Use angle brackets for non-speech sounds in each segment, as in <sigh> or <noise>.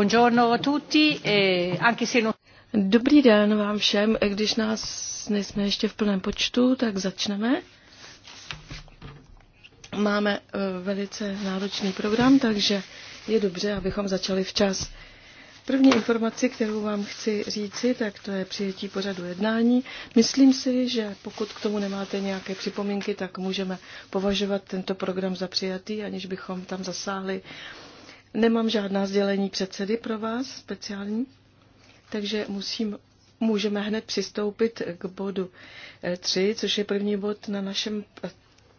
E Dobrý den vám všem, když nás nejsme ještě v plném počtu, tak začneme. Máme eh, velice náročný program, takže je dobře, abychom začali včas. První informaci, kterou vám chci říci, tak to je přijetí pořadu jednání. Myslím si, že pokud k tomu nemáte nějaké připomínky, tak můžeme považovat tento program za přijatý, aniž bychom tam zasáhli Nemám žádná sdělení předsedy pro vás speciální, takže musím, můžeme hned přistoupit k bodu 3, eh, což je první bod na našem eh,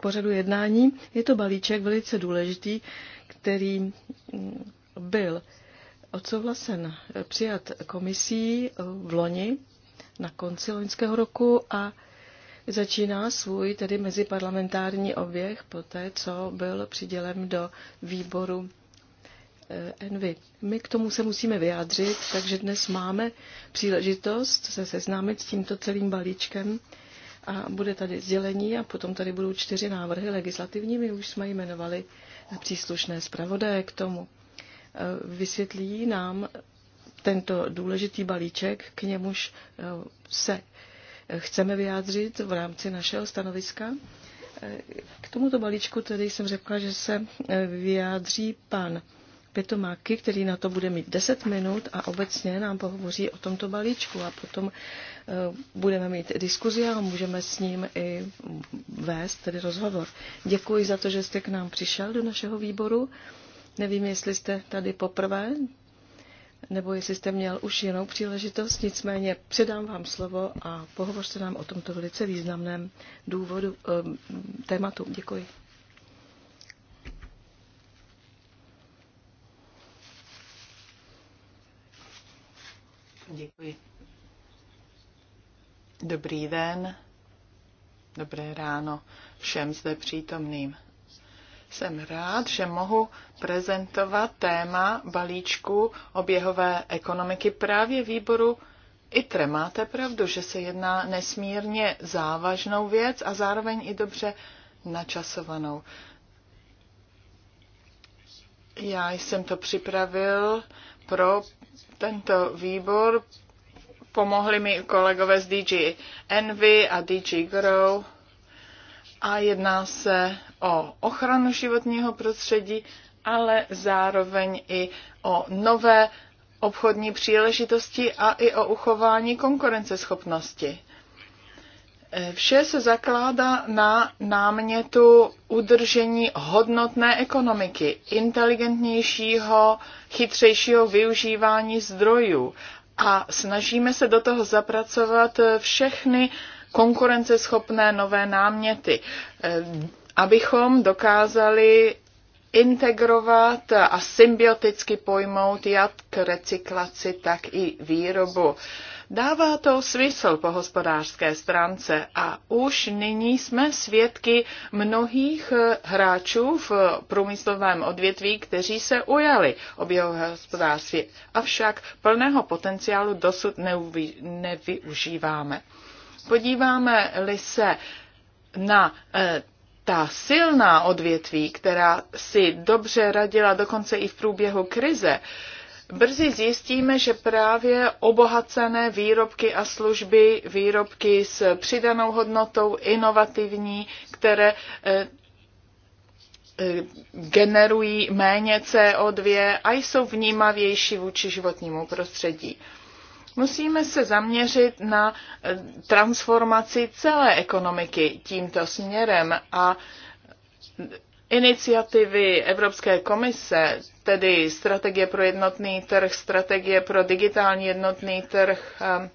pořadu jednání. Je to balíček velice důležitý, který mm, byl odsouhlasen, eh, přijat komisí v loni na konci loňského roku a začíná svůj tedy meziparlamentární oběh po té, co byl přidělen do výboru Eh, Envy. My k tomu se musíme vyjádřit, takže dnes máme příležitost se seznámit s tímto celým balíčkem a bude tady sdělení a potom tady budou čtyři návrhy legislativní. My už jsme jmenovali příslušné zpravodaje k tomu. Eh, vysvětlí nám tento důležitý balíček, k němuž eh, se chceme vyjádřit v rámci našeho stanoviska. K tomuto balíčku tedy jsem řekla, že se vyjádří pan Pětomáky, který na to bude mít 10 minut a obecně nám pohovoří o tomto balíčku a potom eh, budeme mít diskuzi a můžeme s ním i vést tedy rozhovor. Děkuji za to, že jste k nám přišel do našeho výboru. Nevím, jestli jste tady poprvé, nebo jestli jste měl už jinou příležitost, nicméně předám vám slovo a pohovořte nám o tomto velice významném důvodu, eh, tématu. Děkuji. Děkuji. Dobrý den, dobré ráno všem zde přítomným. Jsem rád, že mohu prezentovat téma balíčku oběhové ekonomiky právě výboru ITRE. Máte pravdu, že se jedná nesmírně závažnou věc a zároveň i dobře načasovanou. Já jsem to připravil pro tento výbor. Pomohli mi kolegové z DG Envy a DG Grow a jedná se o ochranu životního prostředí, ale zároveň i o nové obchodní příležitosti a i o uchování konkurenceschopnosti. Vše se zakládá na námětu udržení hodnotné ekonomiky, inteligentnějšího, chytřejšího využívání zdrojů a snažíme se do toho zapracovat všechny konkurenceschopné nové náměty, abychom dokázali integrovat a symbioticky pojmout jak recyklaci, tak i výrobu. Dává to smysl po hospodářské stránce a už nyní jsme svědky mnohých eh, hráčů v průmyslovém odvětví, kteří se ujali oběhového hospodářství, avšak plného potenciálu dosud nevyužíváme. Podíváme-li se na eh, ta silná odvětví, která si dobře radila dokonce i v průběhu krize, Brzy zjistíme, že právě obohacené výrobky a služby, výrobky s přidanou hodnotou, inovativní, které eh, eh, generují méně CO2 a jsou vnímavější vůči životnímu prostředí. Musíme se zaměřit na eh, transformaci celé ekonomiky tímto směrem a Iniciativy Evropské komise, tedy strategie pro jednotný trh, strategie pro digitální jednotný trh, um,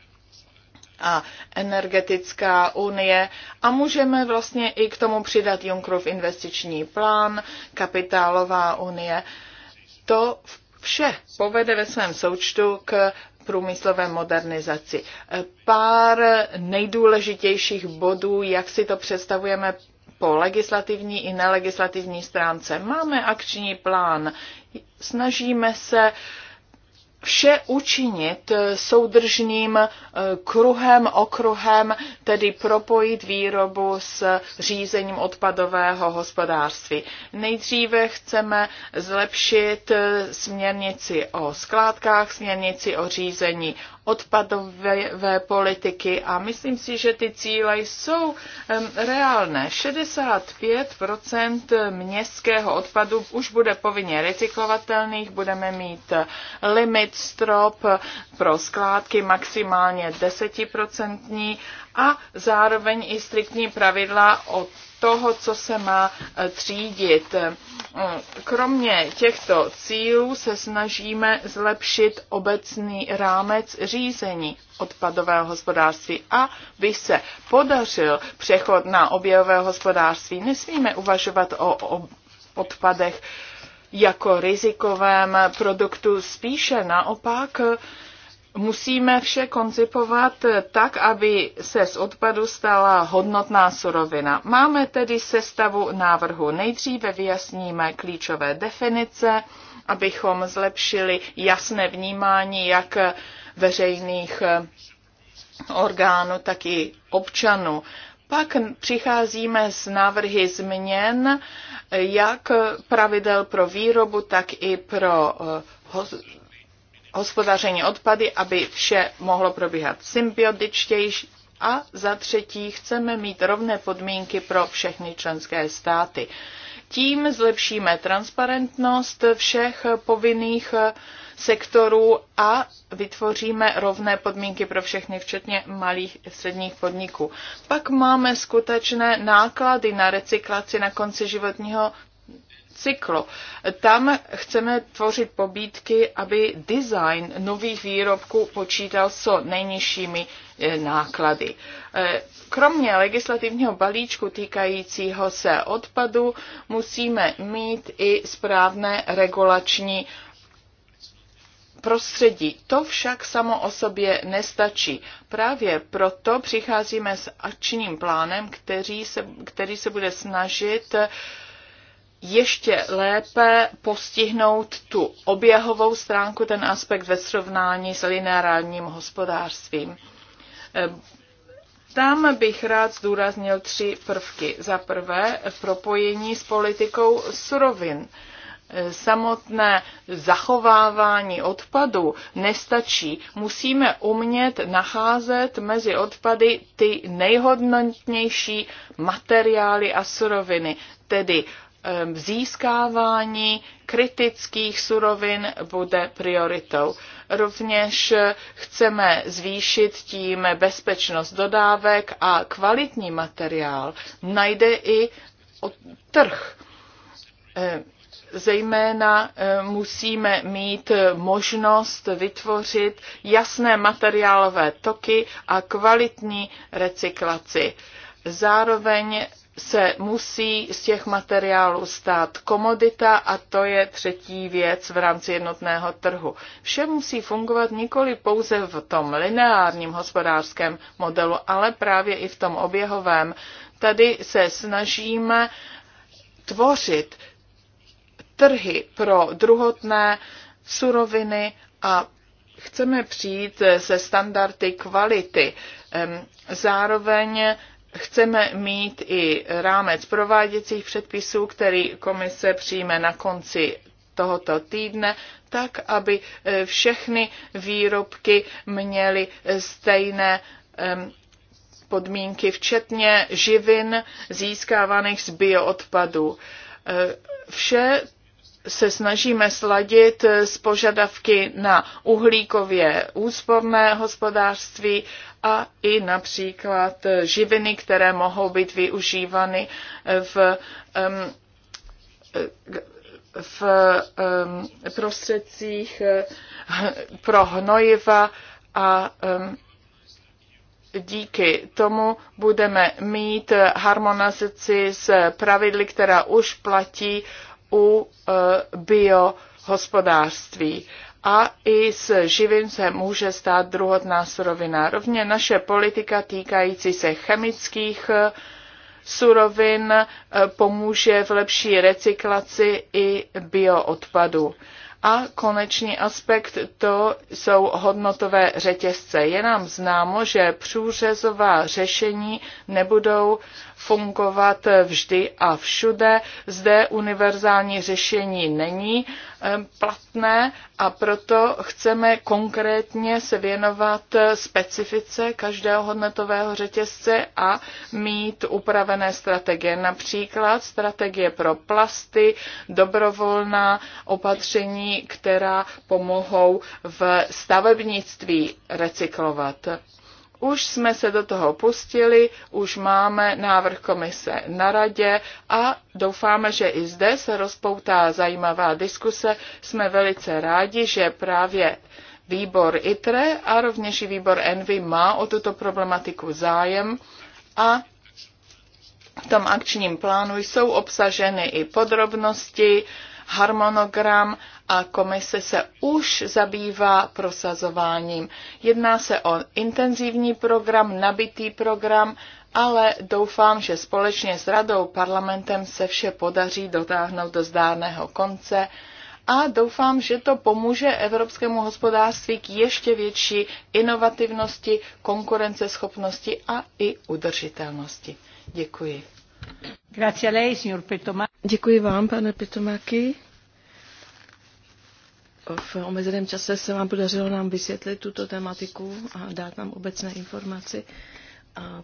a energetická unie a můžeme vlastně i k tomu přidat Junckerův investiční plán, kapitálová unie. To vše povede ve svém součtu k průmyslové modernizaci. Pár nejdůležitějších bodů, jak si to představujeme po legislativní i nelegislativní stránce. Máme akční plán, snažíme se vše učinit soudržným eh, kruhem, okruhem, tedy propojit výrobu s řízením odpadového hospodářství. Nejdříve chceme zlepšit eh, směrnici o skládkách, směrnici o řízení odpadové politiky a myslím si, že ty cíle jsou um, reálné. 65% městského odpadu už bude povinně recyklovatelných, budeme mít limit strop pro skládky maximálně 10% a zároveň i striktní pravidla o toho, co se má eh, třídit. Eh, kromě těchto cílů se snažíme zlepšit obecný rámec řízení odpadového hospodářství. A by se podařil přechod na objevové hospodářství, nesmíme uvažovat o, odpadech jako rizikovém produktu, spíše naopak eh, musíme vše koncipovat tak, aby se z odpadu stala hodnotná surovina. Máme tedy sestavu návrhu. Nejdříve vyjasníme klíčové definice, abychom zlepšili jasné vnímání jak veřejných orgánů, tak i občanů. Pak přicházíme s návrhy změn jak pravidel pro výrobu, tak i pro eh, hospodaření odpady, aby vše mohlo probíhat symbiotičtěji. a za třetí chceme mít rovné podmínky pro všechny členské státy. Tím zlepšíme transparentnost všech povinných sektorů a vytvoříme rovné podmínky pro všechny, včetně malých a středních podniků. Pak máme skutečné náklady na recyklaci na konci životního cyklu. Tam chceme tvořit pobídky, aby design nových výrobků počítal s nejnižšími e, náklady. E, kromě legislativního balíčku týkajícího se odpadu musíme mít i správné regulační prostředí. To však samo o sobě nestačí. Právě proto přicházíme s akčním plánem, který se, který se bude snažit ještě lépe postihnout tu oběhovou stránku, ten aspekt ve srovnání s lineárním hospodářstvím. Eh, tam bych rád zdůraznil tři prvky. Za prvé propojení s politikou surovin. Eh, samotné zachovávání odpadu nestačí. Musíme umět nacházet mezi odpady ty nejhodnotnější materiály a suroviny, tedy získávání kritických surovin bude prioritou. Rovněž eh, chceme zvýšit tím bezpečnost dodávek a kvalitní materiál najde i trh. Zejména musíme mít možnost vytvořit jasné materiálové toky a kvalitní recyklaci. Zároveň se musí z těch materiálů stát komodita a to je třetí věc v rámci jednotného trhu. Vše musí fungovat nikoli pouze v tom lineárním hospodářském modelu, ale právě i v tom oběhovém. Tady se snažíme tvořit trhy pro druhotné suroviny a chceme přijít se standardy kvality. Zároveň Chceme mít i rámec prováděcích předpisů, který komise přijme na konci tohoto týdne, tak aby eh, všechny výrobky měly stejné podmínky, včetně živin získávaných z bioodpadů. Eh, vše se snažíme sladit s požadavky na uhlíkově úsporné hospodářství a i například živiny, které mohou být využívány v, v prostředcích eh, pro hnojiva a díky tomu budeme mít harmonizaci s pravidly, která už platí u e, biohospodářství a i s živým se může stát druhotná surovina. Rovně naše politika týkající se chemických e, surovin e, pomůže v lepší recyklaci i bioodpadu. A konečný aspekt to jsou hodnotové řetězce. Je nám známo, že průřezová řešení nebudou fungovat vždy a všude. Zde univerzální řešení není platné a proto chceme konkrétně se věnovat specifice každého hodnotového řetězce a mít upravené strategie. Například strategie pro plasty, dobrovolná opatření, která pomohou v stavebnictví recyklovat. Už jsme se do toho pustili, už máme návrh komise na radě a doufáme, že i zde se rozpoutá zajímavá diskuse. Jsme velice rádi, že právě výbor ITRE a rovněž i výbor ENVY má o tuto problematiku zájem a v tom akčním plánu jsou obsaženy i podrobnosti, harmonogram a komise se už zabývá prosazováním. Jedná se o intenzivní program, nabitý program, ale doufám, že společně s radou parlamentem se vše podaří dotáhnout do zdárného konce a doufám, že to pomůže evropskému hospodářství k ještě větší inovativnosti, konkurenceschopnosti a i udržitelnosti. Děkuji. Děkuji vám, pane Pitomaki. V omezeném čase se vám podařilo nám vysvětlit tuto tematiku a dát nám obecné informaci. A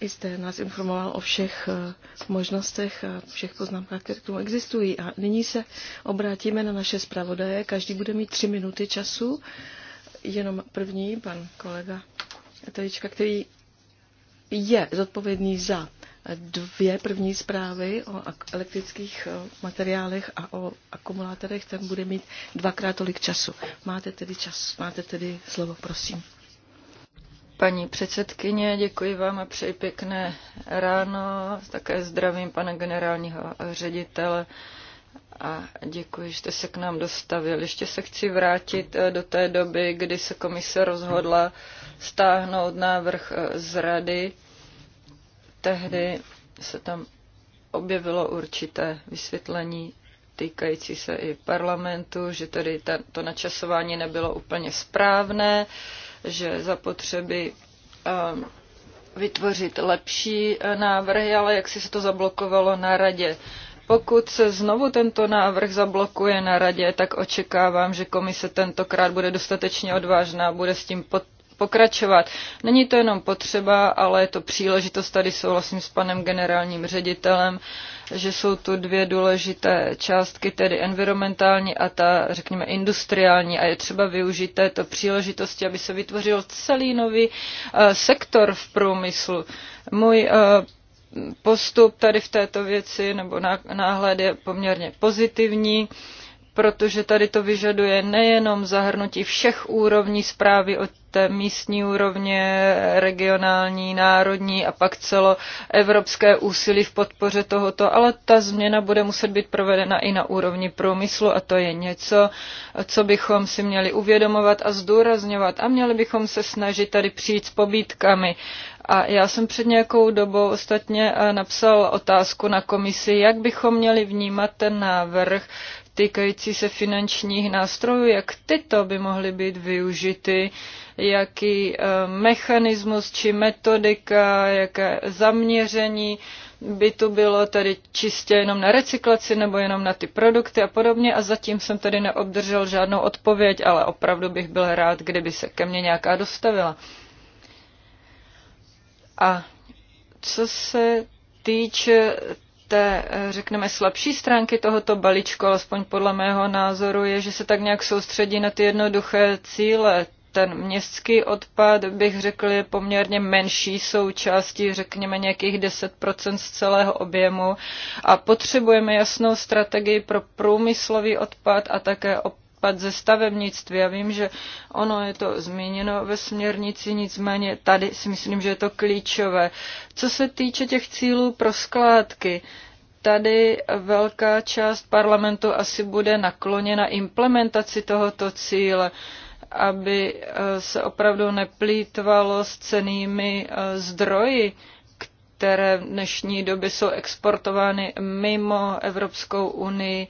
jste nás informoval o všech eh, možnostech a všech poznámkách, které k tomu existují. A nyní se obrátíme na naše zpravodaje. Každý bude mít tři minuty času. Jenom první, pan kolega Telička, který je zodpovědný za dvě první zprávy o elektrických eh, materiálech a o akumulátorech, ten bude mít dvakrát tolik času. Máte tedy čas, máte tedy slovo, prosím. Paní předsedkyně, děkuji vám a přeji pěkné ráno. Také zdravím pana generálního ředitele a děkuji, že jste se k nám dostavil. Ještě se chci vrátit eh, do té doby, kdy se komise rozhodla stáhnout návrh eh, z rady tehdy se tam objevilo určité vysvětlení týkající se i parlamentu, že tedy ta, to načasování nebylo úplně správné, že zapotřeby um, ehm, vytvořit lepší e, návrhy, ale jak si se to zablokovalo na radě. Pokud se znovu tento návrh zablokuje na radě, tak očekávám, že komise tentokrát bude dostatečně odvážná, bude s tím pod, pokračovat. Není to jenom potřeba, ale je to příležitost. Tady souhlasím s panem generálním ředitelem, že jsou tu dvě důležité částky, tedy environmentální a ta, řekněme, industriální. A je třeba využít této příležitosti, aby se vytvořil celý nový eh, sektor v průmyslu. Můj eh, postup tady v této věci nebo náhled je poměrně pozitivní. Uh, protože tady to vyžaduje nejenom zahrnutí všech úrovní zprávy od té místní úrovně, regionální, národní a pak celo evropské úsilí v podpoře tohoto, ale ta změna bude muset být provedena i na úrovni průmyslu a to je něco, co bychom si měli uvědomovat a zdůrazňovat a měli bychom se snažit tady přijít s pobítkami. A já jsem před nějakou dobou ostatně eh, napsal otázku na komisi, jak bychom měli vnímat ten návrh, týkající se finančních nástrojů, jak tyto by mohly být využity, jaký eh, mechanismus či metodika, jaké zaměření by tu bylo tady čistě jenom na recyklaci nebo jenom na ty produkty a podobně a zatím jsem tady neobdržel žádnou odpověď, ale opravdu bych byl rád, kdyby se ke mně nějaká dostavila. A co se týče té, eh, řekneme, slabší stránky tohoto balíčku, alespoň podle mého názoru, je, že se tak nějak soustředí na ty jednoduché cíle. Ten městský odpad, bych řekl, je poměrně menší součástí, řekněme nějakých 10% z celého objemu. A potřebujeme jasnou strategii pro průmyslový odpad a také případ ze stavebnictví. Já vím, že ono je to zmíněno ve směrnici, nicméně tady si myslím, že je to klíčové. Co se týče těch cílů pro skládky, tady velká část parlamentu asi bude nakloněna implementaci tohoto cíle aby eh, se opravdu neplýtvalo s cenými eh, zdroji, které v dnešní době jsou exportovány mimo Evropskou unii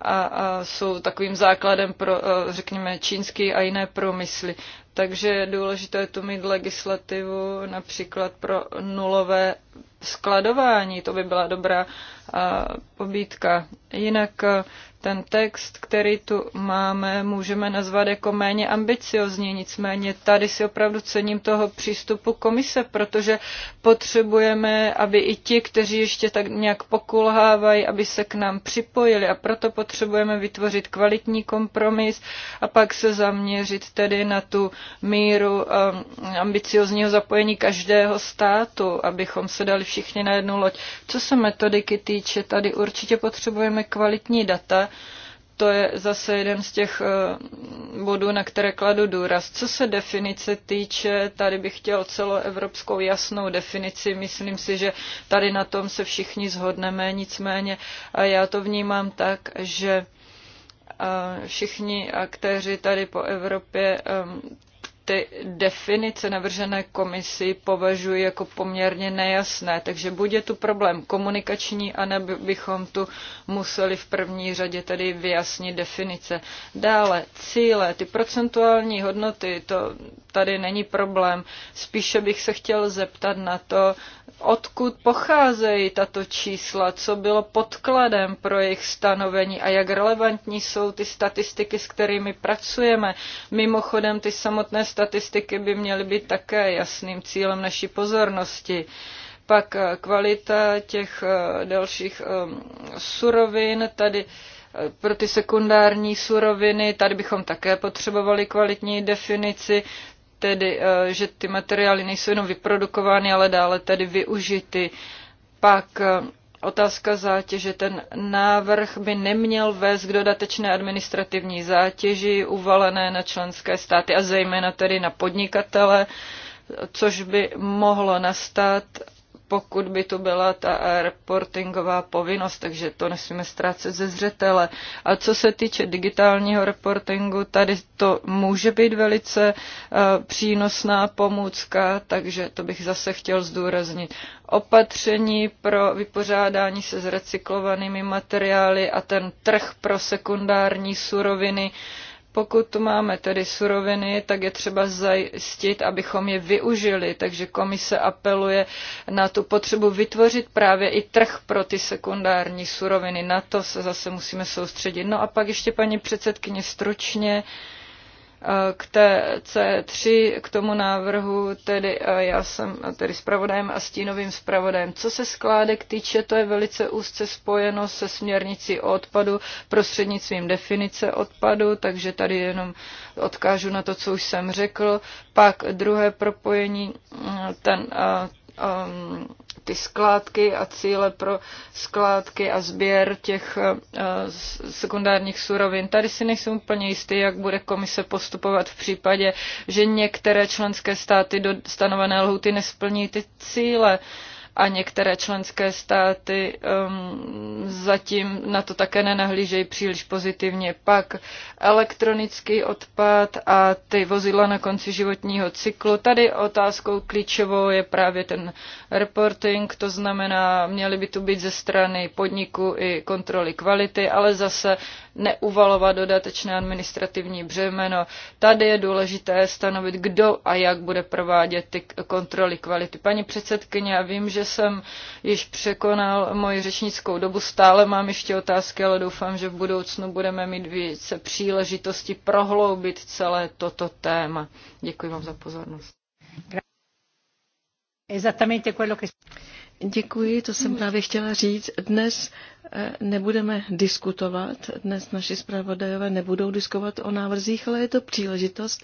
a, a jsou takovým základem pro, eh, řekněme, čínský a jiné průmysly. Takže je důležité tu mít legislativu například pro nulové skladování, to by byla dobrá eh, a, Jinak eh, ten text, který tu máme, můžeme nazvat jako méně ambiciozní, nicméně tady si opravdu cením toho přístupu komise, protože potřebujeme, aby i ti, kteří ještě tak nějak pokulhávají, aby se k nám připojili a proto potřebujeme vytvořit kvalitní kompromis a pak se zaměřit tedy na tu míru um, ambiciozního zapojení každého státu, abychom se dali všichni na jednu loď. Co se metodiky týče, tady určitě potřebujeme kvalitní data, to je zase jeden z těch eh, bodů, na které kladu důraz. Co se definice týče, tady bych chtěl celoevropskou jasnou definici. Myslím si, že tady na tom se všichni zhodneme. Nicméně já to vnímám tak, že eh, všichni aktéři tady po Evropě eh, ty definice navržené komisi považuji jako poměrně nejasné. Takže buď je tu problém komunikační, anebo bychom tu museli v první řadě tedy vyjasnit definice. Dále cíle, ty procentuální hodnoty, to tady není problém. Spíše bych se chtěl zeptat na to, odkud pocházejí tato čísla, co bylo podkladem pro jejich stanovení a jak relevantní jsou ty statistiky, s kterými pracujeme. Mimochodem, ty samotné statistiky by měly být také jasným cílem naší pozornosti. Pak eh, kvalita těch eh, dalších ehm, surovin, tady eh, pro ty sekundární suroviny, tady bychom také potřebovali kvalitní definici, tedy že ty materiály nejsou jenom vyprodukovány, ale dále tedy využity. Pak otázka zátěže. Ten návrh by neměl vést k dodatečné administrativní zátěži uvalené na členské státy a zejména tedy na podnikatele, což by mohlo nastat pokud by to byla ta reportingová povinnost, takže to nesmíme ztrácet ze zřetele. A co se týče digitálního reportingu, tady to může být velice eh, přínosná pomůcka, takže to bych zase chtěl zdůraznit. Opatření pro vypořádání se s recyklovanými materiály a ten trh pro sekundární suroviny, pokud tu máme tedy suroviny, tak je třeba zajistit, abychom je využili. Takže komise apeluje na tu potřebu vytvořit právě i trh pro ty sekundární suroviny. Na to se zase musíme soustředit. No a pak ještě paní předsedkyně stručně. Uh, k té C3, k tomu návrhu, tedy já jsem tedy zpravodajem a stínovým zpravodajem. Co se skládek týče, to je velice úzce spojeno se směrnicí o odpadu prostřednictvím definice odpadu, takže tady jenom odkážu na to, co už jsem řekl. Pak druhé propojení, mm, ten um, ty skládky a cíle pro skládky a sběr těch uh, sekundárních surovin. Tady si nejsem úplně jistý, jak bude komise postupovat v případě, že některé členské státy do stanovené lhuty nesplní ty cíle. Uh, a některé členské státy um, zatím na to také nenahlížejí příliš pozitivně. Pak elektronický odpad a ty vozidla na konci životního cyklu. Tady otázkou klíčovou je právě ten reporting, to znamená, měly by tu být ze strany podniku i kontroly kvality, ale zase neuvalovat dodatečné administrativní břemeno. Tady je důležité stanovit, kdo a jak bude provádět ty kontroly kvality. Paní předsedkyně, já vím, že jsem již překonal moji řečnickou dobu. Stále mám ještě otázky, ale doufám, že v budoucnu budeme mít více příležitosti prohloubit celé toto téma. Děkuji vám za pozornost. Děkuji, to jsem právě chtěla říct. Dnes eh, nebudeme diskutovat, dnes naši zpravodajové nebudou diskutovat o návrzích, ale je to příležitost,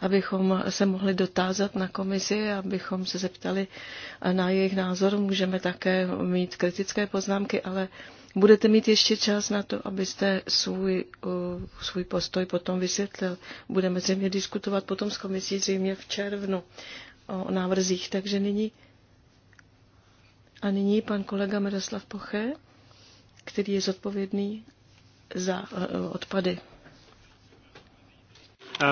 abychom se mohli dotázat na komisi, abychom se zeptali eh, na jejich názor. Můžeme také mít kritické poznámky, ale budete mít ještě čas na to, abyste svůj, eh, svůj postoj potom vysvětlil. Budeme zřejmě diskutovat potom s komisí zřejmě v červnu o návrzích, takže nyní a nyní pan kolega Miroslav Poche, který je zodpovědný za eh, odpady.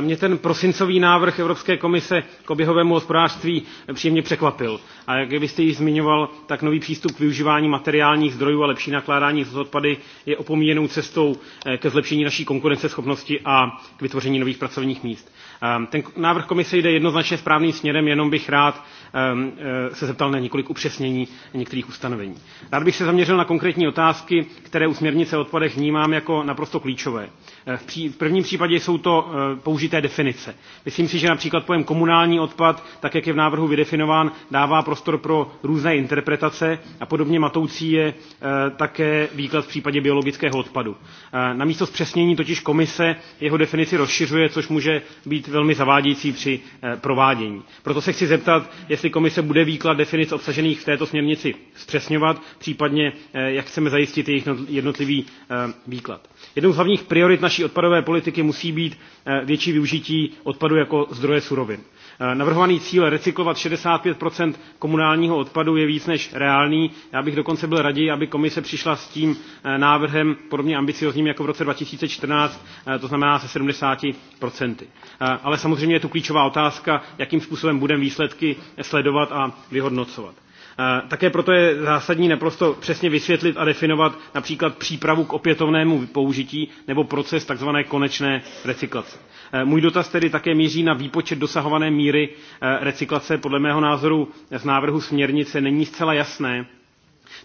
Mě ten prosincový návrh Evropské komise k oběhovému hospodářství příjemně překvapil a jak byste již zmiňoval, tak nový přístup k využívání materiálních zdrojů a lepší nakládání s odpady je opomíjenou cestou eh, ke zlepšení naší konkurenceschopnosti a k vytvoření nových pracovních míst. Ehm, ten návrh komise jde jednoznačně správným směrem, jenom bych rád ehm, eh, se zeptal na několik upřesnění některých ustanovení. Rád bych se zaměřil na konkrétní otázky, které u směrnice o odpadech vnímám jako naprosto klíčové. Eh, v prvním případě jsou to použité definice. Myslím si, že například pojem komunální odpad, tak jak je v návrhu vydefinován, dává prostě prostor pro různé interpretace a podobně matoucí je eh, také výklad v případě biologického odpadu. Eh, Namísto zpřesnění totiž komise jeho definici rozšiřuje, což může být velmi zavádějící při eh, provádění. Proto se chci zeptat, jestli komise bude výklad definic obsažených v této směrnici zpřesňovat, případně jak chceme zajistit jejich jednotlivý výklad. Jednou z hlavních priorit naší odpadové politiky musí být větší využití odpadu jako zdroje surovin. Eh, navrhovaný cíl recyklovat 65 komunálního odpadu je víc než reálný. Já bych dokonce byl raději, aby komise přišla s tím eh, návrhem podobně ambiciozním jako v roce 2014, eh, to znamená se 70 Ale samozřejmě je tu klíčová otázka, jakým způsobem budeme výsledky sledovat a vyhodnocovat. Také proto je zásadní naprosto přesně vysvětlit a definovat například přípravu k opětovnému použití nebo proces tzv. konečné recyklace. E, můj dotaz tedy také míří na výpočet dosahované míry e, recyklace. Podle mého názoru z návrhu směrnice není zcela jasné,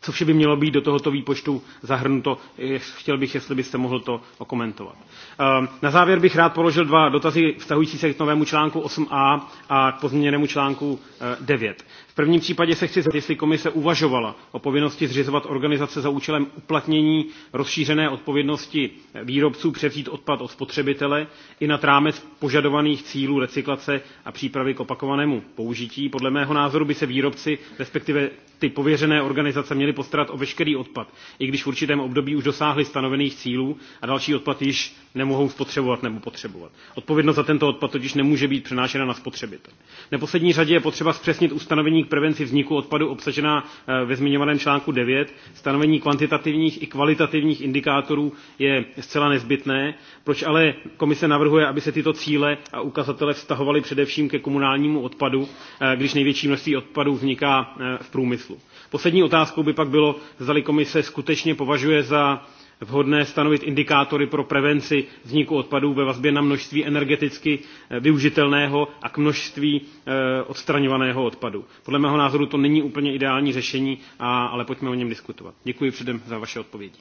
co vše by mělo být do tohoto výpočtu zahrnuto. Chtěl bych, jestli byste mohl to okomentovat. E, na závěr bych rád položil dva dotazy vztahující se k novému článku 8a a k pozměněnému článku 9. V prvním případě se chci zeptat, jestli komise uvažovala o povinnosti zřizovat organizace za účelem uplatnění rozšířené odpovědnosti výrobců převzít odpad od spotřebitele i nad rámec požadovaných cílů recyklace a přípravy k opakovanému použití. Podle mého názoru by se výrobci, respektive ty pověřené organizace, měly postarat o veškerý odpad, i když v určitém období už dosáhly stanovených cílů a další odpad již nemohou spotřebovat nebo potřebovat. Odpovědnost za tento odpad totiž nemůže být přenášena na spotřebitele. V neposlední řadě je potřeba zpřesnit ustanovení k prevenci vzniku odpadu obsažená eh, ve zmiňovaném článku 9, stanovení kvantitativních i kvalitativních indikátorů je zcela nezbytné, proč ale komise navrhuje, aby se tyto cíle a ukazatele vztahovaly především ke komunálnímu odpadu, eh, když největší množství odpadů vzniká eh, v průmyslu. Poslední otázkou by pak bylo, zdali komise skutečně považuje za vhodné stanovit indikátory pro prevenci vzniku odpadů ve vazbě na množství energeticky eh, využitelného a k množství eh, odstraňovaného odpadu. Podle mého názoru to není úplně ideální řešení, ale pojďme o něm diskutovat. Děkuji předem za vaše odpovědi.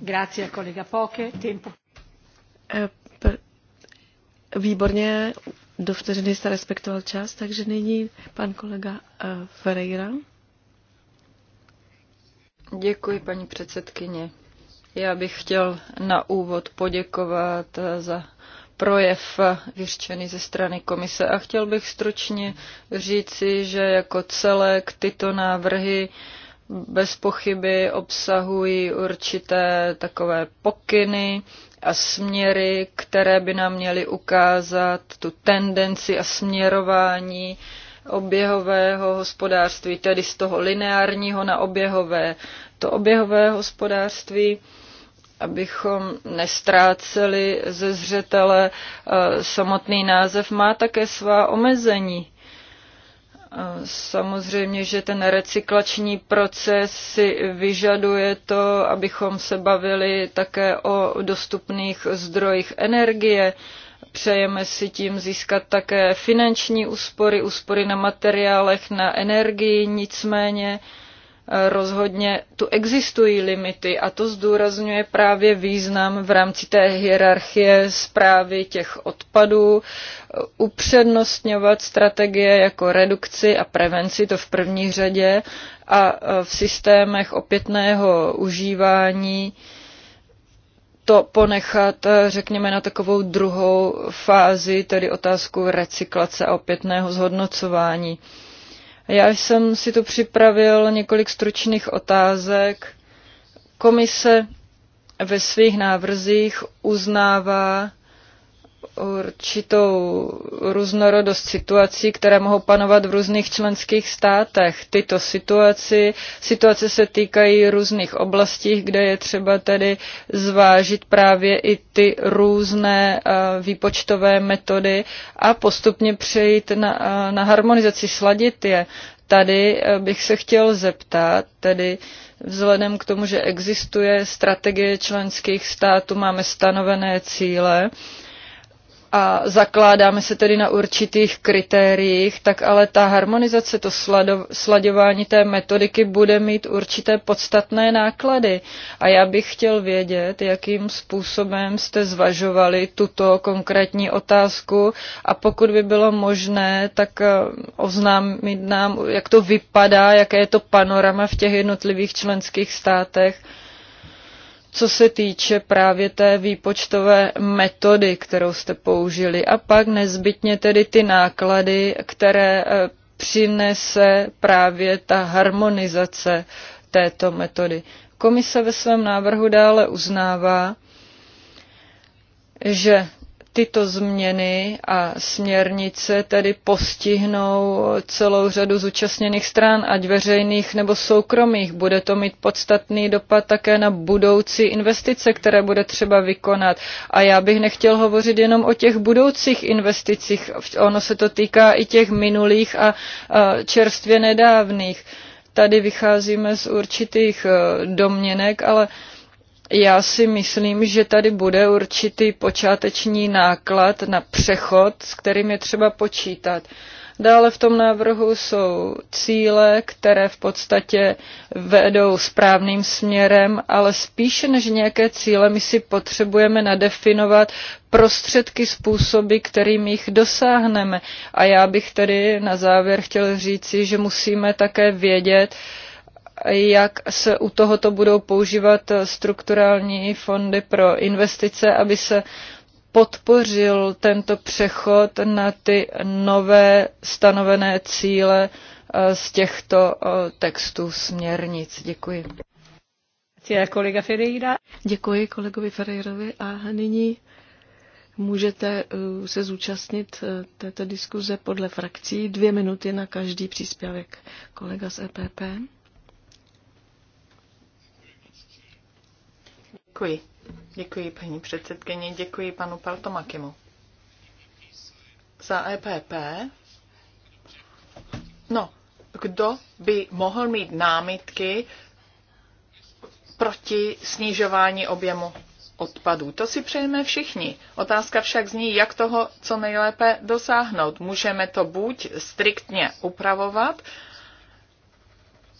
Grazie, kolega Poke. Tempo. Eh, Výborně, do vteřiny jste respektoval čas, takže nyní pan kolega eh, Ferreira. Děkuji, paní předsedkyně. Já bych chtěl na úvod poděkovat eh, za projev eh, vyřčený ze strany komise a chtěl bych stručně říci, že jako celek tyto návrhy uh, bez pochyby obsahují určité takové pokyny a směry, které by nám měly ukázat tu tendenci a směrování oběhového hospodářství, tedy z toho lineárního na oběhové. To oběhové hospodářství abychom nestráceli ze zřetele eh, samotný název, má také svá omezení. Samozřejmě, že ten recyklační proces si vyžaduje to, abychom se bavili také o dostupných zdrojích energie. Přejeme si tím získat také finanční úspory, úspory na materiálech, na energii, nicméně rozhodně tu existují limity a to zdůrazňuje právě význam v rámci té hierarchie zprávy těch odpadů, upřednostňovat strategie jako redukci a prevenci, to v první řadě, a e, v systémech opětného užívání to ponechat, e, řekněme, na takovou druhou fázi, tedy otázku recyklace a opětného zhodnocování. Já jsem si tu připravil několik stručných otázek. Komise ve svých návrzích uznává určitou různorodost situací, které mohou panovat v různých členských státech. Tyto situaci, situace se týkají různých oblastí, kde je třeba tedy zvážit právě i ty různé eh, výpočtové metody a postupně přejít na, eh, na harmonizaci, sladit je. Tady eh, bych se chtěl zeptat, tedy vzhledem k tomu, že existuje strategie členských států, máme stanovené cíle, uh, a zakládáme se tedy na určitých kritériích, tak ale ta harmonizace, to sladěvání té metodiky bude mít určité podstatné náklady. A já bych chtěl vědět, jakým způsobem jste zvažovali tuto konkrétní otázku a pokud by bylo možné, tak eh, oznámit nám, jak to vypadá, jaké je to panorama v těch jednotlivých členských státech co se týče právě té výpočtové metody, kterou jste použili. A pak nezbytně tedy ty náklady, které eh, přinese právě ta harmonizace této metody. Komise ve svém návrhu dále uznává, že tyto změny a směrnice tedy postihnou celou řadu zúčastněných stran, ať veřejných nebo soukromých. Bude to mít podstatný dopad také na budoucí investice, které bude třeba vykonat. A já bych nechtěl hovořit jenom o těch budoucích investicích, ono se to týká i těch minulých a čerstvě nedávných. Tady vycházíme z určitých e, domněnek, ale já si myslím, že tady bude určitý počáteční náklad na přechod, s kterým je třeba počítat. Dále v tom návrhu jsou cíle, které v podstatě vedou správným směrem, ale spíše než nějaké cíle my si potřebujeme nadefinovat prostředky, způsoby, kterými jich dosáhneme. A já bych tedy na závěr chtěl říci, že musíme také vědět, jak se u tohoto budou používat strukturální fondy pro investice, aby se podpořil tento přechod na ty nové stanovené cíle eh, z těchto eh, textů směrnic. Děkuji. Kolega Ferreira. Děkuji kolegovi Ferreirovi a nyní můžete eh, se zúčastnit této diskuze podle frakcí. Dvě minuty na každý příspěvek. Kolega z EPP. Děkuji. Děkuji paní předsedkyně, děkuji panu Peltomakimu. Za EPP. No, kdo by mohl mít námitky proti snižování objemu odpadů. To si přejeme všichni. Otázka však zní, jak toho co nejlépe dosáhnout. Můžeme to buď striktně upravovat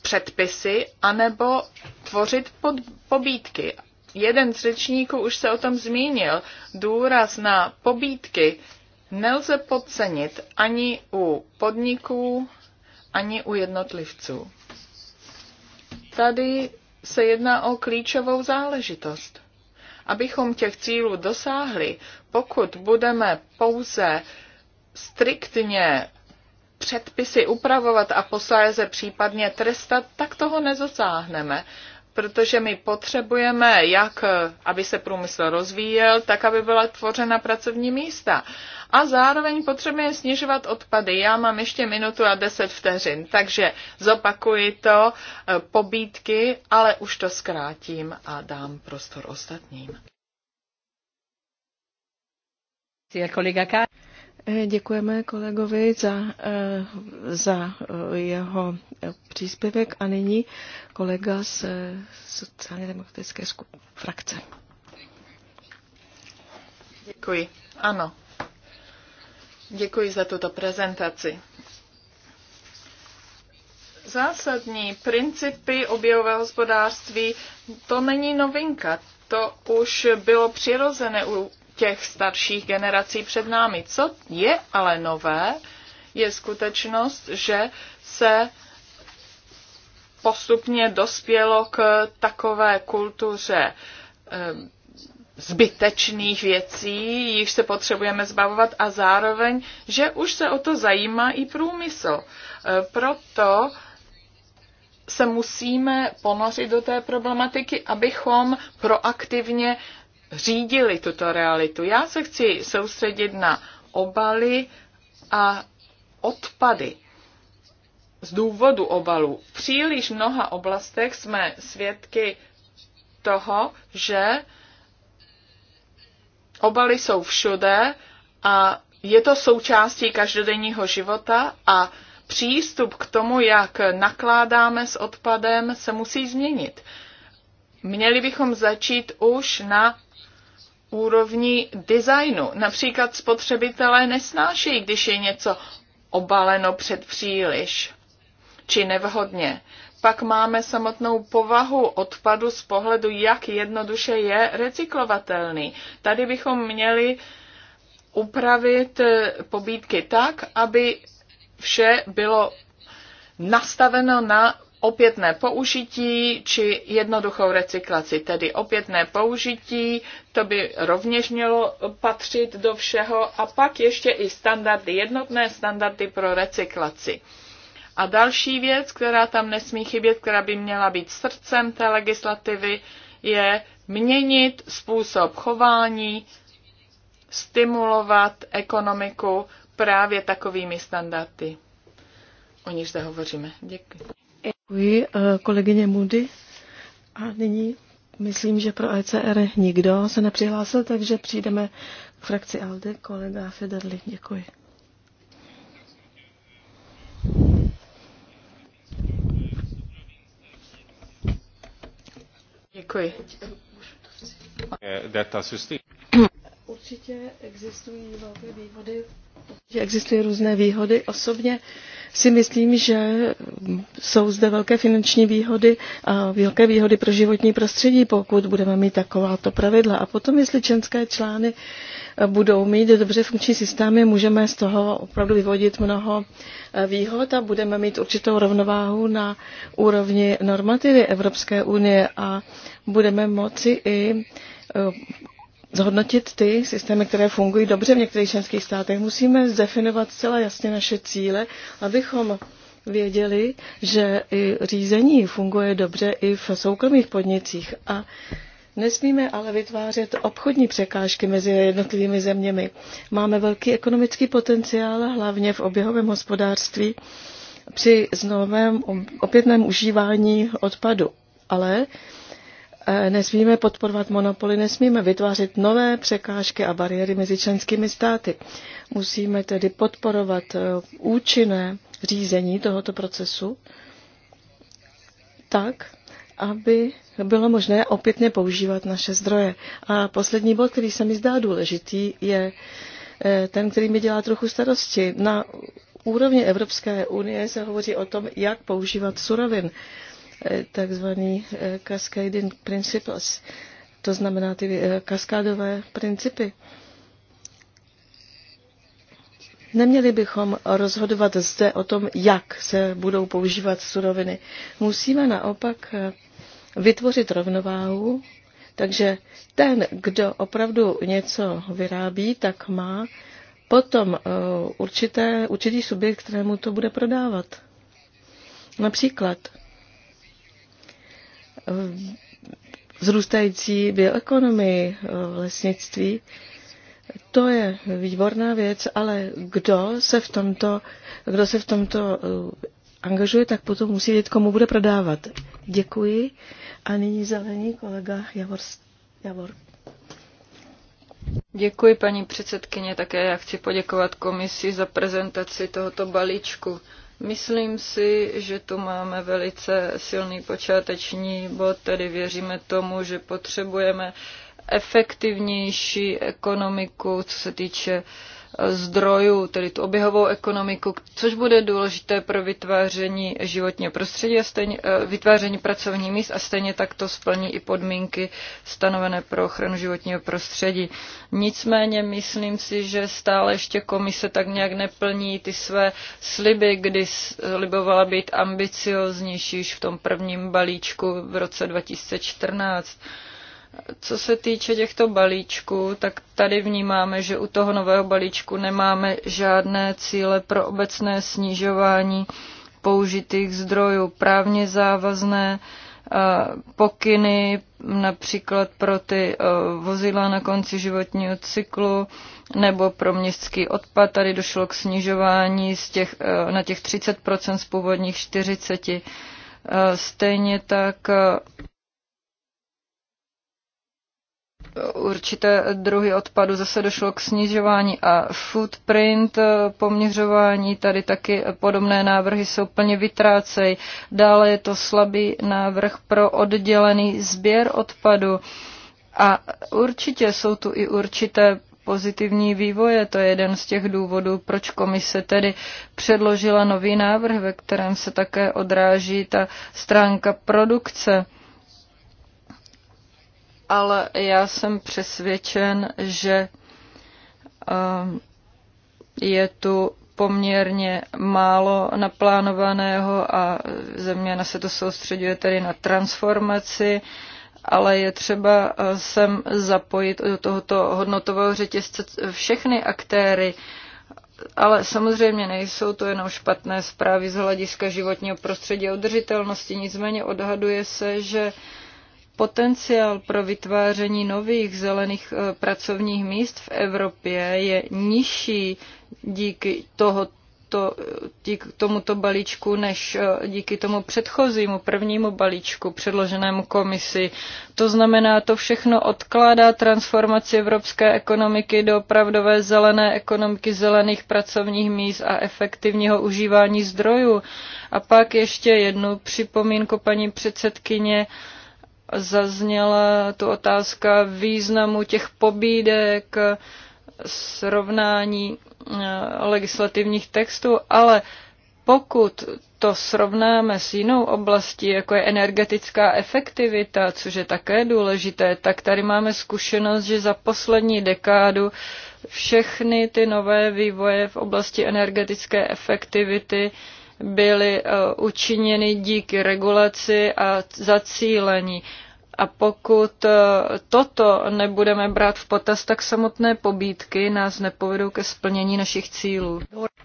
předpisy, anebo tvořit pod, pobídky jeden z řečníků už se o tom zmínil, důraz na pobídky nelze podcenit ani u podniků, ani u jednotlivců. Tady se jedná o klíčovou záležitost. Abychom těch cílů dosáhli, pokud budeme pouze striktně předpisy upravovat a posléze případně trestat, tak toho nezosáhneme protože my potřebujeme, jak aby se průmysl rozvíjel, tak aby byla tvořena pracovní místa. A zároveň potřebujeme snižovat odpady. Já mám ještě minutu a deset vteřin, takže zopakuji to, eh, pobídky, ale už to zkrátím a dám prostor ostatním. Eh, děkujeme kolegovi za, eh, za eh, jeho příspěvek a nyní kolega z sociálně demokratické frakce. Děkuji. Ano. Děkuji za tuto prezentaci. Zásadní principy objevového hospodářství, to není novinka. To už bylo přirozené u těch starších generací před námi. Co je ale nové, je skutečnost, že se postupně dospělo k takové kultuře eh, zbytečných věcí, již se potřebujeme zbavovat a zároveň, že už se o to zajímá i průmysl. Eh, proto se musíme ponořit do té problematiky, abychom proaktivně řídili tuto realitu. Já se chci soustředit na obaly a odpady. Z důvodu obalů. V příliš mnoha oblastech jsme svědky toho, že obaly jsou všude a je to součástí každodenního života a přístup k tomu, jak nakládáme s odpadem, se musí změnit. Měli bychom začít už na úrovni designu. Například spotřebitelé nesnáší, když je něco obaleno před příliš či nevhodně. Pak máme samotnou povahu odpadu z pohledu, jak jednoduše je recyklovatelný. Tady bychom měli upravit eh, pobídky tak, aby vše bylo nastaveno na opětné použití či jednoduchou recyklaci. Tedy opětné použití, to by rovněž mělo patřit do všeho a pak ještě i standardy, jednotné standardy pro recyklaci. A další věc, která tam nesmí chybět, která by měla být srdcem té legislativy, je měnit způsob chování, stimulovat ekonomiku právě takovými standardy. O níž zde hovoříme. Děkuji. Děkuji eh, kolegyně Moody. A nyní myslím, že pro ECR nikdo se nepřihlásil, takže přijdeme k frakci ALDE. Kolega Federli, děkuji. Děkuji. Eh, Určitě existují velké výhody, že existují různé výhody. Osobně si myslím, že jsou zde velké finanční výhody a velké výhody pro životní prostředí, pokud budeme mít takováto pravidla. A potom, jestli členské člány budou mít dobře funkční systémy, můžeme z toho opravdu vyvodit mnoho eh, výhod a budeme mít určitou rovnováhu na úrovni normativy Evropské unie a budeme moci i eh, zhodnotit ty systémy, které fungují dobře v některých členských státech. Musíme zdefinovat zcela jasně naše cíle, abychom věděli, že i řízení funguje dobře i v soukromých podnicích. A Nesmíme ale vytvářet obchodní překážky mezi jednotlivými zeměmi. Máme velký ekonomický potenciál, hlavně v oběhovém hospodářství, při znovém opětném užívání odpadu. Ale E, nesmíme podporovat monopoly, nesmíme vytvářet nové překážky a bariéry mezi členskými státy. Musíme tedy podporovat e, účinné řízení tohoto procesu tak, aby bylo možné opětně používat naše zdroje. A poslední bod, který se mi zdá důležitý, je e, ten, který mi dělá trochu starosti. Na úrovni Evropské unie se hovoří o tom, jak používat surovin takzvaný eh, cascading principles, to znamená ty eh, kaskádové principy. Neměli bychom rozhodovat zde o tom, jak se budou používat suroviny. Musíme naopak eh, vytvořit rovnováhu, takže ten, kdo opravdu něco vyrábí, tak má potom určité, určitý subjekt, kterému to bude prodávat. Například vzrůstající bioekonomii eh, v lesnictví. To je výborná věc, ale kdo se v tomto, kdo se v tomto eh, angažuje, tak potom musí vědět, komu bude prodávat. Děkuji. A nyní zelený kolega Javor. Javor. Děkuji, paní předsedkyně. Také já chci poděkovat komisi za prezentaci tohoto balíčku. Myslím si, že tu máme velice silný počáteční bod, tedy věříme tomu, že potřebujeme efektivnější ekonomiku, co se týče uh, zdrojů, tedy tu oběhovou ekonomiku, což bude důležité pro vytváření životního prostředí a stejně, eh, vytváření pracovních míst a stejně tak to splní i podmínky stanovené pro ochranu životního prostředí. Nicméně myslím si, že stále ještě komise tak nějak neplní ty své sliby, kdy eh, slibovala být ambicioznější již v tom prvním balíčku v roce 2014. Co se týče těchto balíčků, tak tady vnímáme, že u toho nového balíčku nemáme žádné cíle pro obecné snižování použitých zdrojů, právně závazné eh, pokyny, například pro ty eh, vozidla na konci životního cyklu nebo pro městský odpad. Tady došlo k snižování z těch, eh, na těch 30% z původních 40%. Stejně tak určité druhy odpadu zase došlo k snižování a footprint eh, poměřování, tady taky podobné návrhy jsou plně vytrácejí. Dále je to slabý návrh pro oddělený sběr odpadu. A určitě jsou tu i určité pozitivní vývoje. To je jeden z těch důvodů, proč komise tedy předložila nový návrh, ve kterém se také odráží ta stránka produkce ale já jsem přesvědčen, že ehm, je tu poměrně málo naplánovaného a zeměna se to soustředuje tedy na transformaci, ale je třeba eh, sem zapojit do tohoto hodnotového řetězce všechny aktéry, ale samozřejmě nejsou to jenom špatné zprávy z hlediska životního prostředí a udržitelnosti, nicméně odhaduje se, že Potenciál pro vytváření nových zelených eh, pracovních míst v Evropě je nižší díky tohoto to, eh, díky tomuto balíčku než eh, díky tomu předchozímu prvnímu balíčku předloženému komisi. To znamená, to všechno odkládá transformaci evropské ekonomiky do opravdové zelené ekonomiky zelených pracovních míst a efektivního užívání zdrojů. A pak ještě jednu připomínku paní předsedkyně. Uh, zazněla tu otázka významu těch pobídek, srovnání eh, legislativních textů, ale pokud to srovnáme s jinou oblastí, jako je energetická efektivita, což je také důležité, tak tady máme zkušenost, že za poslední dekádu všechny ty nové vývoje v oblasti energetické efektivity uh, byly eh, učiněny díky regulaci a zacílení. A pokud eh, toto nebudeme brát v potaz, tak samotné pobídky nás nepovedou ke splnění našich cílů.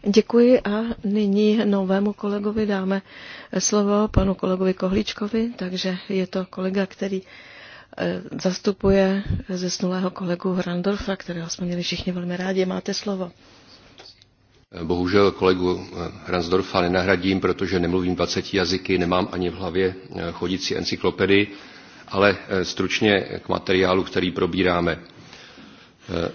Děkuji a nyní novému kolegovi dáme slovo panu kolegovi Kohlíčkovi, takže je to kolega, který eh, zastupuje zesnulého kolegu Randorfa, kterého jsme měli všichni velmi rádi. Máte slovo. Bohužel kolegu eh, Ransdorfa nenahradím, protože nemluvím 20 jazyky, nemám ani v hlavě eh, chodící encyklopedii, ale eh, stručně k materiálu, který probíráme.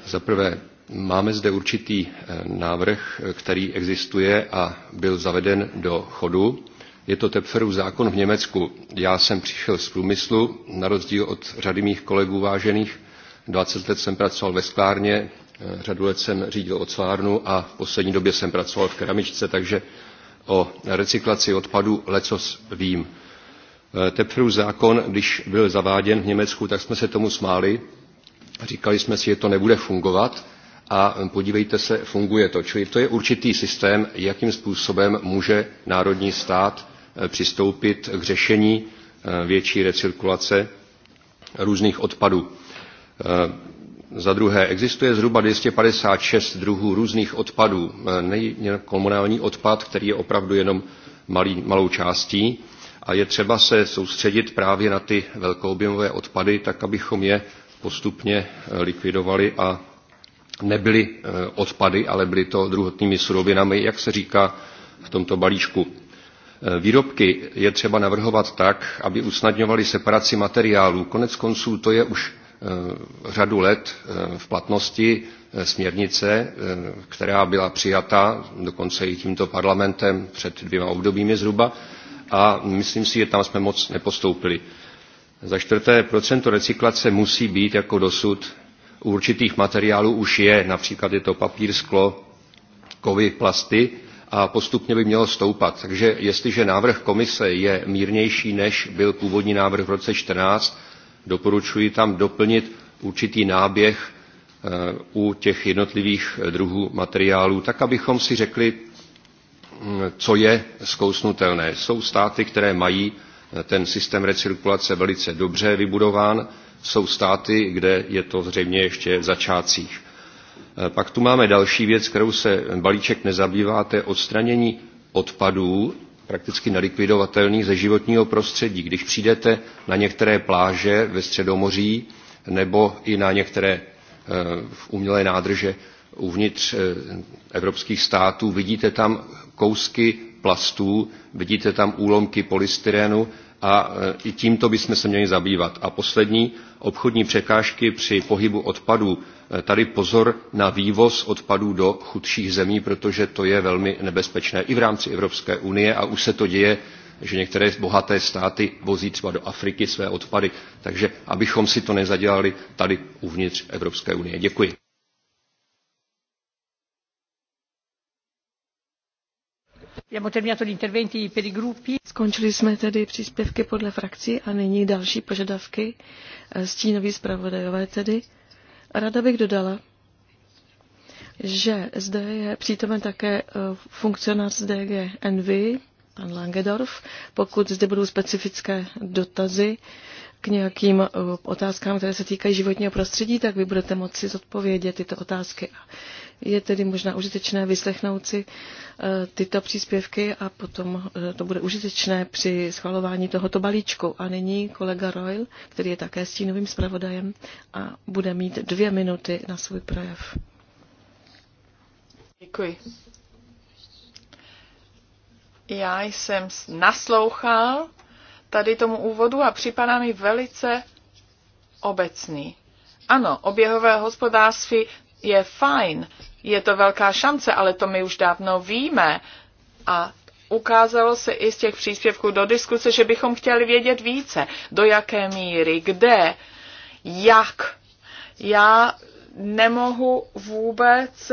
Za prvé, máme zde určitý návrh, který existuje a byl zaveden do chodu. Je to Tepferu zákon v Německu. Já jsem přišel z průmyslu, na rozdíl od řady mých kolegů vážených. 20 let jsem pracoval ve sklárně, Eh, řadu let jsem řídil ocelárnu a v poslední době jsem pracoval v keramičce, takže o recyklaci odpadu lecos vím. Eh, Tepfru zákon, když byl zaváděn v Německu, tak jsme se tomu smáli. Říkali jsme si, že to nebude fungovat a podívejte se, funguje to. Čili to je určitý systém, jakým způsobem může národní stát eh, přistoupit k řešení větší recirkulace různých odpadů. Za druhé, existuje zhruba 256 druhů různých odpadů. Eh, Není komunální odpad, který je opravdu jenom malý, malou částí a je třeba se soustředit právě na ty velkoobjemové odpady, tak abychom je postupně eh, likvidovali a nebyly eh, odpady, ale byly to druhotnými surovinami, jak se říká v tomto balíčku. Výrobky je třeba navrhovat tak, aby usnadňovaly separaci materiálů. Konec konců to je už Eh, řadu let eh, v platnosti eh, směrnice, která byla přijata dokonce i tímto parlamentem před dvěma obdobími zhruba a myslím si, že tam jsme moc nepostoupili. Za čtvrté, procento recyklace musí být jako dosud u určitých materiálů už je, například je to papír, sklo, kovy, plasty a postupně by mělo stoupat. Takže jestliže návrh komise je mírnější, než byl původní návrh v roce 2014, doporučuji tam doplnit určitý náběh eh, u těch jednotlivých eh, druhů materiálů, tak abychom si řekli, mm, co je zkousnutelné. Jsou státy, které mají eh, ten systém recirkulace velice dobře vybudován, jsou státy, kde je to zřejmě ještě v začátcích. Pak tu máme další věc, kterou se balíček nezabývá, to je odstranění odpadů prakticky nelikvidovatelný ze životního prostředí. Když přijdete na některé pláže ve Středomoří nebo i na některé eh, v umělé nádrže uvnitř eh, evropských států, vidíte tam kousky plastů, vidíte tam úlomky polystyrenu a eh, i tímto bychom se měli zabývat. A poslední, obchodní překážky při pohybu odpadů Eh, tady pozor na vývoz odpadů do chudších zemí, protože to je velmi nebezpečné i v rámci Evropské unie a už se to děje že některé bohaté státy vozí třeba do Afriky své odpady. Takže abychom si to nezadělali tady uvnitř Evropské unie. Děkuji. Skončili jsme tedy příspěvky podle frakcí a nyní další požadavky. Eh, stínoví zpravodajové tedy. Rada bych dodala, že zde je přítomen také eh, funkcionář z DG Envy, pan Langedorf. Pokud zde budou specifické dotazy k nějakým eh, otázkám, které se týkají životního prostředí, tak vy budete moci zodpovědět tyto otázky. Je tedy možná užitečné vyslechnout si eh, tyto příspěvky a potom eh, to bude užitečné při schvalování tohoto balíčku. A nyní kolega Royle, který je také stínovým zpravodajem a bude mít dvě minuty na svůj projev. Děkuji. Já jsem naslouchal tady tomu úvodu a připadá mi velice obecný. Ano, oběhové hospodářství je fajn, je to velká šance, ale to my už dávno víme. A ukázalo se i z těch příspěvků do diskuse, že bychom chtěli vědět více, do jaké míry, kde, jak. Já nemohu vůbec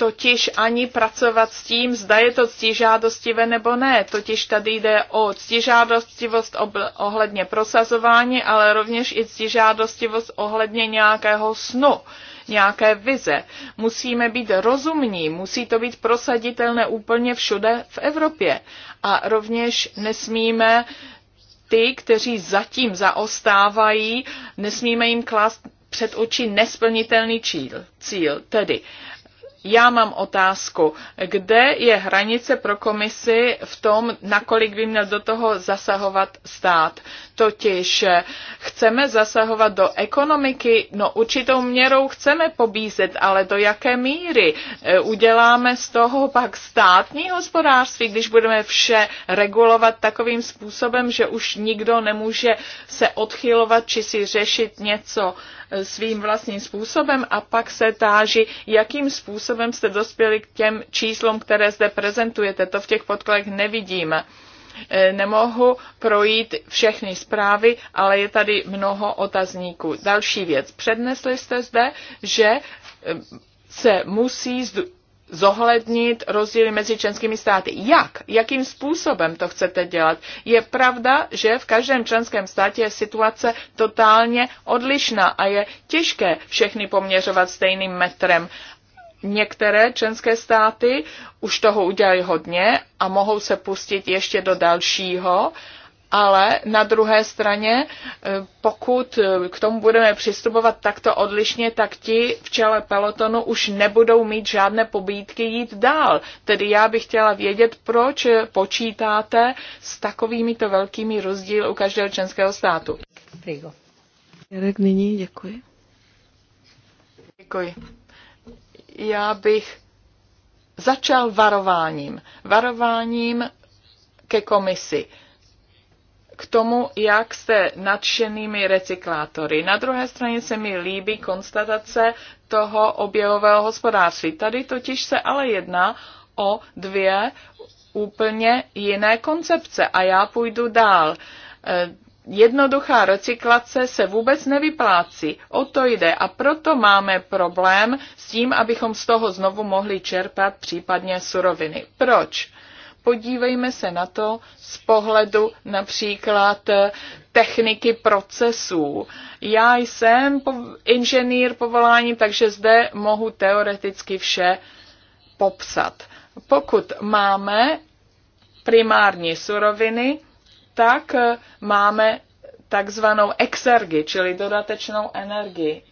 totiž ani pracovat s tím, zda je to ctižádostivé nebo ne. Totiž tady jde o ctižádostivost ohledně prosazování, ale rovněž i ctižádostivost ohledně nějakého snu, nějaké vize. Musíme být rozumní, musí to být prosaditelné úplně všude v Evropě. A rovněž nesmíme ty, kteří zatím zaostávají, nesmíme jim klást před oči nesplnitelný cíl. cíl. Tedy já mám otázku, kde je hranice pro komisi v tom, nakolik by měl do toho zasahovat stát? totiž eh, chceme zasahovat do ekonomiky, no určitou měrou chceme pobízet, ale do jaké míry? Eh, uděláme z toho pak státní hospodářství, když budeme vše regulovat takovým způsobem, že už nikdo nemůže se odchylovat či si řešit něco eh, svým vlastním způsobem a pak se táží, jakým způsobem jste dospěli k těm číslům, které zde prezentujete. To v těch podkladech nevidíme. E, nemohu projít všechny zprávy, ale je tady mnoho otazníků. Další věc. Přednesli jste zde, že e, se musí zohlednit rozdíly mezi členskými státy. Jak? Jakým způsobem to chcete dělat? Je pravda, že v každém členském státě je situace totálně odlišná a je těžké všechny poměřovat stejným metrem Některé členské státy už toho udělají hodně a mohou se pustit ještě do dalšího, ale na druhé straně, eh, pokud eh, k tomu budeme přistupovat takto odlišně, tak ti v čele pelotonu už nebudou mít žádné pobídky jít dál. Tedy já bych chtěla vědět, proč eh, počítáte s takovými to velkými rozdíly u každého členského státu. Jarek nyní, děkuji. Děkuji já bych začal varováním. Varováním ke komisi k tomu, jak jste nadšenými recyklátory. Na druhé straně se mi líbí konstatace toho oběhového hospodářství. Tady totiž se ale jedná o dvě úplně jiné koncepce a já půjdu dál jednoduchá recyklace se vůbec nevyplácí. O to jde a proto máme problém s tím, abychom z toho znovu mohli čerpat případně suroviny. Proč? Podívejme se na to z pohledu například eh, techniky procesů. Já jsem inženýr povolání, takže zde mohu teoreticky vše popsat. Pokud máme primární suroviny, tak eh, máme takzvanou exergi, čili dodatečnou energii.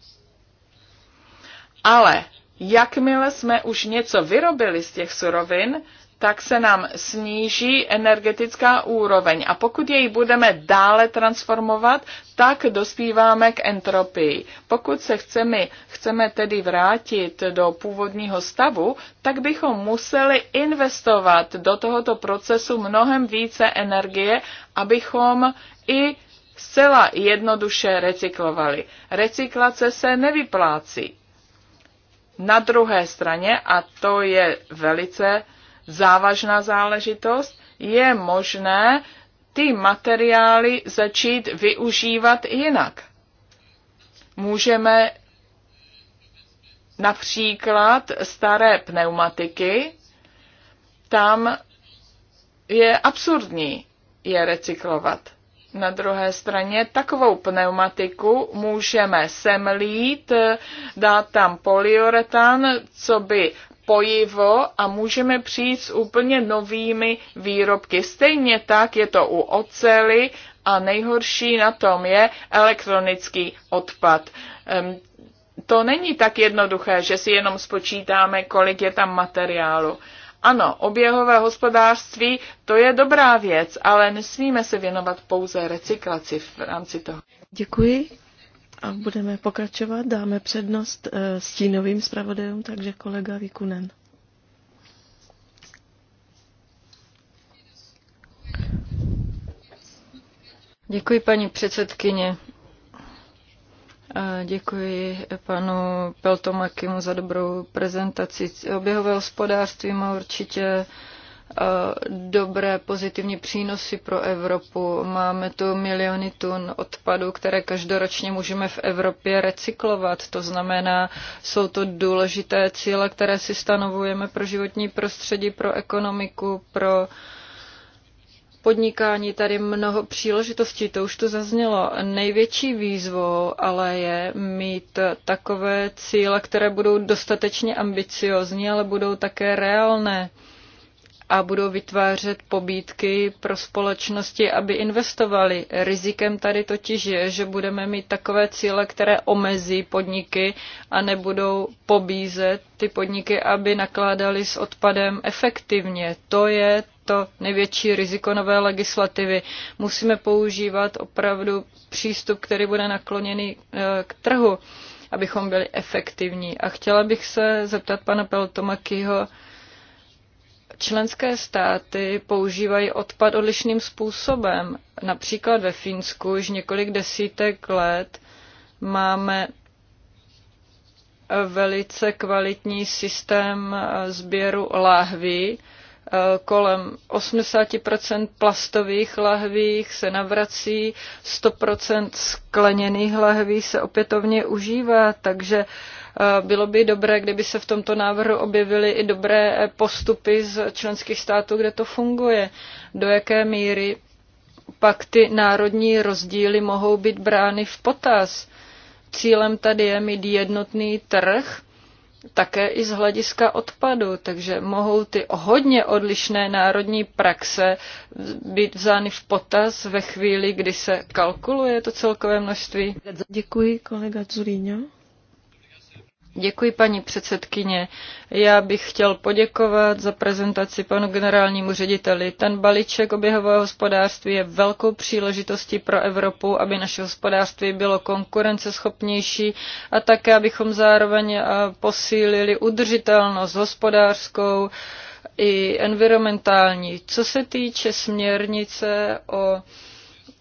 Ale jakmile jsme už něco vyrobili z těch surovin, tak se nám sníží energetická úroveň. A pokud jej budeme dále transformovat, tak dospíváme k entropii. Pokud se chceme, chceme tedy vrátit do původního stavu, tak bychom museli investovat do tohoto procesu mnohem více energie, abychom i zcela jednoduše recyklovali. Recyklace se nevyplácí. Na druhé straně, a to je velice závažná záležitost, je možné ty materiály začít využívat jinak. Můžeme například staré pneumatiky, tam je absurdní je recyklovat. Na druhé straně takovou pneumatiku můžeme semlít, dát tam poliuretan, co by pojivo a můžeme přijít s úplně novými výrobky. Stejně tak je to u ocely a nejhorší na tom je elektronický odpad. To není tak jednoduché, že si jenom spočítáme, kolik je tam materiálu. Ano, oběhové hospodářství to je dobrá věc, ale nesmíme se věnovat pouze recyklaci v rámci toho. Děkuji. A budeme pokračovat, dáme přednost eh, stínovým zpravodajům, takže kolega Vikunen. Děkuji, paní předsedkyně. děkuji panu Peltomakimu za dobrou prezentaci. Oběhové hospodářství má určitě dobré pozitivní přínosy pro Evropu. Máme tu miliony tun odpadu, které každoročně můžeme v Evropě recyklovat. To znamená, jsou to důležité cíle, které si stanovujeme pro životní prostředí, pro ekonomiku, pro podnikání tady mnoho příležitostí, to už to zaznělo. Největší výzvou ale je mít takové cíle, které budou dostatečně ambiciozní, ale budou také reálné a budou vytvářet pobídky pro společnosti, aby investovali. Rizikem tady totiž je, že budeme mít takové cíle, které omezí podniky a nebudou pobízet ty podniky, aby nakládali s odpadem efektivně. To je to největší riziko nové legislativy. Musíme používat opravdu přístup, který bude nakloněný eh, k trhu, abychom byli efektivní. A chtěla bych se zeptat pana Peltomakyho, Členské státy používají odpad odlišným způsobem. Například ve Finsku už několik desítek let máme velice kvalitní systém sběru lahví. Kolem 80% plastových lahví se navrací, 100% skleněných lahví se opětovně užívá, takže Eh, bylo by dobré, kdyby se v tomto návrhu objevily i dobré eh, postupy z členských států, kde to funguje. Do jaké míry pak ty národní rozdíly mohou být brány v potaz. Cílem tady je mít jednotný trh, také i z hlediska odpadu, takže mohou ty hodně odlišné národní praxe být vzány v potaz ve chvíli, kdy se kalkuluje to celkové množství. Děkuji, kolega Zuríňo. Děkuji, paní předsedkyně. Já bych chtěl poděkovat za prezentaci panu generálnímu řediteli. Ten balíček oběhového hospodářství je velkou příležitostí pro Evropu, aby naše hospodářství bylo konkurenceschopnější a také, abychom zároveň posílili udržitelnost hospodářskou i environmentální. Co se týče směrnice o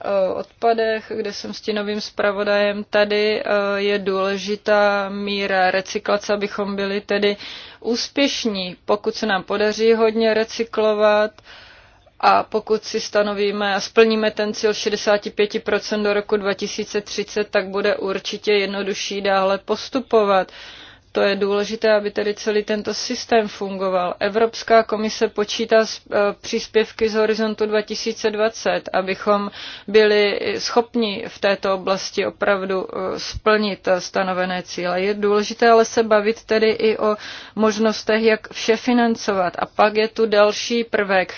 Eh, odpadech, kde jsem s novým zpravodajem. Tady eh, je důležitá míra recyklace, abychom byli tedy úspěšní. Pokud se nám podaří hodně recyklovat, a pokud si stanovíme a splníme ten cíl 65% do roku 2030, tak bude určitě jednodušší dále postupovat. To je důležité, aby tedy celý tento systém fungoval. Evropská komise počítá s e, příspěvky z horizontu 2020, abychom byli schopni v této oblasti opravdu e, splnit e, stanovené cíle. Je důležité ale se bavit tedy i o možnostech, jak vše financovat. A pak je tu další prvek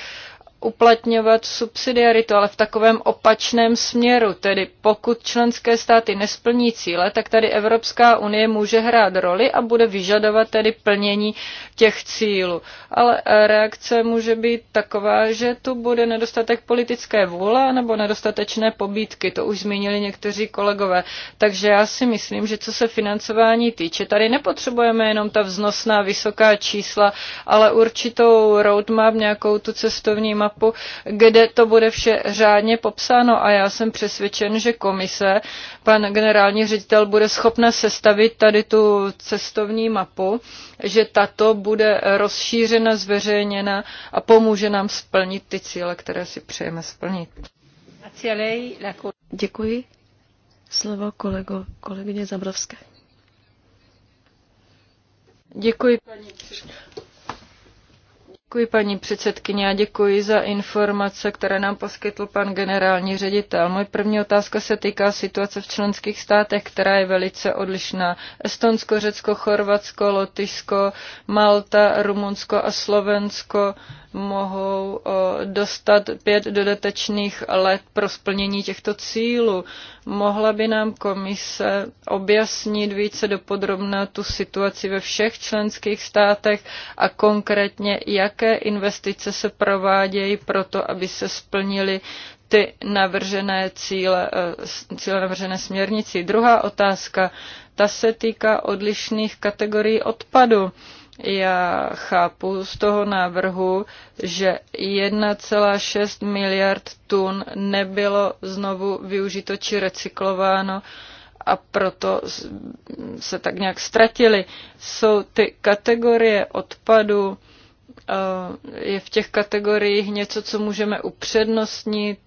uplatňovat subsidiaritu, ale v takovém opačném směru, tedy pokud členské státy nesplní cíle, tak tady Evropská unie může hrát roli a bude vyžadovat tedy plnění těch cílů. Ale reakce může být taková, že tu bude nedostatek politické vůle nebo nedostatečné pobídky, to už zmínili někteří kolegové. Takže já si myslím, že co se financování týče, tady nepotřebujeme jenom ta vznosná vysoká čísla, ale určitou roadmap, nějakou tu cestovní mapu, mapu, kde to bude vše řádně popsáno a já jsem přesvědčen, že komise, pan generální ředitel bude schopna sestavit tady tu cestovní mapu, že tato bude rozšířena, zveřejněna a pomůže nám splnit ty cíle, které si přejeme splnit. Děkuji. Slovo kolego, kolegyně Zabrovské. Děkuji, paní Děkuji paní předsedkyně a děkuji za informace, které nám poskytl pan generální ředitel. Moje první otázka se týká situace v členských státech, která je velice odlišná. Estonsko, Řecko, Chorvatsko, Lotyšsko, Malta, Rumunsko a Slovensko mohou dostat pět dodatečných let pro splnění těchto cílů. Mohla by nám komise objasnit více dopodrobna tu situaci ve všech členských státech a konkrétně, jak jaké investice se provádějí proto, aby se splnily ty navržené cíle, eh, cíle navržené směrnici. Druhá otázka, ta se týká odlišných kategorií odpadu. Já chápu z toho návrhu, že 1,6 miliard tun nebylo znovu využito či recyklováno a proto se tak nějak ztratili. Jsou ty kategorie odpadu je v těch kategoriích něco, co můžeme upřednostnit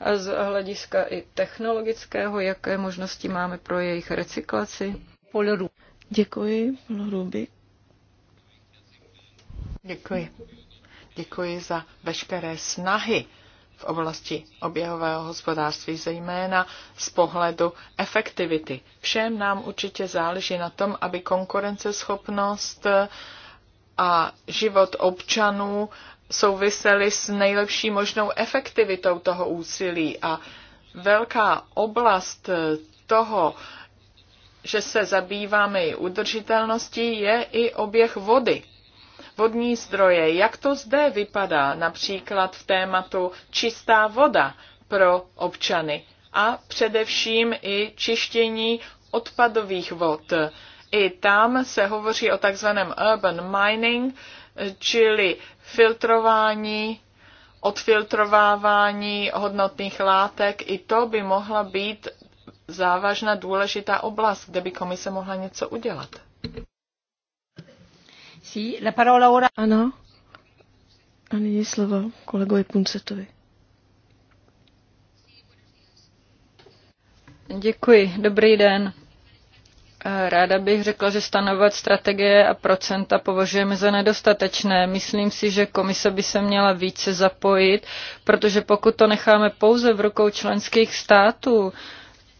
a z hlediska i technologického, jaké možnosti máme pro jejich recyklaci? Poloru. Děkuji, Poloruby. Děkuji. Děkuji za veškeré snahy v oblasti oběhového hospodářství, zejména z pohledu efektivity. Všem nám určitě záleží na tom, aby konkurenceschopnost uh, a život občanů souvisely s nejlepší možnou efektivitou toho úsilí a velká oblast toho, že se zabýváme i udržitelností, je i oběh vody. Vodní zdroje, jak to zde vypadá například v tématu čistá voda pro občany a především i čištění odpadových vod i tam se hovoří o takzvaném urban mining, čili filtrování, odfiltrovávání hodnotných látek. I to by mohla být závažná důležitá oblast, kde by komise mohla něco udělat. Sí, la parola ora. Ano. A nyní slovo kolegovi Puncetovi. Děkuji, dobrý den. Ráda bych řekla, že stanovat strategie a procenta považujeme za nedostatečné. Myslím si, že komise by se měla více zapojit, protože pokud to necháme pouze v rukou členských států,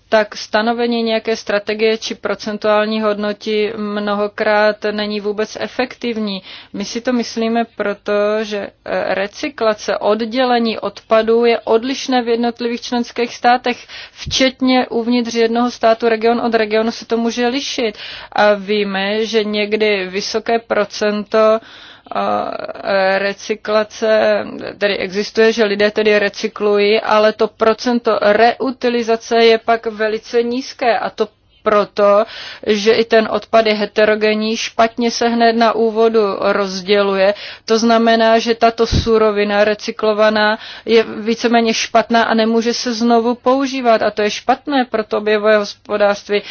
tak stanovení nějaké strategie či procentuální hodnoty mnohokrát není vůbec efektivní. My si to myslíme proto, že eh, recyklace, oddělení odpadů je odlišné v jednotlivých členských státech, včetně uvnitř jednoho státu region od regionu se to může lišit. A víme, že někdy vysoké procento uh, E, recyklace tedy existuje, že lidé tedy recyklují, ale to procento reutilizace je pak velice nízké a to proto, že i ten odpad je heterogenní, špatně se hned na úvodu rozděluje. To znamená, že tato surovina recyklovaná je víceméně špatná a nemůže se znovu používat. A to je špatné pro to objevové hospodářství. E,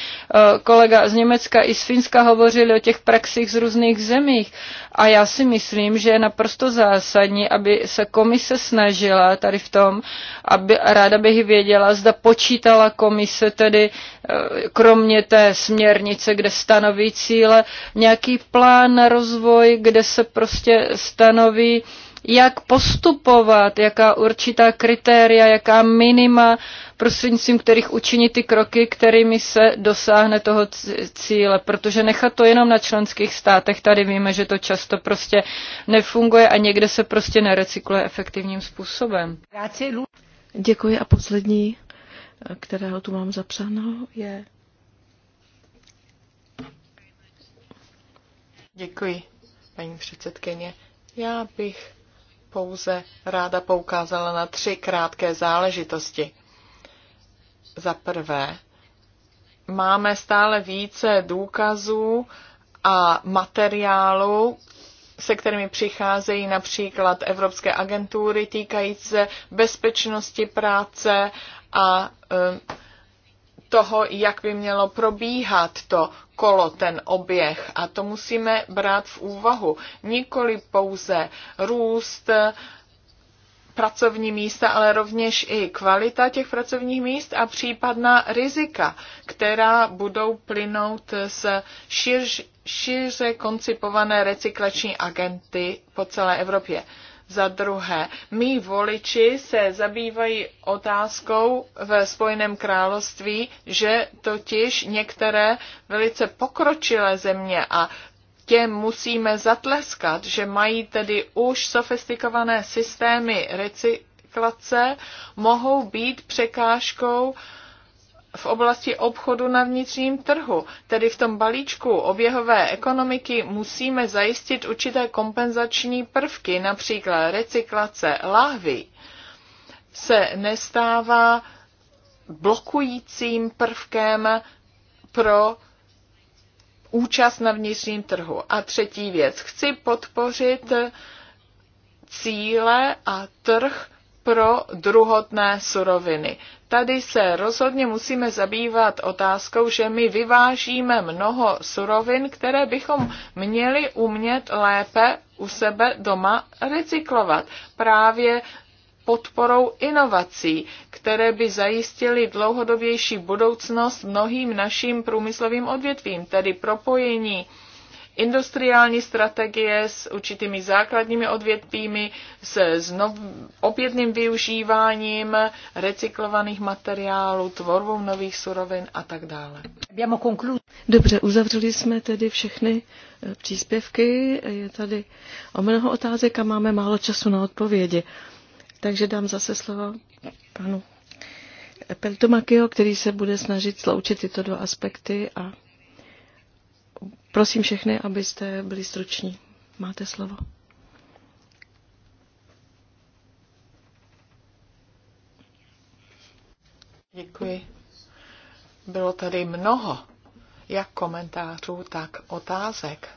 kolega z Německa i z Finska hovořili o těch praxích z různých zemích. A já si myslím, že je naprosto zásadní, aby se komise snažila tady v tom, aby ráda bych věděla, zda počítala komise tedy e, krom kromě té směrnice, kde stanoví cíle, nějaký plán na rozvoj, kde se prostě stanoví, jak postupovat, jaká určitá kritéria, jaká minima, prostřednictvím kterých učinit ty kroky, kterými se dosáhne toho cíle. Protože nechat to jenom na členských státech, tady víme, že to často prostě nefunguje a někde se prostě nerecykluje efektivním způsobem. Děkuji a poslední, kterého tu mám zapsáno, je Děkuji, paní předsedkyně. Já bych pouze ráda poukázala na tři krátké záležitosti. Za prvé, máme stále více důkazů a materiálu, se kterými přicházejí například evropské agentury týkající se bezpečnosti práce a e, toho, jak by mělo probíhat to kolo, ten oběh. A to musíme brát v úvahu. Nikoli pouze růst, pracovní místa, ale rovněž i kvalita těch pracovních míst a případná rizika, která budou plynout z širž, šíře koncipované recyklační agenty po celé Evropě. Za druhé, mý voliči se zabývají otázkou ve Spojeném království, že totiž některé velice pokročilé země a těm musíme zatleskat, že mají tedy už sofistikované systémy recyklace, mohou být překážkou uh, v oblasti obchodu na vnitřním trhu. Tedy v tom balíčku oběhové ekonomiky musíme zajistit určité kompenzační prvky, například recyklace lahvy, se nestává blokujícím prvkem pro účast na vnitřním trhu. A třetí věc, chci podpořit cíle a trh pro druhotné suroviny. Tady se rozhodně musíme zabývat otázkou, že my vyvážíme mnoho surovin, které bychom měli umět lépe u sebe doma recyklovat. Právě podporou inovací, které by zajistily dlouhodobější budoucnost mnohým našim průmyslovým odvětvím, tedy propojení industriální strategie s určitými základními odvětvími, se znov, opětným využíváním recyklovaných materiálů, tvorbou nových surovin a tak dále. Dobře, uzavřeli jsme tedy všechny eh, příspěvky. Je tady o mnoho otázek a máme málo času na odpovědi. Takže dám zase slovo panu Peltomakio, který se bude snažit sloučit tyto dva aspekty a Prosím všechny, abyste byli struční. Máte slovo. Děkuji. Bylo tady mnoho, jak komentářů, tak otázek.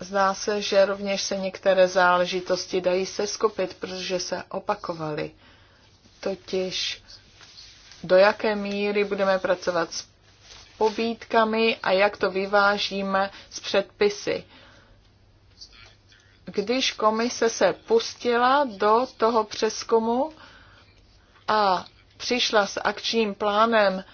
Zdá se, že rovněž se některé záležitosti dají se skupit, protože se opakovaly. Totiž do jaké míry budeme pracovat s pobídkami a jak to vyvážíme s předpisy. Když komise se pustila do toho přeskumu a přišla s akčním plánem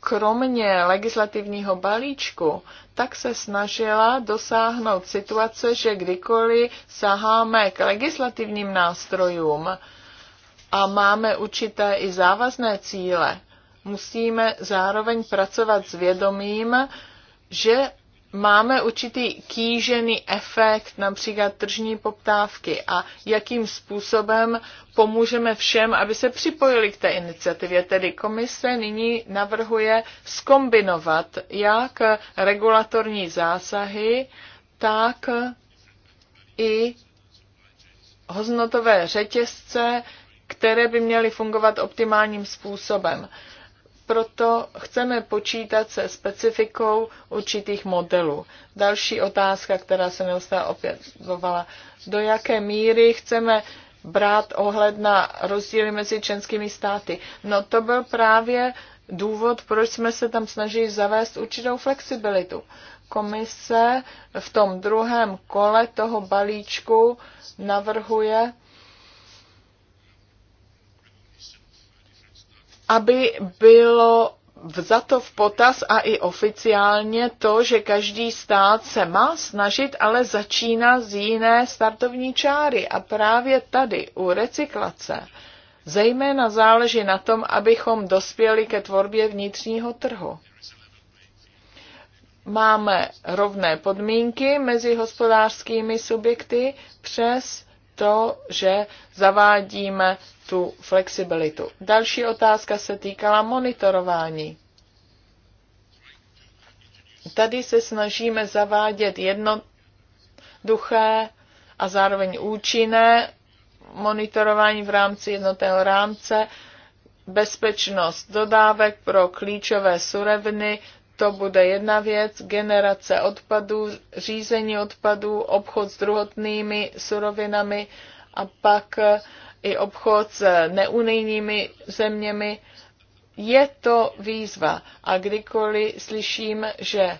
kromě legislativního balíčku, tak se snažila dosáhnout situace, že kdykoliv saháme k legislativním nástrojům a máme určité i závazné cíle, musíme zároveň pracovat s vědomím, že máme určitý kýžený efekt například tržní poptávky a jakým způsobem pomůžeme všem, aby se připojili k té iniciativě. Tedy komise nyní navrhuje skombinovat jak regulatorní zásahy, tak i hoznotové řetězce, které by měly fungovat optimálním způsobem proto chceme počítat se specifikou určitých modelů. Další otázka, která se neustále opětovala, do jaké míry chceme brát ohled na rozdíly mezi členskými státy. No to byl právě důvod, proč jsme se tam snažili zavést určitou flexibilitu. Komise v tom druhém kole toho balíčku navrhuje aby bylo vzato v potaz a i oficiálně to, že každý stát se má snažit, ale začíná z jiné startovní čáry. A právě tady u recyklace zejména záleží na tom, abychom dospěli ke tvorbě vnitřního trhu. Máme rovné podmínky mezi hospodářskými subjekty přes to, že zavádíme tu flexibilitu. Další otázka se týkala monitorování. Tady se snažíme zavádět jednoduché a zároveň účinné monitorování v rámci jednotného rámce, bezpečnost dodávek pro klíčové suroviny, to bude jedna věc, generace odpadů, řízení odpadů, obchod s druhotnými surovinami a pak eh, i obchod s neunijními zeměmi. Je to výzva a kdykoliv slyším, že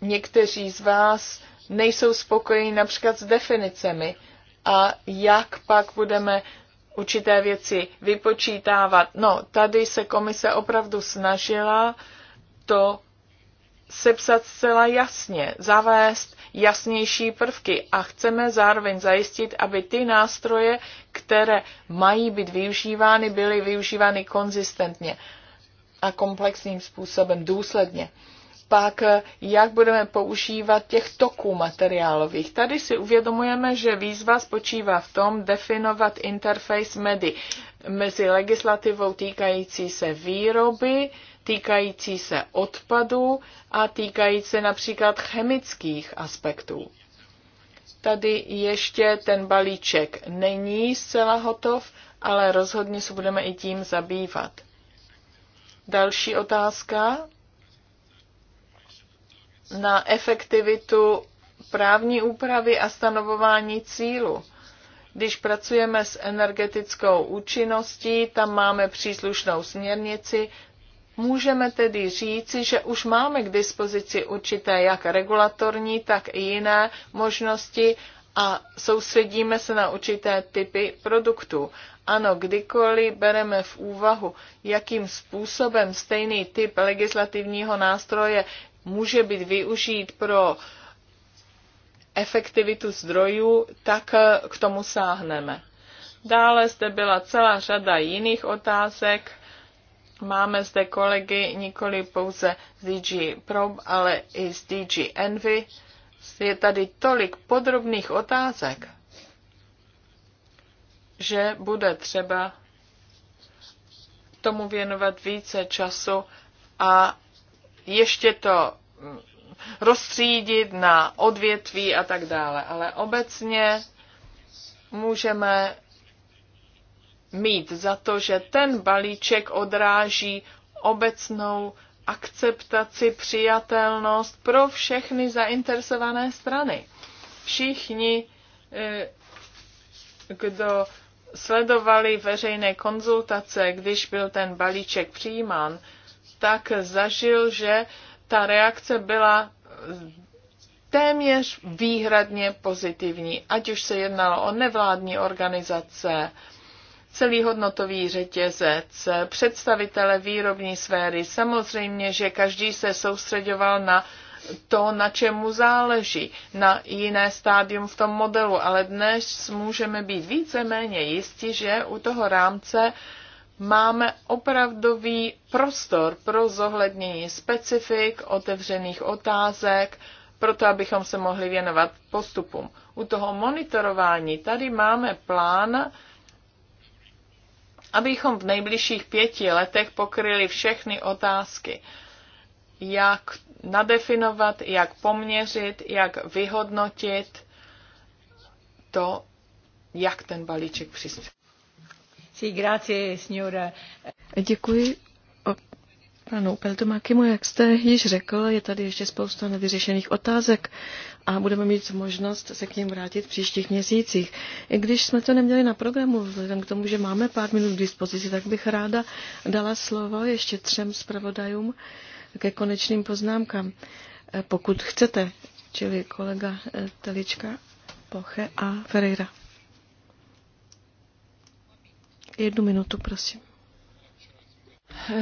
někteří z vás nejsou spokojeni například s definicemi a jak pak budeme určité věci vypočítávat. No, tady se komise opravdu snažila to sepsat zcela jasně, zavést jasnější prvky a chceme zároveň zajistit, aby ty nástroje, které mají být využívány, byly využívány konzistentně a komplexním způsobem, důsledně. Pak, jak budeme používat těch toků materiálových. Tady si uvědomujeme, že výzva spočívá v tom definovat interface medy, mezi legislativou týkající se výroby, týkající se odpadu a týkající se například chemických aspektů. Tady ještě ten balíček není zcela hotov, ale rozhodně se budeme i tím zabývat. Další otázka na efektivitu právní úpravy a stanovování cílu. Když pracujeme s energetickou účinností, tam máme příslušnou směrnici, Můžeme tedy říci, že už máme k dispozici určité jak regulatorní, tak i jiné možnosti a soustředíme se na určité typy produktů. Ano, kdykoliv bereme v úvahu, jakým způsobem stejný typ legislativního nástroje může být využít pro efektivitu zdrojů, tak eh, k tomu sáhneme. Dále zde byla celá řada jiných otázek Máme zde kolegy nikoli pouze z DG Pro, ale i z DG Envy. Je tady tolik podrobných otázek, že bude třeba tomu věnovat více času a ještě to mm, rozstřídit na odvětví a tak dále. Ale obecně můžeme mít za to, že ten balíček odráží obecnou akceptaci, přijatelnost pro všechny zainteresované strany. Všichni, eh, kdo sledovali veřejné konzultace, když byl ten balíček přijímán, tak zažil, že ta reakce byla eh, téměř výhradně pozitivní, ať už se jednalo o nevládní organizace, celý hodnotový řetězec, představitele výrobní sféry. Samozřejmě, že každý se soustředoval na to, na čem mu záleží, na jiné stádium v tom modelu, ale dnes můžeme být víceméně jistí, že u toho rámce máme opravdový prostor pro zohlednění specifik, otevřených otázek, proto abychom se mohli věnovat postupům. U toho monitorování tady máme plán abychom v nejbližších pěti letech pokryli všechny otázky, jak nadefinovat, jak poměřit, jak vyhodnotit to, jak ten balíček přispěl. Děkuji, panu Peltomakimu, jak jste již řekl, je tady ještě spousta nevyřešených otázek a budeme mít možnost se k ním vrátit v příštích měsících. I když jsme to neměli na programu, vzhledem k tomu, že máme pár minut k dispozici, tak bych ráda dala slovo ještě třem zpravodajům ke konečným poznámkám, eh, pokud chcete, čili kolega eh, Telička, Poche a Ferreira. Jednu minutu, prosím.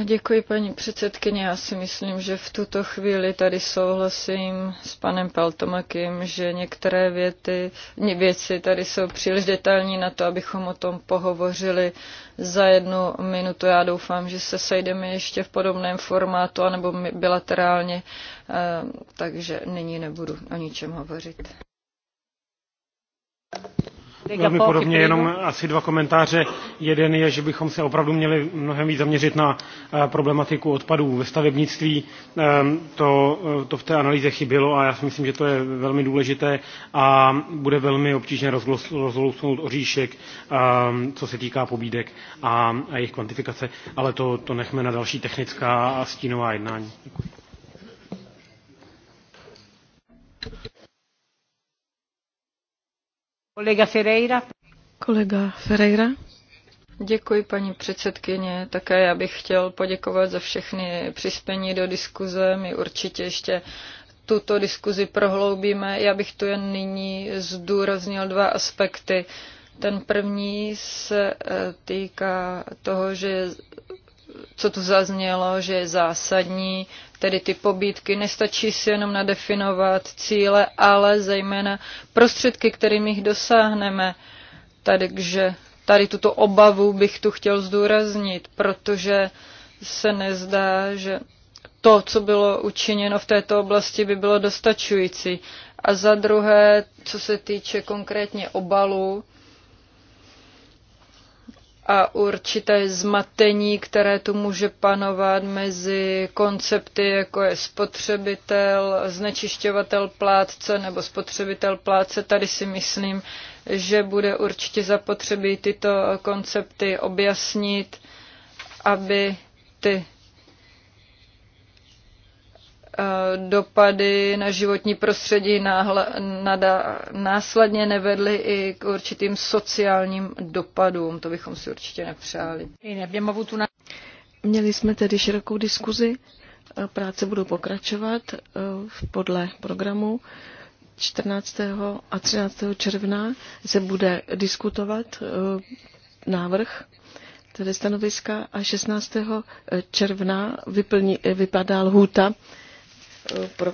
Děkuji, paní předsedkyně. Já si myslím, že v tuto chvíli tady souhlasím s panem Paltomakem, že některé věty, věci tady jsou příliš detailní na to, abychom o tom pohovořili za jednu minutu. Já doufám, že se sejdeme ještě v podobném formátu anebo bilaterálně, eh, takže nyní nebudu o ničem hovořit. Velmi podobně, jenom asi dva komentáře. Jeden je, že bychom se opravdu měli mnohem víc zaměřit na eh, problematiku odpadů ve stavebnictví. Ehm, to, eh, to v té analýze chybělo a já si myslím, že to je velmi důležité a bude velmi obtížně rozlousnout oříšek, ehm, co se týká pobídek a, a jejich kvantifikace, ale to, to nechme na další technická a stínová jednání. Děkuji. Kolega Ferreira. Kolega Ferreira. Děkuji, paní předsedkyně. Také já bych chtěl poděkovat za všechny přispění do diskuze. My určitě ještě tuto diskuzi prohloubíme. Já bych tu jen nyní zdůraznil dva aspekty. Ten první se eh, týká toho, že co tu zaznělo, že je zásadní, tedy ty pobídky. Nestačí si jenom nadefinovat cíle, ale zejména prostředky, kterými jich dosáhneme. Takže tady tuto obavu bych tu chtěl zdůraznit, protože se nezdá, že to, co bylo učiněno v této oblasti, by bylo dostačující. A za druhé, co se týče konkrétně obalů, a určité zmatení, které tu může panovat mezi koncepty, jako je spotřebitel, znečišťovatel plátce nebo spotřebitel plátce. Tady si myslím, že bude určitě zapotřebí tyto koncepty objasnit, aby ty Eh, dopady na životní prostředí náhle, nada, následně nevedly i k určitým sociálním dopadům. To bychom si určitě nepřáli. Měli jsme tedy širokou diskuzi. Eh, práce budou pokračovat eh, podle programu. 14. a 13. června se bude diskutovat návrh tedy stanoviska a 16. června vyplní, vypadá lhůta Eh, pro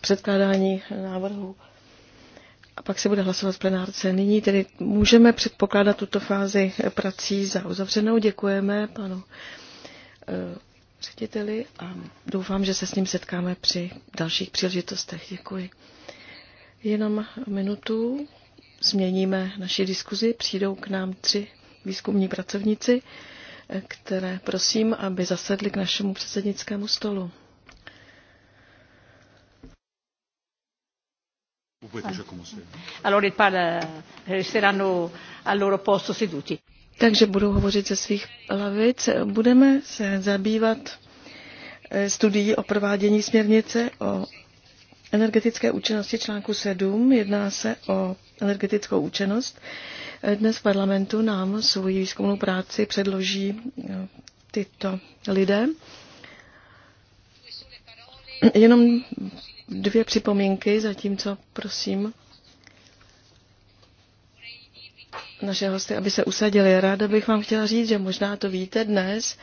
předkládání návrhu A pak se bude hlasovat v plenárce. Nyní tedy můžeme předpokládat tuto fázi prací za uzavřenou. Děkujeme panu eh, řediteli a doufám, že se s ním setkáme při dalších příležitostech. Děkuji. Jenom minutu změníme naši diskuzi. Přijdou k nám tři výzkumní pracovníci, eh, které prosím, aby zasedli k našemu předsednickému stolu. Euh, no Takže budu hovořit ze svých lavic. Budeme se zabývat eh, studií o provádění směrnice o energetické účinnosti článku 7. Jedná se o energetickou účinnost. Eh, dnes v parlamentu nám svoji výzkumnou práci předloží eh, tyto lidé. Jenom dvě připomínky, zatímco prosím naše hosty, aby se usadili. Ráda bych vám chtěla říct, že možná to víte, dnes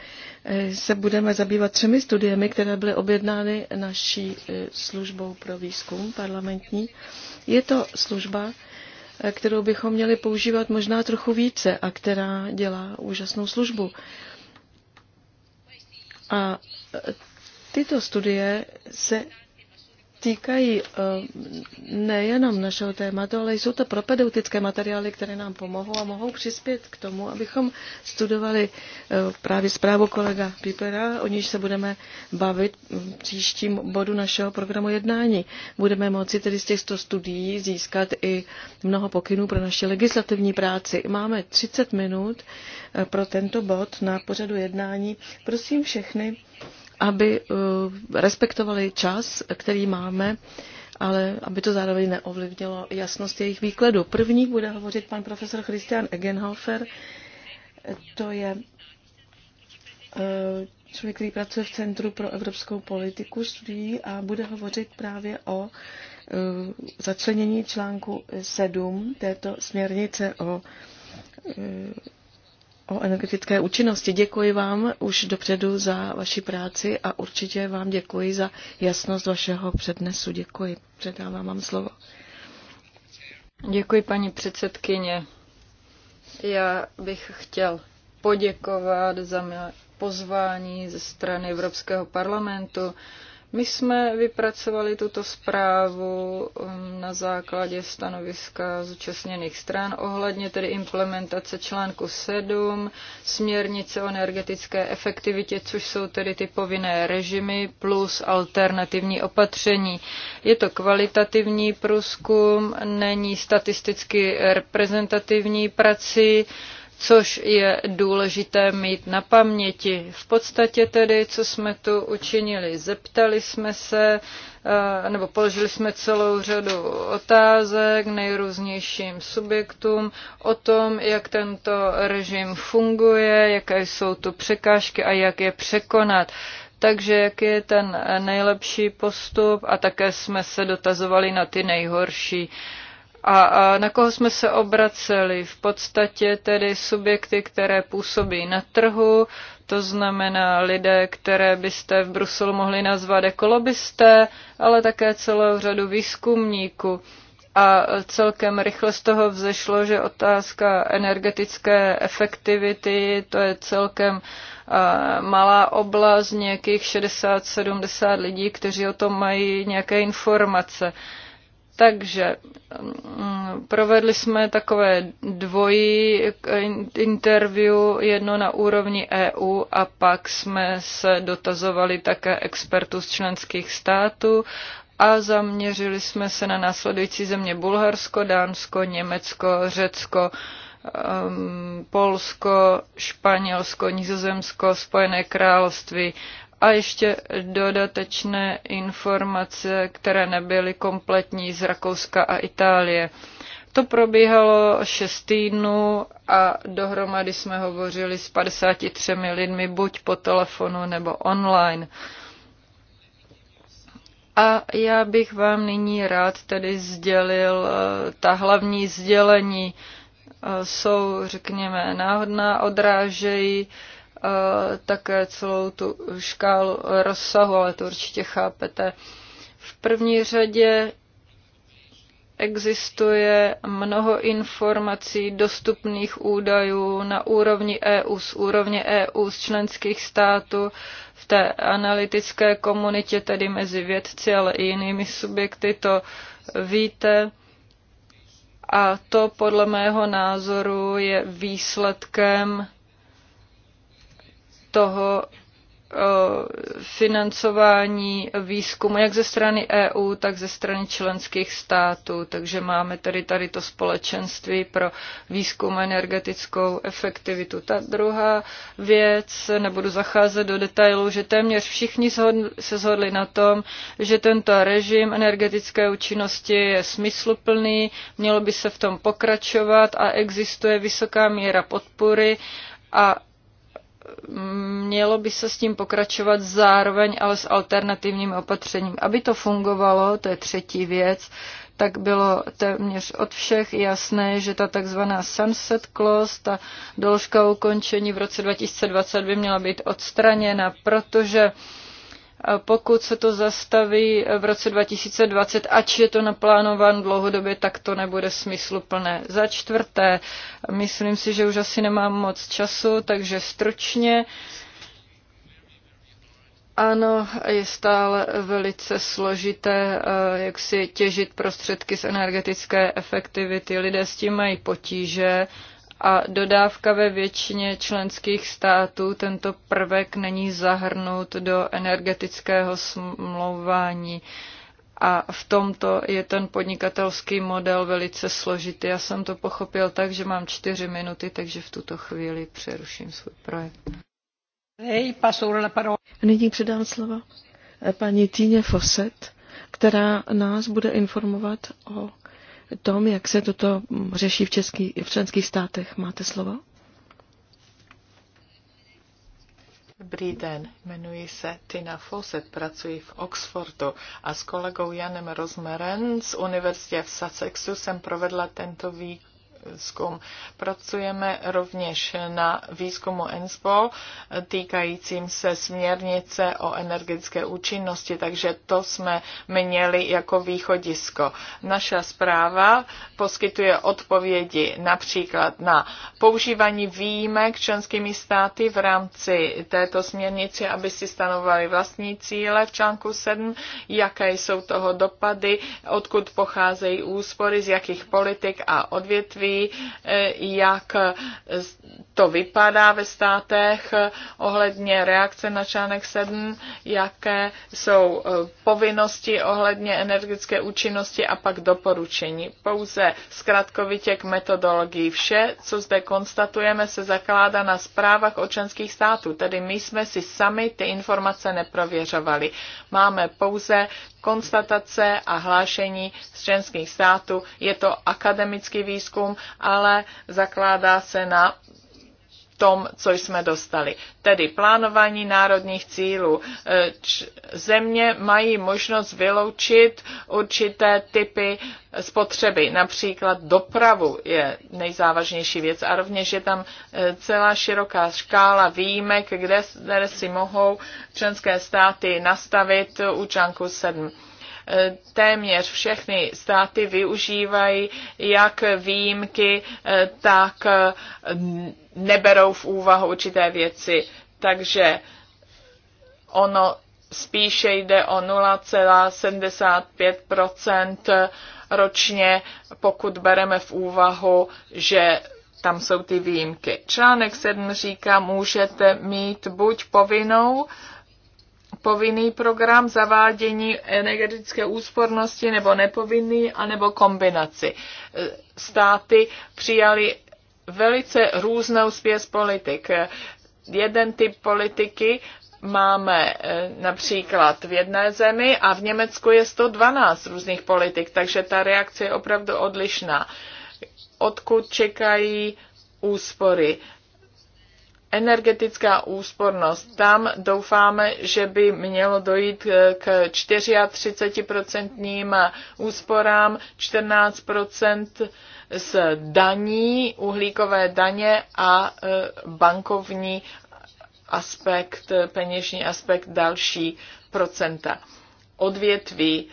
eh, se budeme zabývat třemi studiemi, které byly objednány naší eh, službou pro výzkum parlamentní. Je to služba, eh, kterou bychom měli používat možná trochu více a která dělá úžasnou službu. A tyto studie se týkají eh, nejenom našeho tématu, ale jsou to propedeutické materiály, které nám pomohou a mohou přispět k tomu, abychom studovali eh, právě zprávu kolega Pipera, o níž se budeme bavit v příštím bodu našeho programu jednání. Budeme moci tedy z těchto studií získat i mnoho pokynů pro naši legislativní práci. Máme 30 minut eh, pro tento bod na pořadu jednání. Prosím všechny, aby eh, respektovali čas, který máme, ale aby to zároveň neovlivnilo jasnost jejich výkladu. První bude hovořit pan profesor Christian Egenhofer, to je eh, člověk, který pracuje v Centru pro evropskou politiku studií a bude hovořit právě o eh, začlenění článku 7 této směrnice o o energetické účinnosti. Děkuji vám už dopředu za vaši práci a určitě vám děkuji za jasnost vašeho přednesu. Děkuji. Předávám vám slovo. Děkuji, paní předsedkyně. Já bych chtěl poděkovat za pozvání ze strany Evropského parlamentu. My jsme vypracovali tuto zprávu um, na základě stanoviska zúčastněných stran ohledně tedy implementace článku 7, směrnice o energetické efektivitě, což jsou tedy ty povinné režimy plus alternativní opatření. Je to kvalitativní průzkum, není statisticky reprezentativní prací, což je důležité mít na paměti. V podstatě tedy, co jsme tu učinili, zeptali jsme se, eh, nebo položili jsme celou řadu otázek nejrůznějším subjektům o tom, jak tento režim funguje, jaké jsou tu překážky a jak je překonat. Takže jak je ten nejlepší postup a také jsme se dotazovali na ty nejhorší uh, a, a na koho jsme se obraceli? V podstatě tedy subjekty, které působí na trhu, to znamená lidé, které byste v Bruselu mohli nazvat ekolobisté, jako ale také celou řadu výzkumníků. A celkem rychle z toho vzešlo, že otázka energetické efektivity, to je celkem malá oblast, nějakých 60-70 lidí, kteří o tom mají nějaké informace. Takže mm, provedli jsme takové dvojí eh, interview, jedno na úrovni EU a pak jsme se dotazovali také expertů z členských států a zaměřili jsme se na následující země Bulharsko, Dánsko, Německo, Řecko, ehm, Polsko, Španělsko, Nizozemsko, Spojené království a ještě dodatečné informace, které nebyly kompletní z Rakouska a Itálie. To probíhalo 6 týdnů a dohromady jsme hovořili s 53 lidmi buď po telefonu nebo online. A já bych vám nyní rád tedy sdělil eh, ta hlavní sdělení. Eh, jsou, řekněme, náhodná, odrážejí uh, také celou tu škálu rozsahu, ale to určitě chápete. V první řadě existuje mnoho informací, dostupných údajů na úrovni EU, z úrovně EU, z členských států, v té analytické komunitě, tedy mezi vědci, ale i jinými subjekty, to víte. A to podle mého názoru je výsledkem toho eh, financování výzkumu jak ze strany EU, tak ze strany členských států. Takže máme tady tady to společenství pro výzkum energetickou efektivitu. Ta druhá věc, nebudu zacházet do detailů, že téměř všichni se shodli na tom, že tento režim energetické účinnosti je smysluplný, mělo by se v tom pokračovat a existuje vysoká míra podpory a mělo by se s tím pokračovat zároveň, ale s alternativním opatřením. Aby to fungovalo, to je třetí věc, tak bylo téměř od všech jasné, že ta takzvaná sunset clause, ta doložka ukončení v roce 2020 by měla být odstraněna, protože uh, pokud se to zastaví v roce 2020, ač je to naplánován dlouhodobě, tak to nebude smysluplné. Za čtvrté, myslím si, že už asi nemám moc času, takže stručně. Ano, je stále velice složité, eh, jak si těžit prostředky z energetické efektivity. Lidé s tím mají potíže a dodávka ve většině členských států tento prvek není zahrnut do energetického smlouvání. A v tomto je ten podnikatelský model velice složitý. Já jsem to pochopil tak, že mám čtyři minuty, takže v tuto chvíli přeruším svůj projekt. Nyní předám slovo paní Týně Foset, která nás bude informovat o tom, jak se toto řeší v, český, v členských státech. Máte slovo? Dobrý den, jmenuji se Tina Fawcett, pracuji v Oxfordu a s kolegou Janem Rozmerem z Univerzitě v Sussexu jsem provedla tento vík výzkum. Pracujeme rovněž na výzkumu ENSPO týkajícím se směrnice o energetické účinnosti, takže to jsme měli jako východisko. Naša zpráva poskytuje odpovědi například na používání výjimek členskými státy v rámci této směrnice, aby si stanovali vlastní cíle v článku 7, jaké jsou toho dopady, odkud pocházejí úspory, z jakých politik a odvětví historii, eh, jak eh, to vypadá ve státech eh, ohledně reakce na článek 7, jaké jsou povinnosti ohledně energetické účinnosti a pak doporučení. Pouze zkratkovitě k metodologii. Vše, co zde konstatujeme, se zakládá na zprávách o členských států, tedy my jsme si sami ty informace neprověřovali. Máme pouze konstatace a hlášení z členských států. Je to akademický výzkum, ale zakládá se na tom, co jsme dostali. Tedy plánování národních cílů. E, země mají možnost vyloučit určité typy spotřeby, například dopravu je nejzávažnější věc a rovněž je tam e, celá široká škála výjimek, kde si mohou členské státy nastavit účanku 7 Eh, téměř všechny státy využívají jak výjimky, eh, tak eh, neberou v úvahu určité věci. Takže ono spíše jde o 0,75 ročně, pokud bereme v úvahu, že tam jsou ty výjimky. Článek 7 říká, můžete mít buď povinnou povinný program zavádění energetické úspornosti nebo nepovinný, anebo kombinaci. Státy přijali velice různou spěs politik. Jeden typ politiky máme eh, například v jedné zemi a v Německu je 112 různých politik, takže ta reakce je opravdu odlišná. Odkud čekají úspory? energetická úspornost. Tam doufáme, že by mělo dojít k 34% úsporám, 14% z daní, uhlíkové daně a e, bankovní aspekt, peněžní aspekt další procenta. Odvětví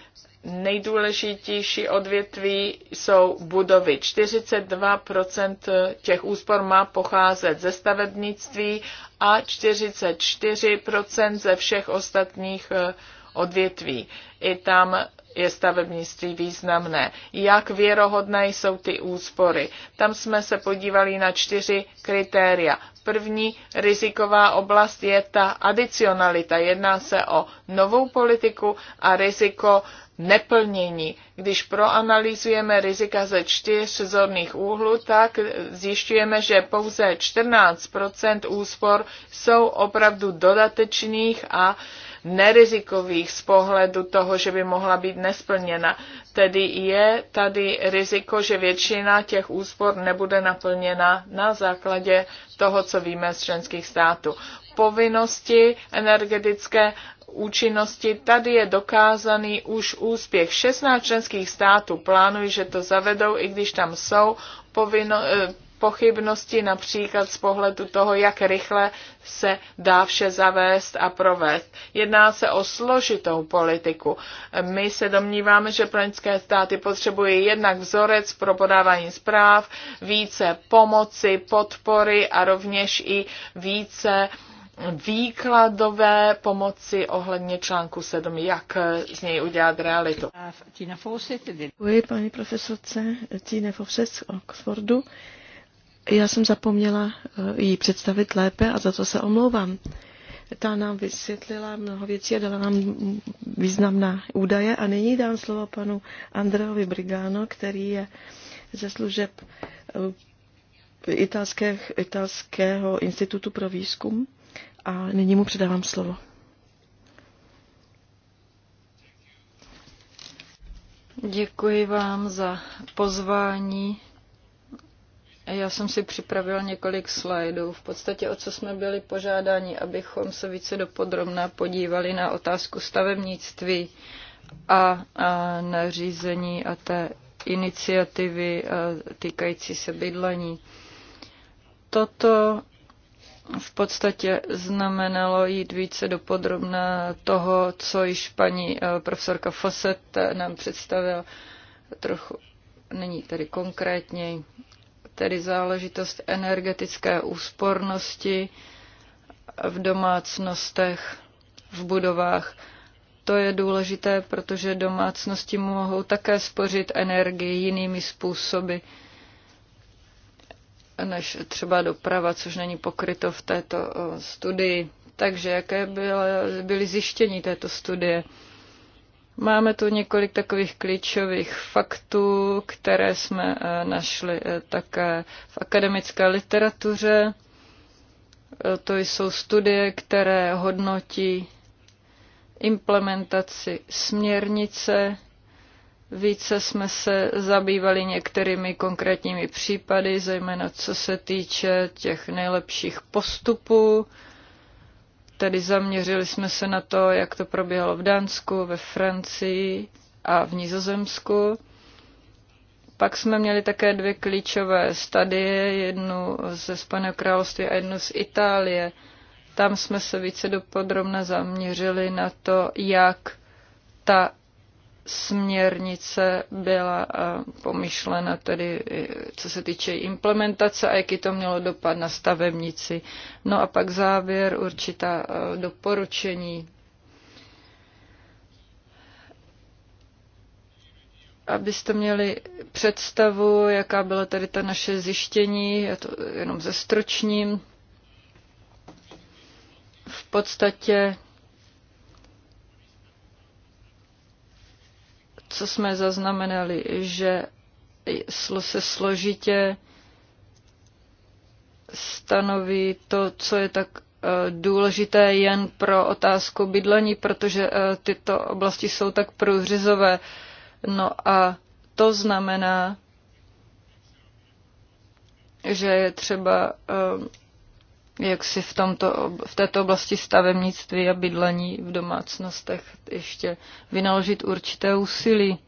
nejdůležitější odvětví jsou budovy. 42% těch úspor má pocházet ze stavebnictví a 44% ze všech ostatních eh, odvětví. I tam je stavebnictví významné. Jak věrohodné jsou ty úspory? Tam jsme se podívali na čtyři kritéria. První riziková oblast je ta adicionalita. Jedná se o novou politiku a riziko neplnění. Když proanalýzujeme rizika ze čtyř zorných úhlů, tak zjišťujeme, že pouze 14 úspor jsou opravdu dodatečných a uh, nerizikových z pohledu toho, že by mohla být nesplněna. Tedy je tady riziko, že většina těch úspor nebude naplněna na základě toho, co víme z členských států. Povinnosti energetické účinnosti, tady je dokázaný už úspěch. 16 členských států plánují, že to zavedou, i když tam jsou povinno, eh, pochybnosti například z pohledu toho, jak rychle se dá vše zavést a provést. Jedná se o složitou politiku. My se domníváme, že plenské státy potřebují jednak vzorec pro podávání zpráv, více pomoci, podpory a rovněž i více výkladové pomoci ohledně článku 7, jak z něj udělat realitu. Děkuji paní profesorce Tina Fawcett z Oxfordu. Já jsem zapomněla eh, ji představit lépe a za to se omlouvám. Ta nám vysvětlila mnoho věcí a dala nám významná údaje. A nyní dám slovo panu Andreovi Brigano, který je ze služeb eh, italské, italského institutu pro výzkum. A nyní mu předávám slovo. Děkuji vám za pozvání já jsem si připravil několik slajdů. V podstatě o co jsme byli požádáni, abychom se více dopodrobná podívali na otázku stavebnictví a, a řízení a té iniciativy týkající se bydlení. Toto v podstatě znamenalo jít více do podrobna toho, co již paní e, profesorka Fosset nám představila trochu, není tady konkrétněji tedy záležitost energetické úspornosti v domácnostech, v budovách. To je důležité, protože domácnosti mohou také spořit energii jinými způsoby než třeba doprava, což není pokryto v této eh, studii. Takže jaké byly, byly zjištění této studie? Máme tu několik takových klíčových faktů, které jsme eh, našli eh, také v akademické literatuře. Eh, to jsou studie, které hodnotí implementaci směrnice. Více jsme se zabývali některými konkrétními případy, zejména co se týče těch nejlepších postupů Tedy zaměřili jsme se na to, jak to proběhlo v Dánsku, ve Francii a v Nizozemsku. Pak jsme měli také dvě klíčové stadie, jednu ze Spojeného království a jednu z Itálie. Tam jsme se více dopodrobna zaměřili na to, jak ta směrnice byla eh, pomyšlena tedy, eh, co se týče implementace a jaký to mělo dopad na stavebnici. No a pak závěr určitá eh, doporučení. Abyste měli představu, jaká byla tady ta naše zjištění, já to jenom ze stročním. V podstatě co jsme zaznamenali, že se složitě stanoví to, co je tak eh, důležité jen pro otázku bydlení, protože eh, tyto oblasti jsou tak průřizové. No a to znamená, že je třeba eh, jak si v, tomto, v této oblasti stavebnictví a bydlení v domácnostech ještě vynaložit určité úsilí.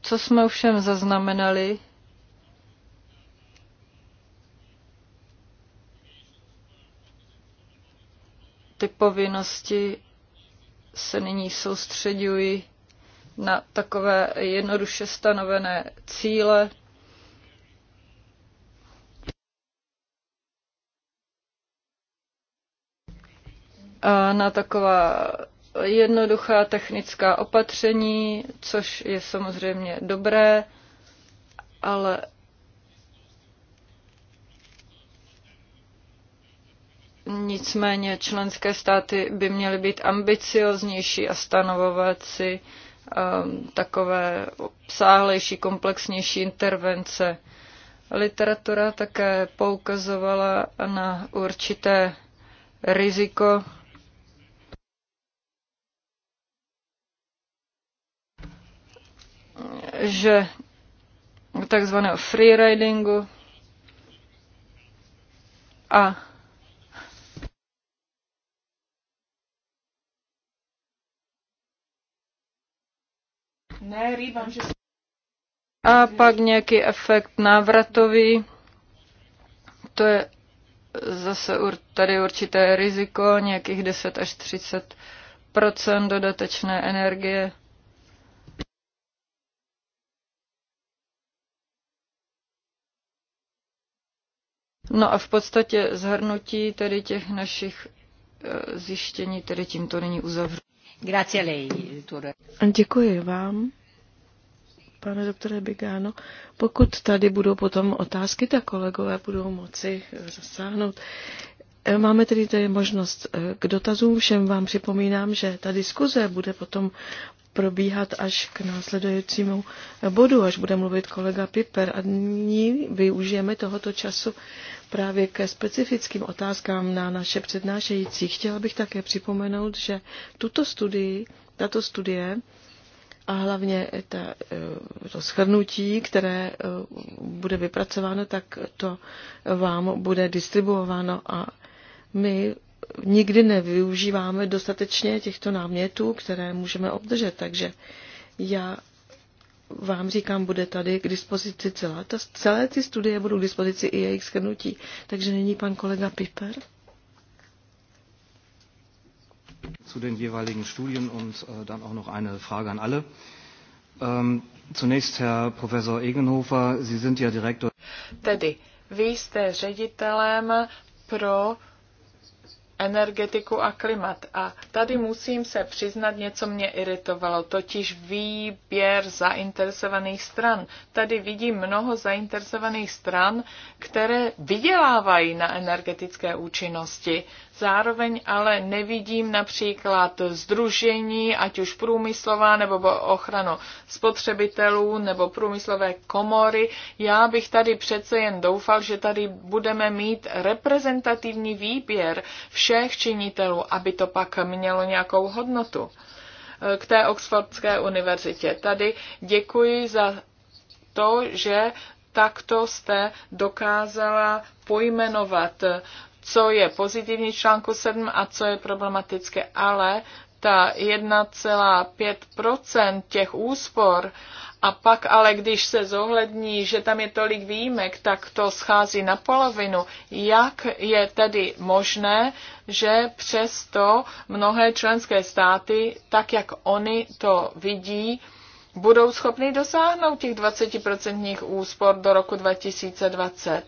Co jsme ovšem zaznamenali, ty povinnosti se nyní soustředují na takové jednoduše stanovené cíle, na taková jednoduchá technická opatření, což je samozřejmě dobré, ale nicméně členské státy by měly být ambicioznější a stanovovat si um, takové obsáhlejší, komplexnější intervence. Literatura také poukazovala na určité riziko že takzvaného freeridingu a že... A pak nějaký efekt návratový. To je zase tady určité riziko, nějakých 10 až 30 dodatečné energie. No a v podstatě zhrnutí tedy těch našich eh, zjištění tedy tímto není uzavřeno. Děkuji vám, pane doktore Bigáno. Pokud tady budou potom otázky, tak kolegové budou moci eh, zasáhnout. Eh, máme tedy tady možnost k dotazům. Všem vám připomínám, že ta diskuze bude potom probíhat až k následujícímu bodu, až bude mluvit kolega Piper. A nyní využijeme tohoto času právě ke specifickým otázkám na naše přednášející. Chtěla bych také připomenout, že tuto studii, tato studie a hlavně ta, e, to shrnutí, které e, bude vypracováno, tak to vám bude distribuováno a my nikdy nevyužíváme dostatečně těchto námětů, které můžeme obdržet, takže já vám říkám, bude tady k dispozici celá. Ta, celé ty studie budou k dispozici i jejich shrnutí. Takže není pan kolega Piper? Zu den jeweiligen Studien und äh, dann auch noch eine Frage an alle. Ähm, zunächst, Herr Professor Egenhofer, Sie sind ja Direktor. Tedy, vy jste ředitelem pro energetiku a klimat. A tady musím se přiznat, něco mě iritovalo, totiž výběr zainteresovaných stran. Tady vidím mnoho zainteresovaných stran, které vydělávají na energetické účinnosti Zároveň ale nevidím například združení, ať už průmyslová nebo ochranu spotřebitelů nebo průmyslové komory. Já bych tady přece jen doufal, že tady budeme mít reprezentativní výběr všech činitelů, aby to pak mělo nějakou hodnotu. K té Oxfordské univerzitě. Tady děkuji za to, že takto jste dokázala pojmenovat co je pozitivní v článku 7 a co je problematické, ale ta 1,5% těch úspor a pak ale, když se zohlední, že tam je tolik výjimek, tak to schází na polovinu. Jak je tedy možné, že přesto mnohé členské státy, tak jak oni to vidí, budou schopny dosáhnout těch 20% úspor do roku 2020?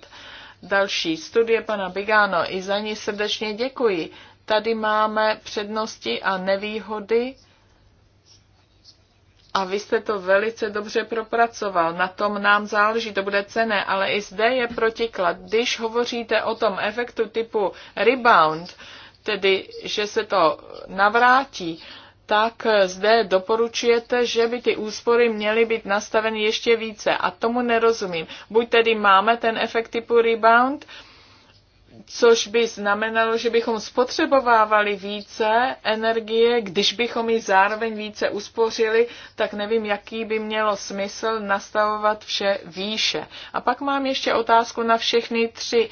další studie pana Bigano. I za ní srdečně děkuji. Tady máme přednosti a nevýhody a vy jste to velice dobře propracoval. Na tom nám záleží, to bude cené, ale i zde je protiklad. Když hovoříte o tom efektu typu rebound, tedy že se to navrátí, tak zde doporučujete, že by ty úspory měly být nastaveny ještě více. A tomu nerozumím. Buď tedy máme ten efekt typu rebound, což by znamenalo, že bychom spotřebovávali více energie, když bychom ji zároveň více uspořili, tak nevím, jaký by mělo smysl nastavovat vše výše. A pak mám ještě otázku na všechny tři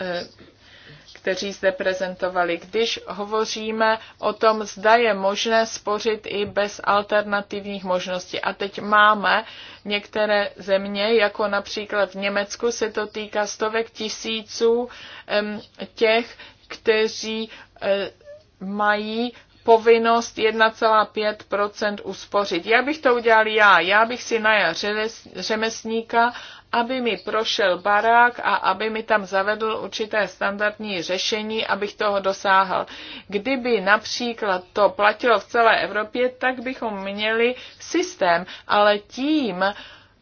eh, kteří zde prezentovali. Když hovoříme o tom, zda je možné spořit i bez alternativních možností. A teď máme některé země, jako například v Německu se to týká stovek tisíců těch, kteří eh, mají povinnost 1,5% uspořit. Já bych to udělal já. Já bych si najal řemesníka, aby mi prošel barák a aby mi tam zavedl určité standardní řešení, abych toho dosáhl. Kdyby například to platilo v celé Evropě, tak bychom měli systém, ale tím,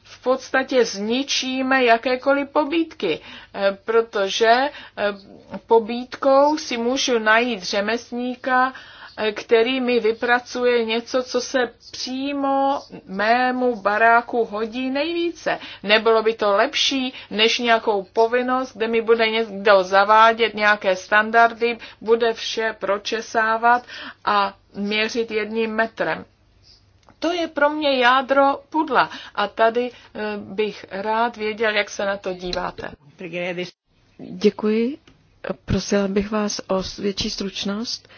v podstatě zničíme jakékoliv pobítky, eh, protože eh, pobítkou si můžu najít řemesníka, který mi vypracuje něco, co se přímo mému baráku hodí nejvíce. Nebylo by to lepší, než nějakou povinnost, kde mi bude někdo zavádět nějaké standardy, bude vše pročesávat a měřit jedním metrem. To je pro mě jádro pudla a tady eh, bych rád věděl, jak se na to díváte. Děkuji. Prosila bych vás o větší stručnost.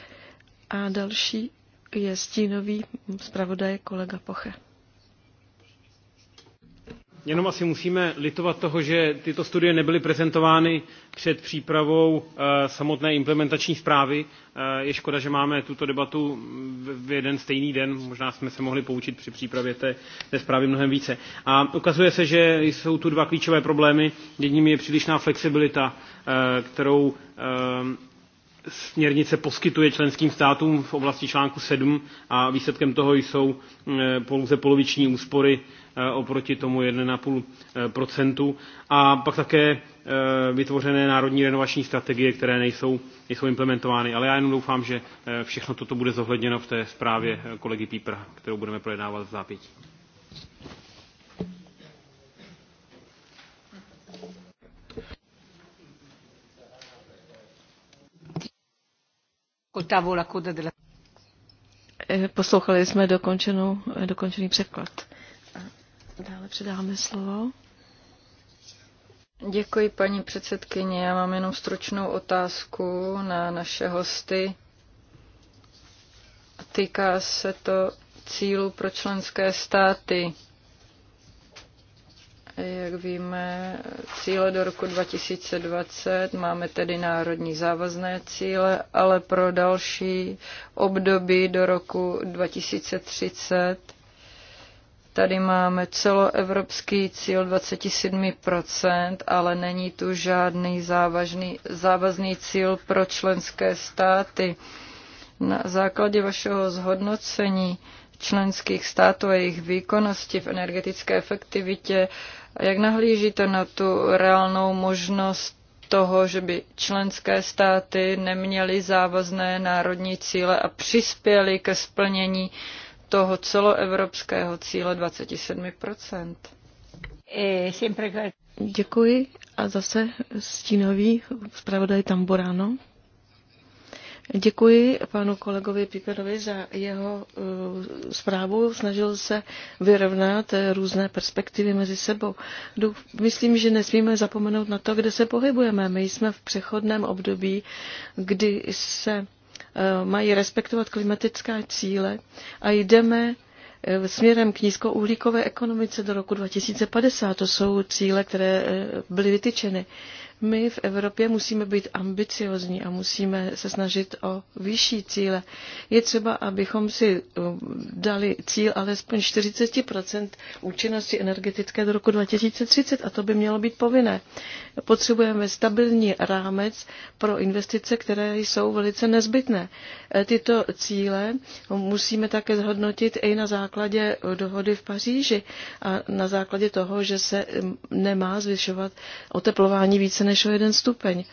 A další je stínový zpravodaj kolega Poche. Jenom asi musíme litovat toho, že tyto studie nebyly prezentovány před přípravou eh, samotné implementační zprávy. Eh, je škoda, že máme tuto debatu v jeden stejný den. Možná jsme se mohli poučit při přípravě té, té zprávy mnohem více. A ukazuje se, že jsou tu dva klíčové problémy. Jedním je přílišná flexibilita, eh, kterou směrnice poskytuje členským státům v oblasti článku 7 a výsledkem toho jsou eh, pouze poloviční úspory eh, oproti tomu 1,5 a pak také eh, vytvořené národní renovační strategie, které nejsou, nejsou implementovány. Ale já jenom doufám, že všechno toto bude zohledněno v té zprávě kolegy Pípra, kterou budeme projednávat v zápětí. Eh, poslouchali jsme dokončenou, eh, dokončený překlad. Dále předáme slovo. Děkuji, paní předsedkyně. Já mám jenom stručnou otázku na naše hosty. Týká se to cílu pro členské státy. Jak víme, cíle do roku 2020 máme tedy národní závazné cíle, ale pro další období do roku 2030 tady máme celoevropský cíl 27%, ale není tu žádný závažný, závazný cíl pro členské státy. Na základě vašeho zhodnocení členských států a jejich výkonnosti v energetické efektivitě. Jak nahlížíte na tu reálnou možnost toho, že by členské státy neměly závazné národní cíle a přispěly ke splnění toho celoevropského cíle 27 eh, Děkuji a zase stínový zpravodaj Tamborano. Děkuji panu kolegovi Piperovi za jeho eh, zprávu. Snažil se vyrovnat eh, různé perspektivy mezi sebou. Myslím, že nesmíme zapomenout na to, kde se pohybujeme. My jsme v přechodném období, kdy se eh, mají respektovat klimatická cíle a jdeme směrem k nízkouhlíkové ekonomice do roku 2050. To jsou cíle, které byly vytyčeny. My v Evropě musíme být ambiciozní a musíme se snažit o vyšší cíle. Je třeba, abychom si eh, dali cíl alespoň 40 účinnosti energetické do roku 2030 a to by mělo být povinné potřebujeme stabilní rámec pro investice, které jsou velice nezbytné. E, tyto cíle musíme také zhodnotit i na základě dohody v Paříži a na základě toho, že se nemá zvyšovat oteplování více než o jeden stupeň.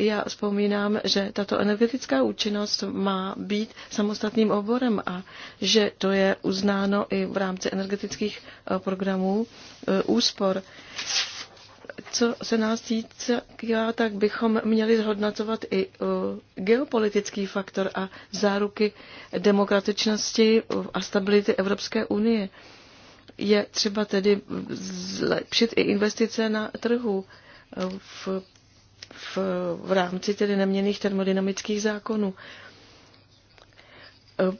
Já vzpomínám, že tato energetická účinnost má být samostatným oborem a že to je uznáno i v rámci energetických e, programů e, úspor co se nás týká, tak bychom měli zhodnocovat i uh, geopolitický faktor a záruky demokratičnosti a stability Evropské unie. Je třeba tedy zlepšit i investice na trhu uh, v, v, v rámci tedy neměných termodynamických zákonů uh,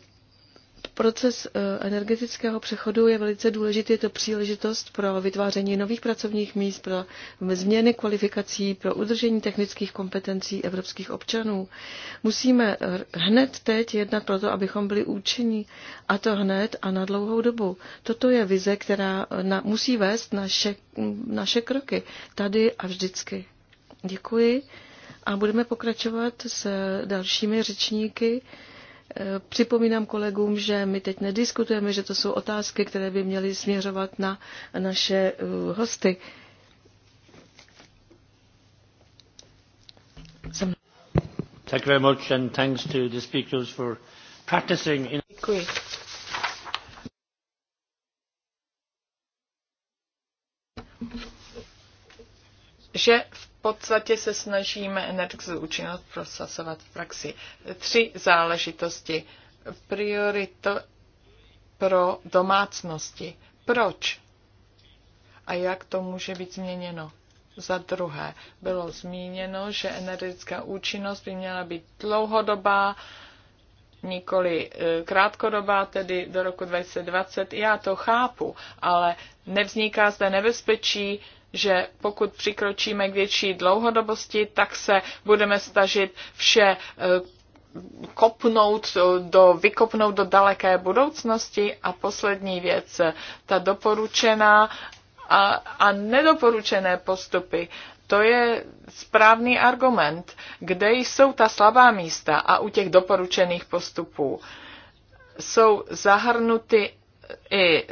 Proces eh, energetického přechodu je velice důležitý, je to příležitost pro vytváření nových pracovních míst, pro změny kvalifikací, pro udržení technických kompetencí evropských občanů. Musíme hned teď jednat proto, abychom byli účinní, a to hned a na dlouhou dobu. Toto je vize, která eh, na, musí vést naše, naše kroky tady a vždycky. Děkuji a budeme pokračovat s dalšími řečníky. Eh, připomínám kolegům, že my teď nediskutujeme, že to jsou otázky, které by měly směřovat na naše eh, hosty. Thank you very much and thanks to the speakers for practicing. In... Děkuji. Že v podstatě se snažíme energetickou účinnost prosazovat v praxi. Tři záležitosti. Priorita pro domácnosti. Proč? A jak to může být změněno? Za druhé, bylo zmíněno, že energetická účinnost by měla být dlouhodobá, nikoli e, krátkodobá, tedy do roku 2020. Já to chápu, ale nevzniká zde nebezpečí, že pokud přikročíme k větší dlouhodobosti, tak se budeme stažit vše eh, kopnout eh, do, vykopnout do daleké budoucnosti. A poslední věc, eh, ta doporučená a, a nedoporučené postupy. To je správný argument, kde jsou ta slabá místa a u těch doporučených postupů jsou zahrnuty i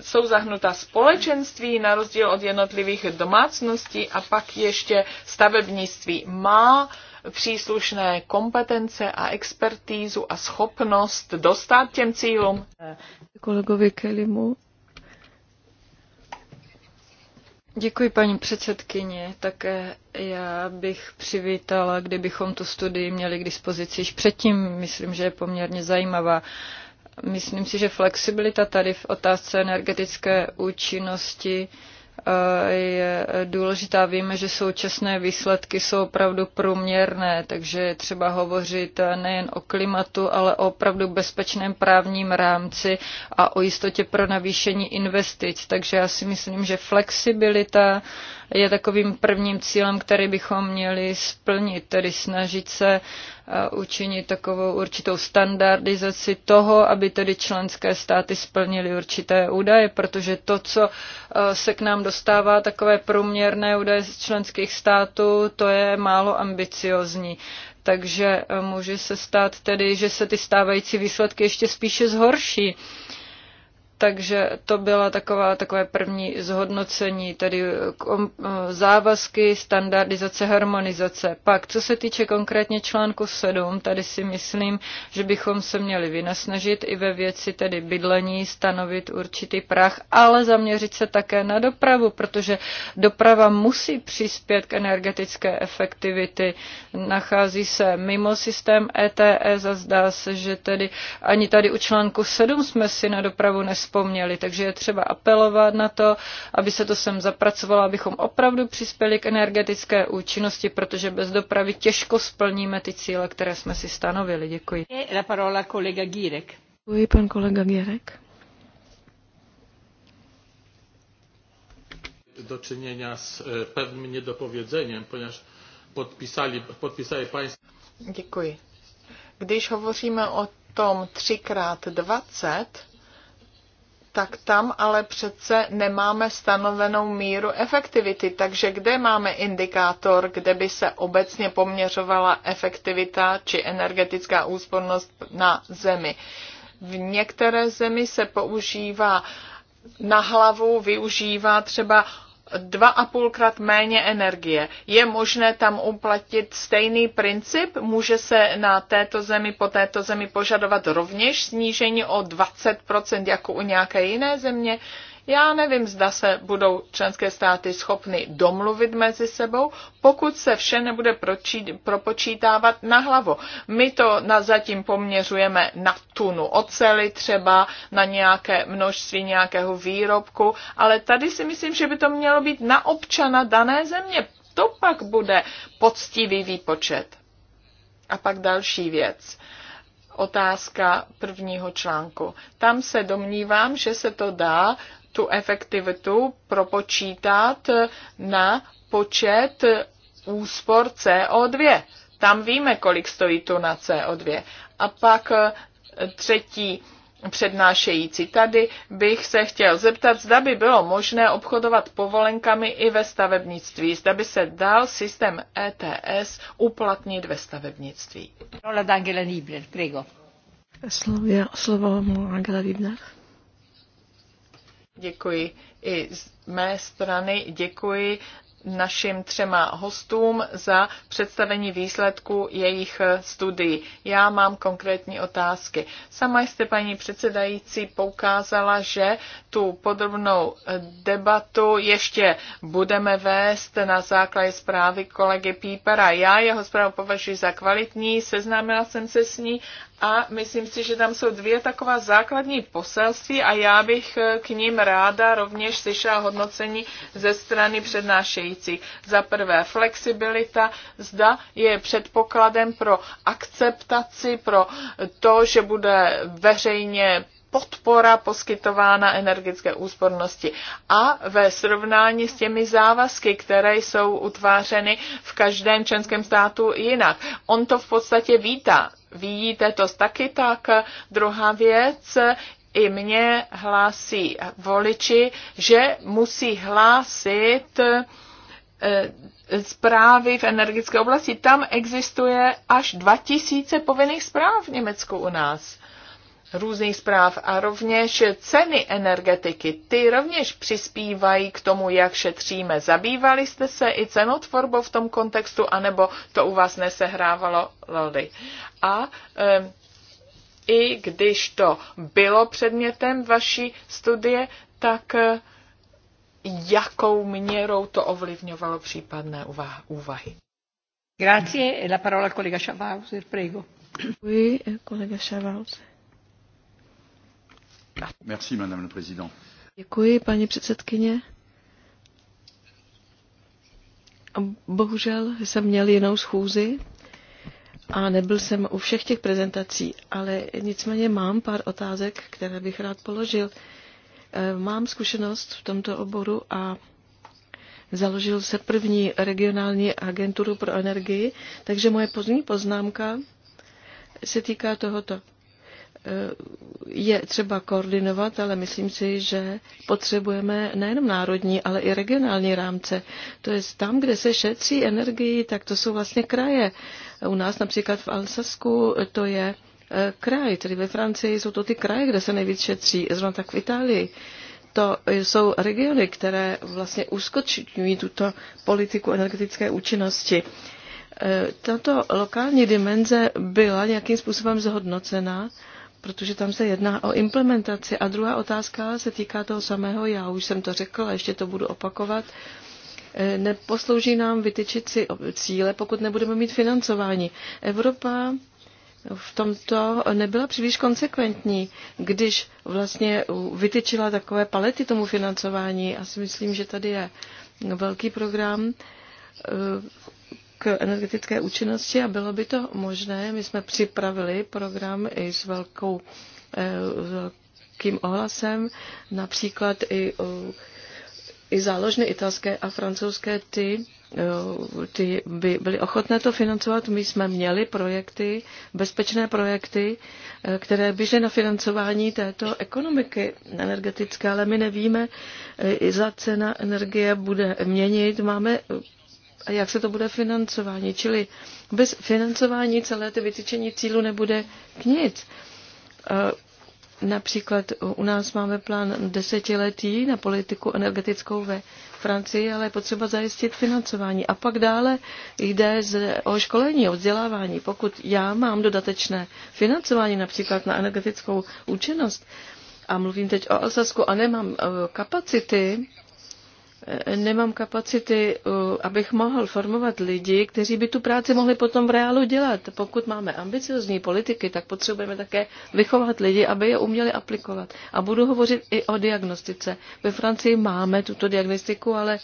jsou zahnutá společenství na rozdíl od jednotlivých domácností a pak ještě stavebnictví má příslušné kompetence a expertízu a schopnost dostat těm cílům. Kolegovi Kelimu. Děkuji, paní předsedkyně. Také já bych přivítala, kdybychom tu studii měli k dispozici již předtím. Myslím, že je poměrně zajímavá. Myslím si, že flexibilita tady v otázce energetické účinnosti eh, je důležitá. Víme, že současné výsledky jsou opravdu průměrné, takže je třeba hovořit eh, nejen o klimatu, ale o opravdu bezpečném právním rámci a o jistotě pro navýšení investic. Takže já si myslím, že flexibilita je takovým prvním cílem, který bychom měli splnit, tedy snažit se učinit takovou určitou standardizaci toho, aby tedy členské státy splnily určité údaje, protože to, co e, se k nám dostává, takové průměrné údaje z členských států, to je málo ambiciozní. Takže e, může se stát tedy, že se ty stávající výsledky ještě spíše zhorší. Uh, takže to byla taková, takové první zhodnocení, tedy eh, závazky, standardizace, harmonizace. Pak, co se týče konkrétně článku 7, tady si myslím, že bychom se měli vynasnažit i ve věci tedy bydlení, stanovit určitý prach, ale zaměřit se také na dopravu, protože doprava musí přispět k energetické efektivity. Nachází se mimo systém ETS e a zdá se, že tedy ani tady u článku 7 jsme si na dopravu nespěli vzpomněli. Takže je třeba apelovat na to, aby se to sem zapracovalo, abychom opravdu přispěli k energetické účinnosti, protože bez dopravy těžko splníme ty cíle, které jsme si stanovili. Děkuji. E la parola kolega Gírek. Děkuji, pan kolega Gírek. do czynienia z e, pewnym niedopowiedzeniem, ponieważ podpisali, podpisali państwo. Děkuji. Když hovoříme o tom 3x20, tak tam ale přece nemáme stanovenou míru efektivity. Takže kde máme indikátor, kde by se obecně poměřovala efektivita či energetická úspornost na zemi? V některé zemi se používá na hlavu, využívá třeba dva a půlkrát méně energie. Je možné tam uplatit stejný princip? Může se na této zemi, po této zemi požadovat rovněž snížení o 20% jako u nějaké jiné země? Já nevím, zda se budou členské státy schopny domluvit mezi sebou, pokud se vše nebude pročít, propočítávat na hlavu. My to na zatím poměřujeme na tunu oceli třeba, na nějaké množství nějakého výrobku, ale tady si myslím, že by to mělo být na občana dané země. To pak bude poctivý výpočet. A pak další věc otázka prvního článku. Tam se domnívám, že se to dá tu efektivitu propočítat na počet úspor CO2. Tam víme, kolik stojí tu na CO2. A pak eh, třetí přednášející. Tady bych se chtěl zeptat, zda by bylo možné obchodovat povolenkami i ve stavebnictví, zda by se dal systém ETS uplatnit ve stavebnictví. Slovo, slovo Angela Liebner. Děkuji. I z mé strany děkuji našim třema hostům za představení výsledku jejich studií. Já mám konkrétní otázky. Sama jste, paní předsedající, poukázala, že tu podrobnou debatu ještě budeme vést na základě zprávy kolegy Pípera. Já jeho zprávu považuji za kvalitní, seznámila jsem se s ní a myslím si, že tam jsou dvě taková základní poselství a já bych eh, k ním ráda rovněž slyšela hodnocení ze strany přednášející. Za prvé flexibilita, zda je předpokladem pro akceptaci, pro to, že bude veřejně podpora poskytována energetické úspornosti a ve srovnání s těmi závazky, které jsou utvářeny v každém členském státu jinak. On to v podstatě vítá. Vidíte to taky tak. Druhá věc i mě hlásí voliči, že musí hlásit eh, zprávy v energetické oblasti. Tam existuje až 2000 povinných zpráv v Německu u nás různých zpráv a rovněž ceny energetiky, ty rovněž přispívají k tomu, jak šetříme. Zabývali jste se i cenotvorbou v tom kontextu, anebo to u vás nesehrávalo roli. A e, i když to bylo předmětem vaší studie, tak e, jakou měrou to ovlivňovalo případné úvahy? Grazie, e la parola al collega prego. Děkuji, eh, kolega Schavauser. Merci, madame le Děkuji, paní předsedkyně. Bohužel jsem měl jinou schůzi a nebyl jsem u všech těch prezentací, ale nicméně mám pár otázek, které bych rád položil. Eh, mám zkušenost v tomto oboru a založil se první regionální agenturu pro energii, takže moje pozdní poznámka se týká tohoto je třeba koordinovat, ale myslím si, že potřebujeme nejenom národní, ale i regionální rámce. To je tam, kde se šetří energii, tak to jsou vlastně kraje. U nás například v Alsasku to je eh, kraj, tedy ve Francii jsou to ty kraje, kde se nejvíc šetří, zrovna tak v Itálii. To jsou regiony, které vlastně uskočňují tuto politiku energetické účinnosti. Eh, tato lokální dimenze byla nějakým způsobem zhodnocena protože tam se jedná o implementaci. A druhá otázka se týká toho samého, já už jsem to řekl a ještě to budu opakovat. E, neposlouží nám vytyčit si cíle, pokud nebudeme mít financování. Evropa v tomto nebyla příliš konsekventní, když vlastně vytyčila takové palety tomu financování. Já si myslím, že tady je velký program e, k energetické účinnosti a bylo by to možné. My jsme připravili program i s velkou, eh, s velkým ohlasem, například i, i záložny italské a francouzské ty ty by byly ochotné to financovat. My jsme měli projekty, bezpečné projekty, eh, které by na financování této ekonomiky energetické, ale my nevíme, eh, za cena energie bude měnit. Máme a jak se to bude financování. Čili bez financování celé ty vytyčení cílu nebude k nic. Například u nás máme plán desetiletí na politiku energetickou ve Francii, ale je potřeba zajistit financování. A pak dále jde o školení, o vzdělávání. Pokud já mám dodatečné financování například na energetickou účinnost, a mluvím teď o Alsasku a nemám e, kapacity Eh, nemám kapacity, eh, abych mohl formovat lidi, kteří by tu práci mohli potom v reálu dělat. Pokud máme ambiciozní politiky, tak potřebujeme také vychovat lidi, aby je uměli aplikovat. A budu hovořit i o diagnostice. Ve Francii máme tuto diagnostiku, ale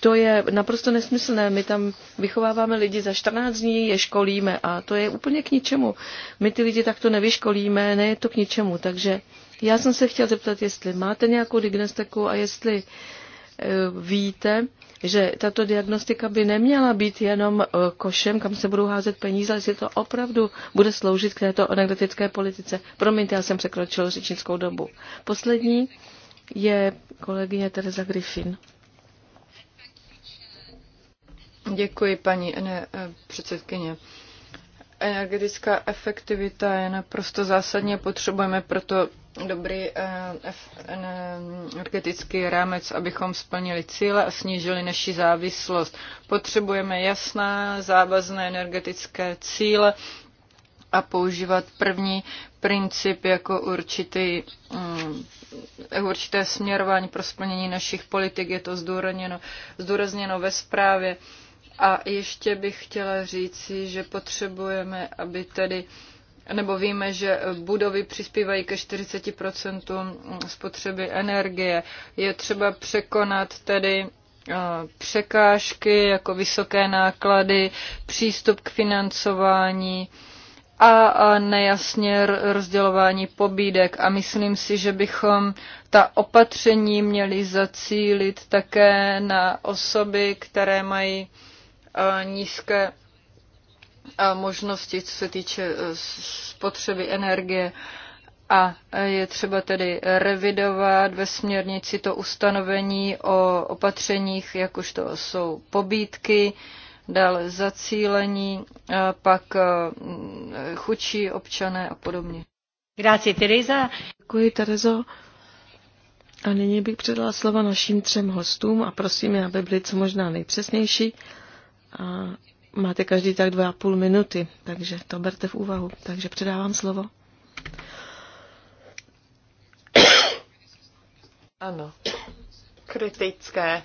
to je naprosto nesmyslné. My tam vychováváme lidi za 14 dní, je školíme a to je úplně k ničemu. My ty lidi takto nevyškolíme, ne je to k ničemu. Takže já jsem se chtěl zeptat, jestli máte nějakou diagnostiku a jestli Eh, víte, že tato diagnostika by neměla být jenom eh, košem, kam se budou házet peníze, ale jestli to opravdu bude sloužit k této energetické politice. Promiňte, já jsem překročil řečnickou dobu. Poslední je kolegyně Teresa Griffin. Děkuji, paní eh, ne, předsedkyně energetická efektivita je naprosto zásadně potřebujeme proto dobrý eh, energetický rámec, abychom splnili cíle a snížili naši závislost. Potřebujeme jasná, závazné energetické cíle a používat první princip jako určitý, um, určité směrování pro splnění našich politik. Je to zdůrazněno, zdůrazněno ve zprávě. A ještě bych chtěla říci, že potřebujeme, aby tedy uh, nebo víme, že budovy přispívají ke 40% spotřeby energie. Je třeba překonat tedy eh, překážky jako vysoké náklady, přístup k financování a nejasně rozdělování pobídek. A myslím si, že bychom ta opatření měli zacílit také na osoby, které mají eh, nízké a možnosti, co se týče e, spotřeby energie. A e, je třeba tedy revidovat ve směrnici to ustanovení o opatřeních, jakož to jsou pobídky, dále zacílení, pak e, chučí občané a podobně. Grazie, Teresa. Děkuji, Terezo. A nyní bych předala slovo našim třem hostům a prosím, aby byli co možná nejpřesnější. A máte každý tak dvě a půl minuty, takže to berte v úvahu. Takže předávám slovo. Ano. Kritické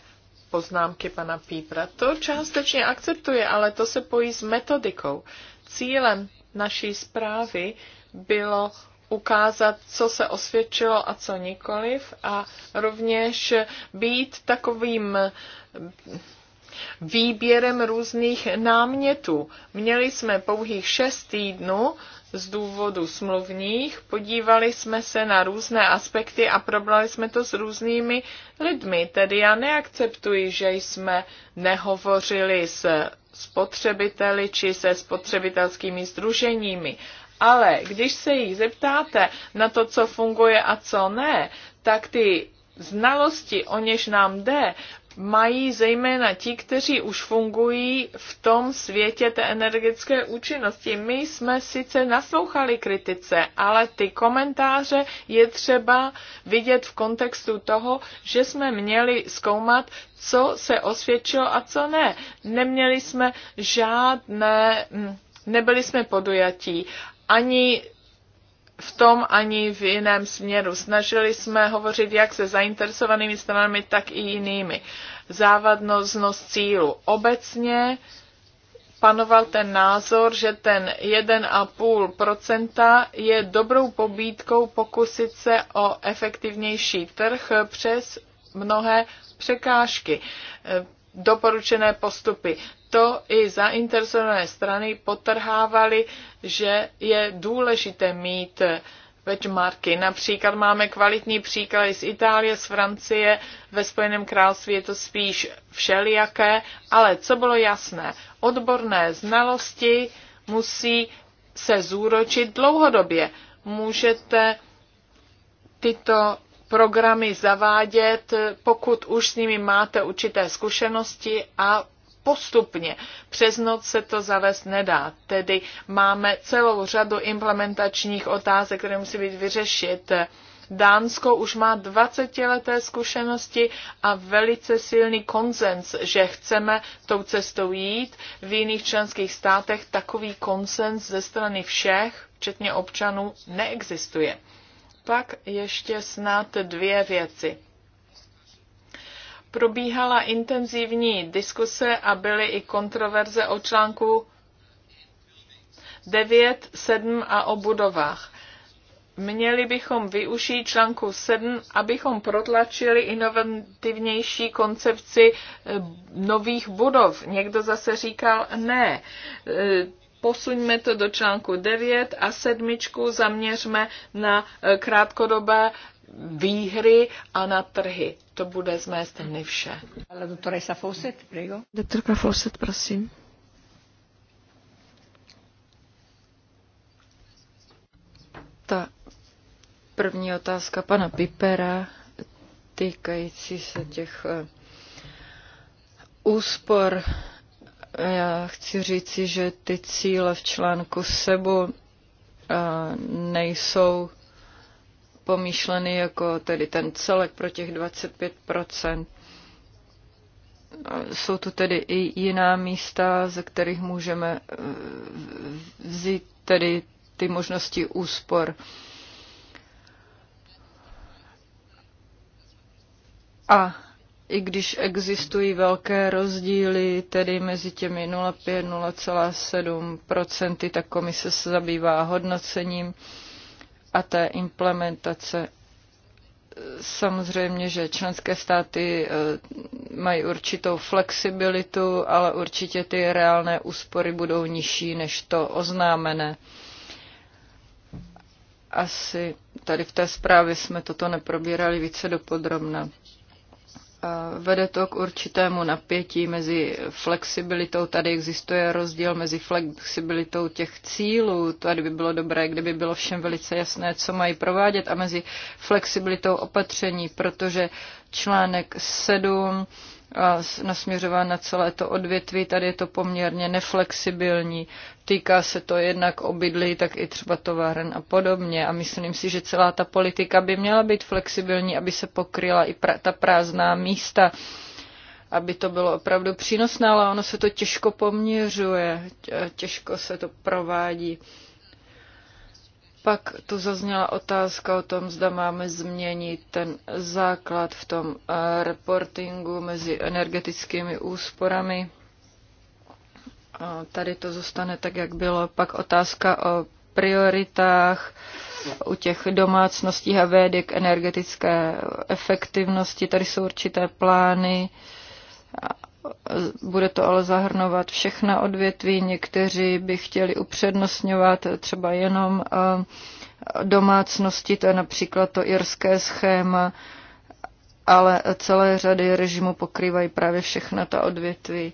poznámky pana Pípra. To částečně akceptuje, ale to se pojí s metodikou. Cílem naší zprávy bylo ukázat, co se osvědčilo a co nikoliv a rovněž být takovým výběrem různých námětů. Měli jsme pouhých šest týdnů z důvodu smluvních, podívali jsme se na různé aspekty a probrali jsme to s různými lidmi. Tedy já neakceptuji, že jsme nehovořili s spotřebiteli či se spotřebitelskými združeními. Ale když se jich zeptáte na to, co funguje a co ne, tak ty znalosti, o něž nám jde, mají zejména ti, kteří už fungují v tom světě té energetické účinnosti. My jsme sice naslouchali kritice, ale ty komentáře je třeba vidět v kontextu toho, že jsme měli zkoumat, co se osvědčilo a co ne. Neměli jsme žádné, mm, nebyli jsme podujatí ani v tom ani v jiném směru. Snažili jsme hovořit jak se zainteresovanými stranami, tak i jinými. Závadnost cílu. Obecně panoval ten názor, že ten 1,5% je dobrou pobídkou pokusit se o efektivnější trh přes mnohé překážky doporučené postupy to i zainteresované strany potrhávaly, že je důležité mít benchmarky. Například máme kvalitní příklady z Itálie, z Francie, ve Spojeném království je to spíš všelijaké, ale co bylo jasné, odborné znalosti musí se zúročit dlouhodobě. Můžete tyto programy zavádět, pokud už s nimi máte určité zkušenosti a postupně. Přes noc se to zavést nedá. Tedy máme celou řadu implementačních otázek, které musí být vyřešit. Dánsko už má 20-leté zkušenosti a velice silný konsens, že chceme tou cestou jít. V jiných členských státech takový konsens ze strany všech, včetně občanů, neexistuje. Pak ještě snad dvě věci probíhala intenzivní diskuse a byly i kontroverze o článku 9, 7 a o budovách. Měli bychom využít článku 7, abychom protlačili inovativnější koncepci eh, nových budov. Někdo zase říkal ne. Eh, posuňme to do článku 9 a sedmičku zaměřme na eh, krátkodobé výhry a na trhy. To bude z mé strany vše. Doktoresa Fawcett, prego. Doktorka Fawcett, prosím. Ta první otázka pana Pipera týkající se těch eh, úspor. Já chci říci, že ty cíle v článku SEBu eh, nejsou pomýšleny jako tedy ten celek pro těch 25 Jsou tu tedy i jiná místa, ze kterých můžeme eh, vzít tedy ty možnosti úspor. A i když existují velké rozdíly, tedy mezi těmi 0,5 0,7 tak komise se zabývá hodnocením a té implementace. Samozřejmě, že členské státy eh, mají určitou flexibilitu, ale určitě ty reálné úspory budou nižší než to oznámené. Asi tady v té zprávě jsme toto neprobírali více dopodrobna vede to k určitému napětí mezi flexibilitou. Tady existuje rozdíl mezi flexibilitou těch cílů. Tady by bylo dobré, kdyby bylo všem velice jasné, co mají provádět, a mezi flexibilitou opatření, protože článek 7 nasměřován na celé to odvětví. Tady je to poměrně neflexibilní. Týká se to jednak obydlí, tak i třeba továren a podobně. A myslím si, že celá ta politika by měla být flexibilní, aby se pokryla i pra- ta prázdná místa aby to bylo opravdu přínosné, ale ono se to těžko poměřuje, těžko se to provádí. Pak tu zazněla otázka o tom, zda máme změnit ten základ v tom eh, reportingu mezi energetickými úsporami. Tady to zůstane tak, jak bylo. Pak otázka o prioritách u těch domácností a k energetické efektivnosti. Tady jsou určité plány bude to ale zahrnovat všechna odvětví. Někteří by chtěli upřednostňovat třeba jenom eh, domácnosti, to je například to irské schéma, ale celé řady režimu pokrývají právě všechna ta odvětví.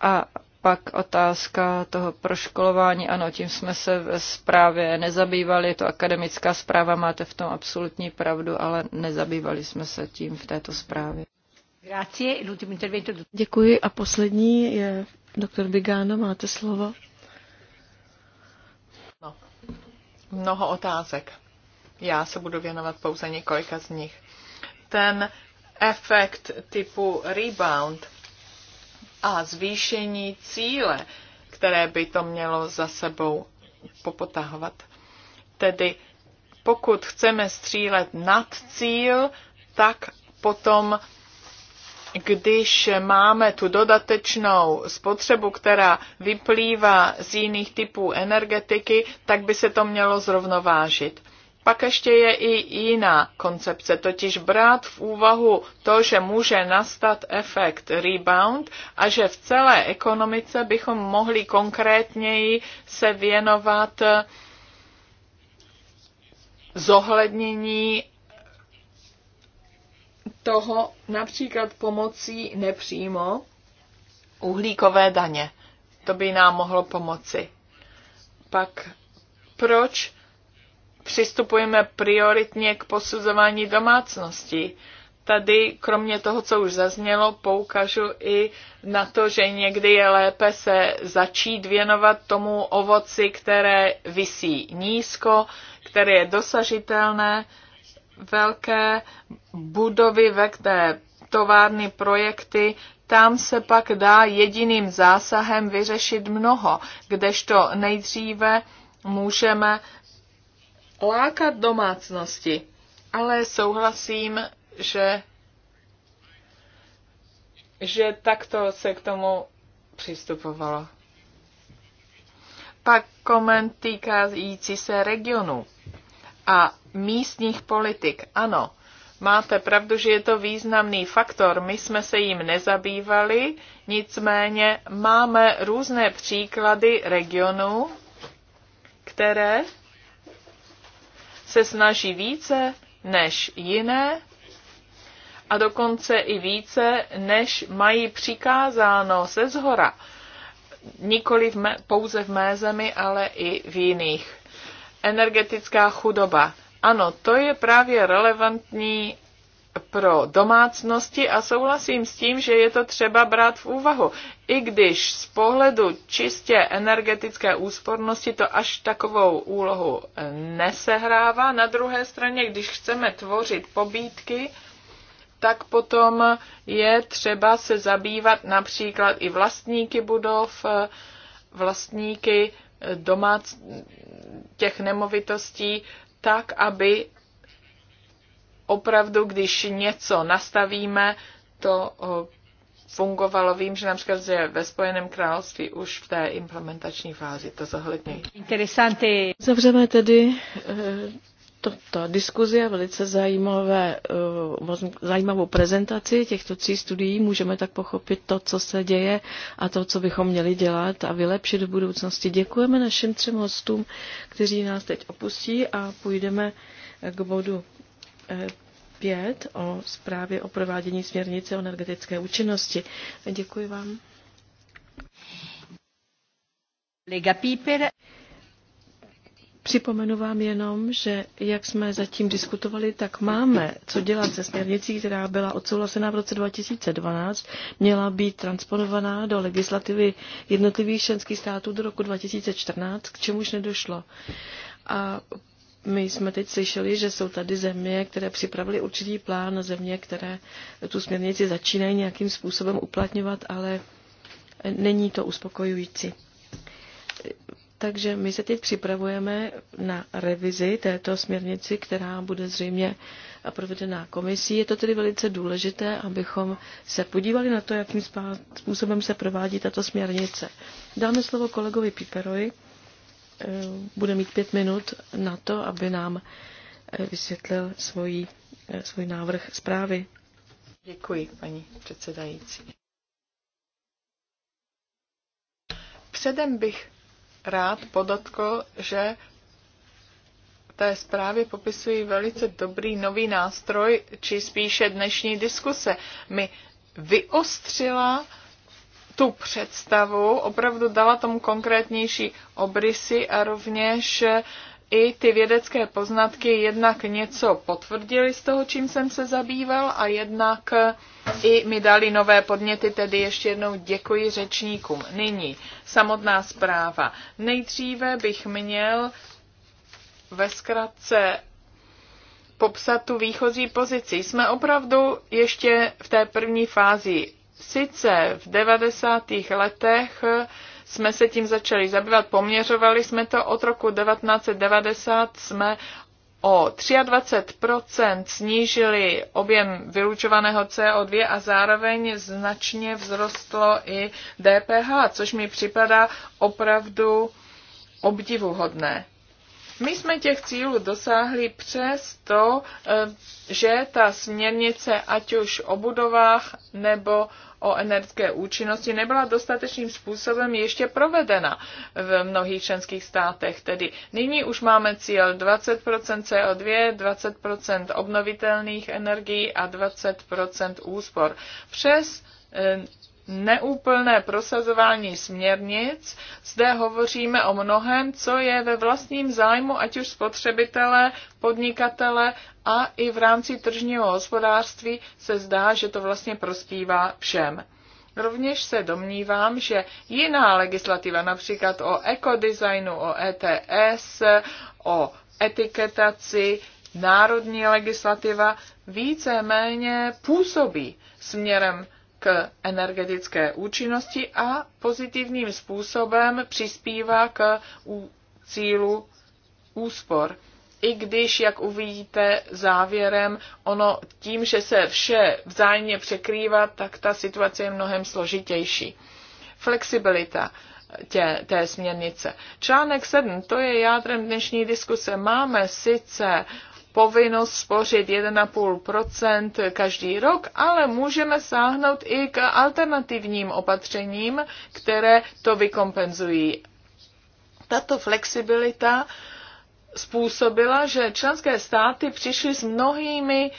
A pak otázka toho proškolování. Ano, tím jsme se ve zprávě nezabývali, je to akademická zpráva, máte v tom absolutní pravdu, ale nezabývali jsme se tím v této zprávě. Děkuji a poslední je doktor Bigáno, máte slovo. No, mnoho otázek. Já se budu věnovat pouze několika z nich. Ten efekt typu rebound a zvýšení cíle, které by to mělo za sebou popotahovat. Tedy pokud chceme střílet nad cíl, tak potom když máme tu dodatečnou spotřebu, která vyplývá z jiných typů energetiky, tak by se to mělo zrovnovážit. Pak ještě je i jiná koncepce, totiž brát v úvahu to, že může nastat efekt rebound a že v celé ekonomice bychom mohli konkrétněji se věnovat zohlednění toho například pomocí nepřímo uhlíkové daně. To by nám mohlo pomoci. Pak proč přistupujeme prioritně k posuzování domácnosti? Tady, kromě toho, co už zaznělo, poukažu i na to, že někdy je lépe se začít věnovat tomu ovoci, které visí nízko, které je dosažitelné, velké budovy, které továrny, projekty, tam se pak dá jediným zásahem vyřešit mnoho, kdežto nejdříve můžeme lákat domácnosti. Ale souhlasím, že, že takto se k tomu přistupovalo. Pak koment týkající se regionu a místních politik. Ano, máte pravdu, že je to významný faktor. My jsme se jim nezabývali, nicméně máme různé příklady regionů, které se snaží více než jiné a dokonce i více, než mají přikázáno se zhora. Nikoli v mé, pouze v mé zemi, ale i v jiných energetická chudoba. Ano, to je právě relevantní pro domácnosti a souhlasím s tím, že je to třeba brát v úvahu. I když z pohledu čistě energetické úspornosti to až takovou úlohu nesehrává, na druhé straně, když chceme tvořit pobídky, tak potom je třeba se zabývat například i vlastníky budov, vlastníky domác těch nemovitostí tak, aby opravdu, když něco nastavíme, to fungovalo. Vím, že například že ve Spojeném království už v té implementační fázi to zohledňují. Zavřeme tedy ta diskuzi a velice zajímavé, eh, vlastně zajímavou prezentaci těchto tří studií. Můžeme tak pochopit to, co se děje a to, co bychom měli dělat a vylepšit do budoucnosti. Děkujeme našim třem hostům, kteří nás teď opustí a půjdeme eh, k bodu eh, pět o zprávě o provádění směrnice o energetické účinnosti. Děkuji vám. Lega Piper. Připomenu vám jenom, že jak jsme zatím diskutovali, tak máme co dělat se směrnicí, která byla odsouhlasena v roce 2012, měla být transponovaná do legislativy jednotlivých členských států do roku 2014, k čemuž nedošlo. A my jsme teď slyšeli, že jsou tady země, které připravily určitý plán, země, které tu směrnici začínají nějakým způsobem uplatňovat, ale není to uspokojující. Takže my se teď připravujeme na revizi této směrnici, která bude zřejmě provedená komisí. Je to tedy velice důležité, abychom se podívali na to, jakým způsobem se provádí tato směrnice. Dáme slovo kolegovi Piperovi. Eh, bude mít pět minut na to, aby nám eh, vysvětlil svoji, eh, svůj návrh zprávy. Děkuji, paní předsedající. Předem bych rád podotkl, že té zprávě popisují velice dobrý nový nástroj, či spíše dnešní diskuse. Mi vyostřila tu představu, opravdu dala tomu konkrétnější obrysy a rovněž i ty vědecké poznatky jednak něco potvrdili z toho, čím jsem se zabýval a jednak i mi dali nové podněty, tedy ještě jednou děkuji řečníkům. Nyní samotná zpráva. Nejdříve bych měl ve zkratce popsat tu výchozí pozici. Jsme opravdu ještě v té první fázi. Sice v 90. letech jsme se tím začali zabývat, poměřovali jsme to od roku 1990, jsme o 23 snížili objem vylučovaného CO2 a zároveň značně vzrostlo i DPH, což mi připadá opravdu obdivuhodné. My jsme těch cílů dosáhli přes to, eh, že ta směrnice, ať už o budovách nebo o energetické účinnosti nebyla dostatečným způsobem ještě provedena v mnohých členských státech. Tedy nyní už máme cíl 20 CO2, 20 obnovitelných energií a 20 úspor. Přes eh, neúplné prosazování směrnic. Zde hovoříme o mnohem, co je ve vlastním zájmu, ať už spotřebitele, podnikatele a i v rámci tržního hospodářství se zdá, že to vlastně prospívá všem. Rovněž se domnívám, že jiná legislativa, například o ekodesignu, o ETS, o etiketaci, národní legislativa více méně působí směrem k energetické účinnosti a pozitivním způsobem přispívá k cílu úspor. I když, jak uvidíte závěrem, ono tím, že se vše vzájemně překrývá, tak ta situace je mnohem složitější. Flexibilita tě, té směrnice. Článek 7, to je jádrem dnešní diskuse. Máme sice uh, povinnost spořit 1,5 každý rok, ale můžeme sáhnout i k alternativním opatřením, které to vykompenzují. Tato flexibilita způsobila, že členské státy přišly s mnohými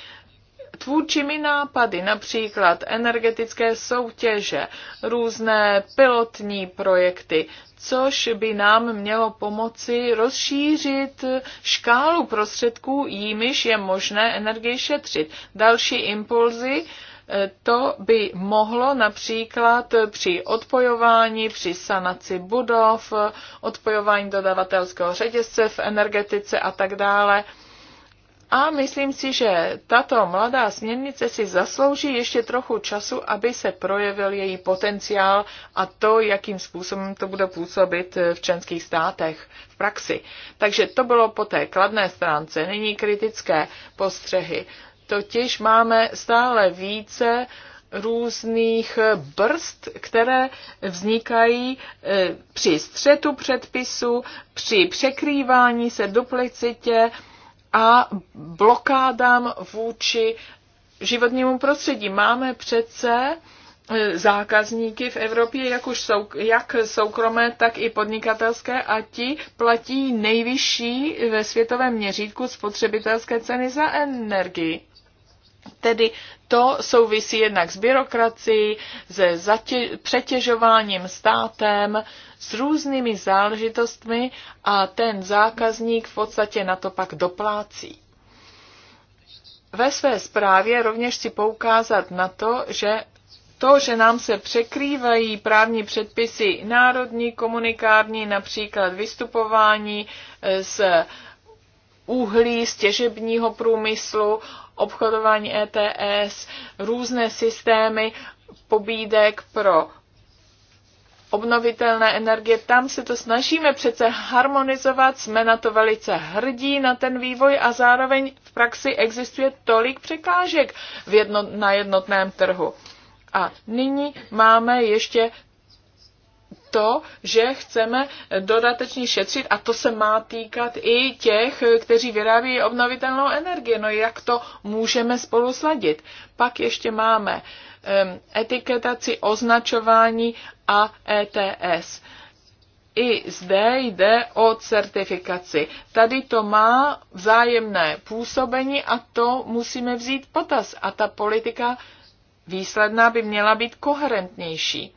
tvůrčími nápady, například energetické soutěže, různé pilotní projekty což by nám mělo pomoci rozšířit škálu prostředků, jimiž je možné energii šetřit. Další impulzy eh, to by mohlo například při odpojování, při sanaci budov, odpojování dodavatelského řetězce v energetice a tak dále a myslím si, že tato mladá směrnice si zaslouží ještě trochu času, aby se projevil její potenciál a to, jakým způsobem to bude působit v členských státech v praxi. Takže to bylo po té kladné stránce, nyní kritické postřehy. Totiž máme stále více různých brzd, které vznikají eh, při střetu předpisu, při překrývání se duplicitě, a blokádám vůči životnímu prostředí. Máme přece e, zákazníky v Evropě, jak, už sou, jak soukromé, tak i podnikatelské a ti platí nejvyšší ve světovém měřítku spotřebitelské ceny za energii. Tedy to souvisí jednak s byrokracií, se zatě- přetěžováním státem, s různými záležitostmi a ten zákazník v podstatě na to pak doplácí. Ve své zprávě rovněž chci poukázat na to, že to, že nám se překrývají právní předpisy národní, komunikární, například vystupování z e, uhlí, z těžebního průmyslu, obchodování ETS, různé systémy pobídek pro obnovitelné energie, tam se to snažíme přece harmonizovat, jsme na to velice hrdí, na ten vývoj a zároveň v praxi existuje tolik překážek v jedno, na jednotném trhu. A nyní máme ještě to, že chceme dodatečně šetřit a to se má týkat i těch, kteří vyrábí obnovitelnou energii. No jak to můžeme spolu sladit? Pak ještě máme etiketaci, označování a ETS. I zde jde o certifikaci. Tady to má vzájemné působení a to musíme vzít potaz. A ta politika výsledná by měla být koherentnější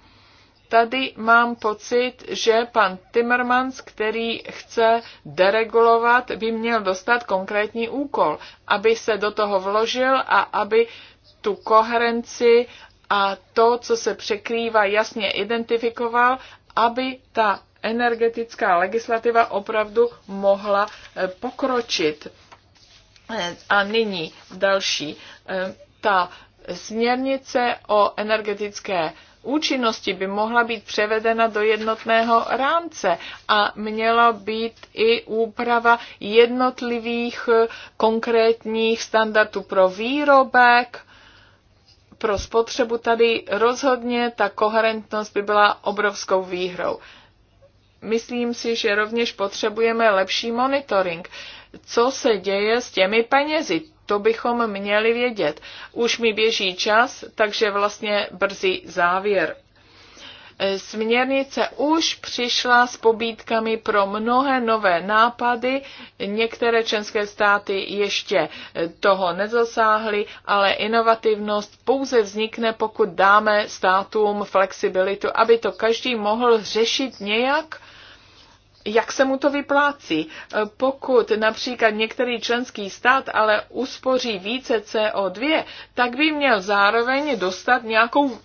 tady mám pocit, že pan Timmermans, který chce deregulovat, by měl dostat konkrétní úkol, aby se do toho vložil a aby tu koherenci a to, co se překrývá, jasně identifikoval, aby ta energetická legislativa opravdu mohla eh, pokročit. Eh, a nyní další. Eh, ta směrnice o energetické účinnosti by mohla být převedena do jednotného rámce a měla být i úprava jednotlivých eh, konkrétních standardů pro výrobek, pro spotřebu tady rozhodně ta koherentnost by byla obrovskou výhrou. Myslím si, že rovněž potřebujeme lepší monitoring. Co se děje s těmi penězi? To bychom měli vědět. Už mi běží čas, takže vlastně brzy závěr. E, směrnice už přišla s pobídkami pro mnohé nové nápady. Některé členské státy ještě e, toho nezasáhly, ale inovativnost pouze vznikne, pokud dáme státům flexibilitu, aby to každý mohl řešit nějak jak se mu to vyplácí. E, pokud například některý členský stát ale uspoří více CO2, tak by měl zároveň dostat nějakou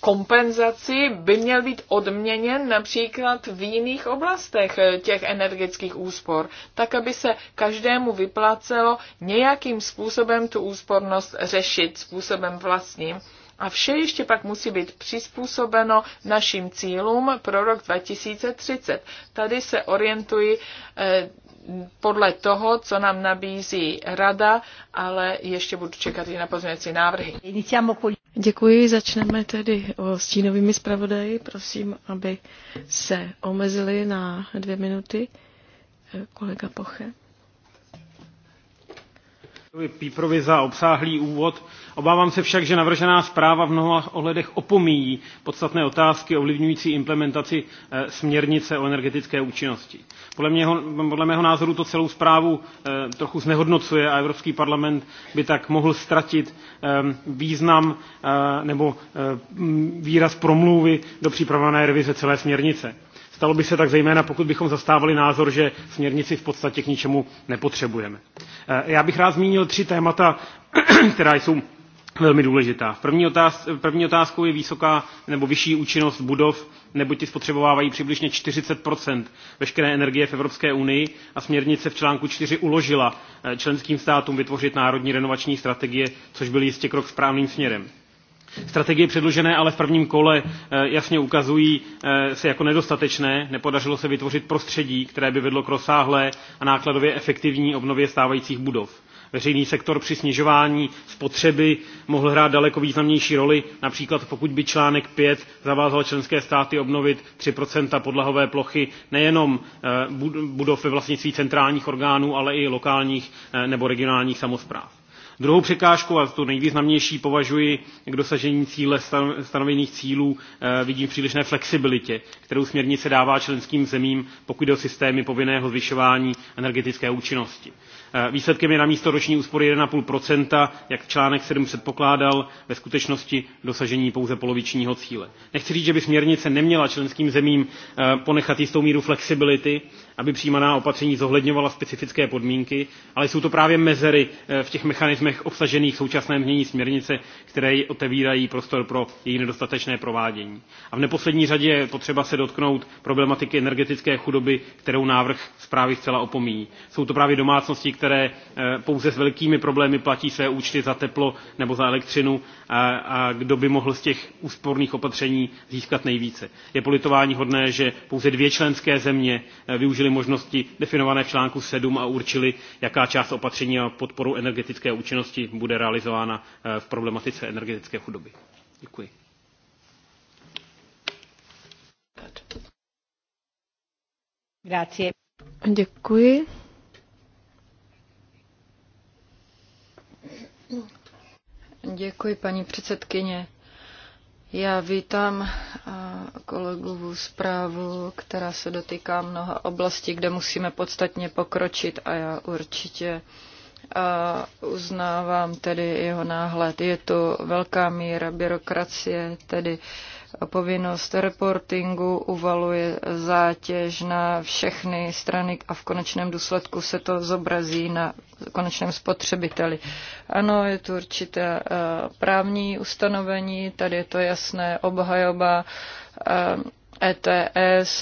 kompenzaci by měl být odměněn například v jiných oblastech e, těch energetických úspor, tak aby se každému vyplácelo nějakým způsobem tu úspornost řešit, způsobem vlastním. A vše ještě pak musí být přizpůsobeno našim cílům pro rok 2030. Tady se orientuji eh, podle toho, co nám nabízí rada, ale ještě budu čekat i na pozměnící návrhy. Děkuji, začneme tedy o stínovými zpravodaji. Prosím, aby se omezili na dvě minuty. Eh, kolega Poche. Píprovi za obsáhlý úvod. Obávám se však, že navržená zpráva v mnoha ohledech opomíjí podstatné otázky ovlivňující implementaci eh, směrnice o energetické účinnosti. Podle, měho, podle mého názoru to celou zprávu eh, trochu znehodnocuje a Evropský parlament by tak mohl ztratit eh, význam nebo výraz promluvy do připravené revize celé směrnice. Stalo by se tak zejména, pokud bychom zastávali názor, že směrnici v podstatě k ničemu nepotřebujeme. Já bych rád zmínil tři témata, <clears throat> která jsou velmi důležitá. První, otáz, první otázkou je vysoká nebo vyšší účinnost budov, nebo ti spotřebovávají přibližně 40 veškeré energie v Evropské unii a směrnice v článku 4 uložila eh, členským státům vytvořit národní renovační strategie, což byl jistě krok správným směrem. Strategie předložené ale v prvním kole eh, jasně ukazují eh, se jako nedostatečné, nepodařilo se vytvořit prostředí, které by vedlo k rozsáhlé a nákladově efektivní obnově stávajících budov veřejný sektor při snižování spotřeby mohl hrát daleko významnější roli, například pokud by článek 5 zavázal členské státy obnovit 3 podlahové plochy nejenom eh, budov ve vlastnictví centrálních orgánů, ale i lokálních eh, nebo regionálních samozpráv. Druhou překážkou, a tu nejvýznamnější považuji k dosažení cíle stanovených cílů, eh, vidím v přílišné flexibilitě, kterou směrnice dává členským zemím, pokud jde o systémy povinného zvyšování energetické účinnosti. Eh, výsledkem je na místo roční úspory 1,5%, jak článek 7 předpokládal, ve skutečnosti dosažení pouze polovičního cíle. Nechci říct, že by směrnice neměla členským zemím eh, ponechat jistou míru flexibility, aby přijímaná opatření zohledňovala specifické podmínky, ale jsou to právě mezery eh, v těch mechanismech obsažených v současném znění směrnice, které otevírají prostor pro její nedostatečné provádění. A v neposlední řadě je potřeba se dotknout problematiky energetické chudoby, kterou návrh zprávy zcela opomíjí. Jsou to právě domácnosti, které eh, pouze s velkými problémy platí své účty za teplo nebo za elektřinu a, a kdo by mohl z těch úsporných opatření získat nejvíce. Je politování hodné, že pouze dvě členské země eh, využívají rozšířili možnosti definované v článku 7 a určili, jaká část opatření a podporu energetické účinnosti bude realizována eh, v problematice energetické chudoby. Děkuji. Děkuji. Děkuji, paní předsedkyně. Já vítám eh, kolegovou zprávu, která se dotýká mnoha oblastí, kde musíme podstatně pokročit a já určitě a eh, uznávám tedy jeho náhled. Je to velká míra byrokracie, tedy povinnost reportingu uvaluje zátěž na všechny strany a v konečném důsledku se to zobrazí na konečném spotřebiteli. Ano, je tu určité eh, právní ustanovení, tady je to jasné, obhajoba ETS,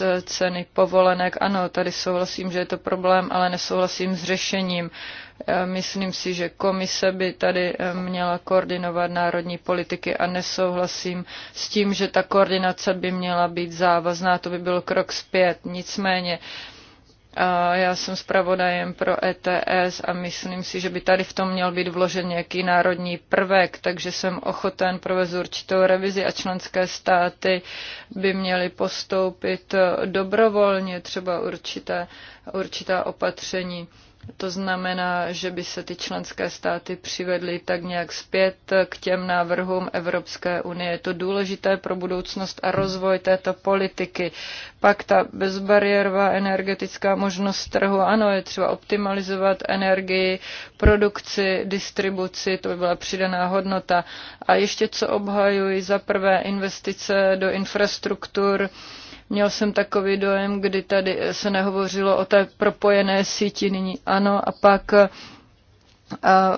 eh, e ceny povolenek. Ano, tady souhlasím, že je to problém, ale nesouhlasím s řešením. Myslím si, že komise by tady eh, měla koordinovat národní politiky a nesouhlasím s tím, že ta koordinace by měla být závazná, to by byl krok zpět. Nicméně já jsem zpravodajem pro ETS a myslím si, že by tady v tom měl být vložen nějaký národní prvek, takže jsem ochoten provést určitou revizi a členské státy by měly postoupit eh, dobrovolně třeba určité, určitá opatření. To znamená, že by se ty členské státy přivedly tak nějak zpět k těm návrhům Evropské unie. Je to důležité pro budoucnost a rozvoj této politiky. Pak ta bezbariérová energetická možnost trhu. Ano, je třeba optimalizovat energii, produkci, distribuci, to by byla přidaná hodnota. A ještě co obhajuji, za prvé investice do infrastruktur, Měl jsem takový dojem, kdy tady se nehovořilo o té propojené síti, nyní ano, a pak eh,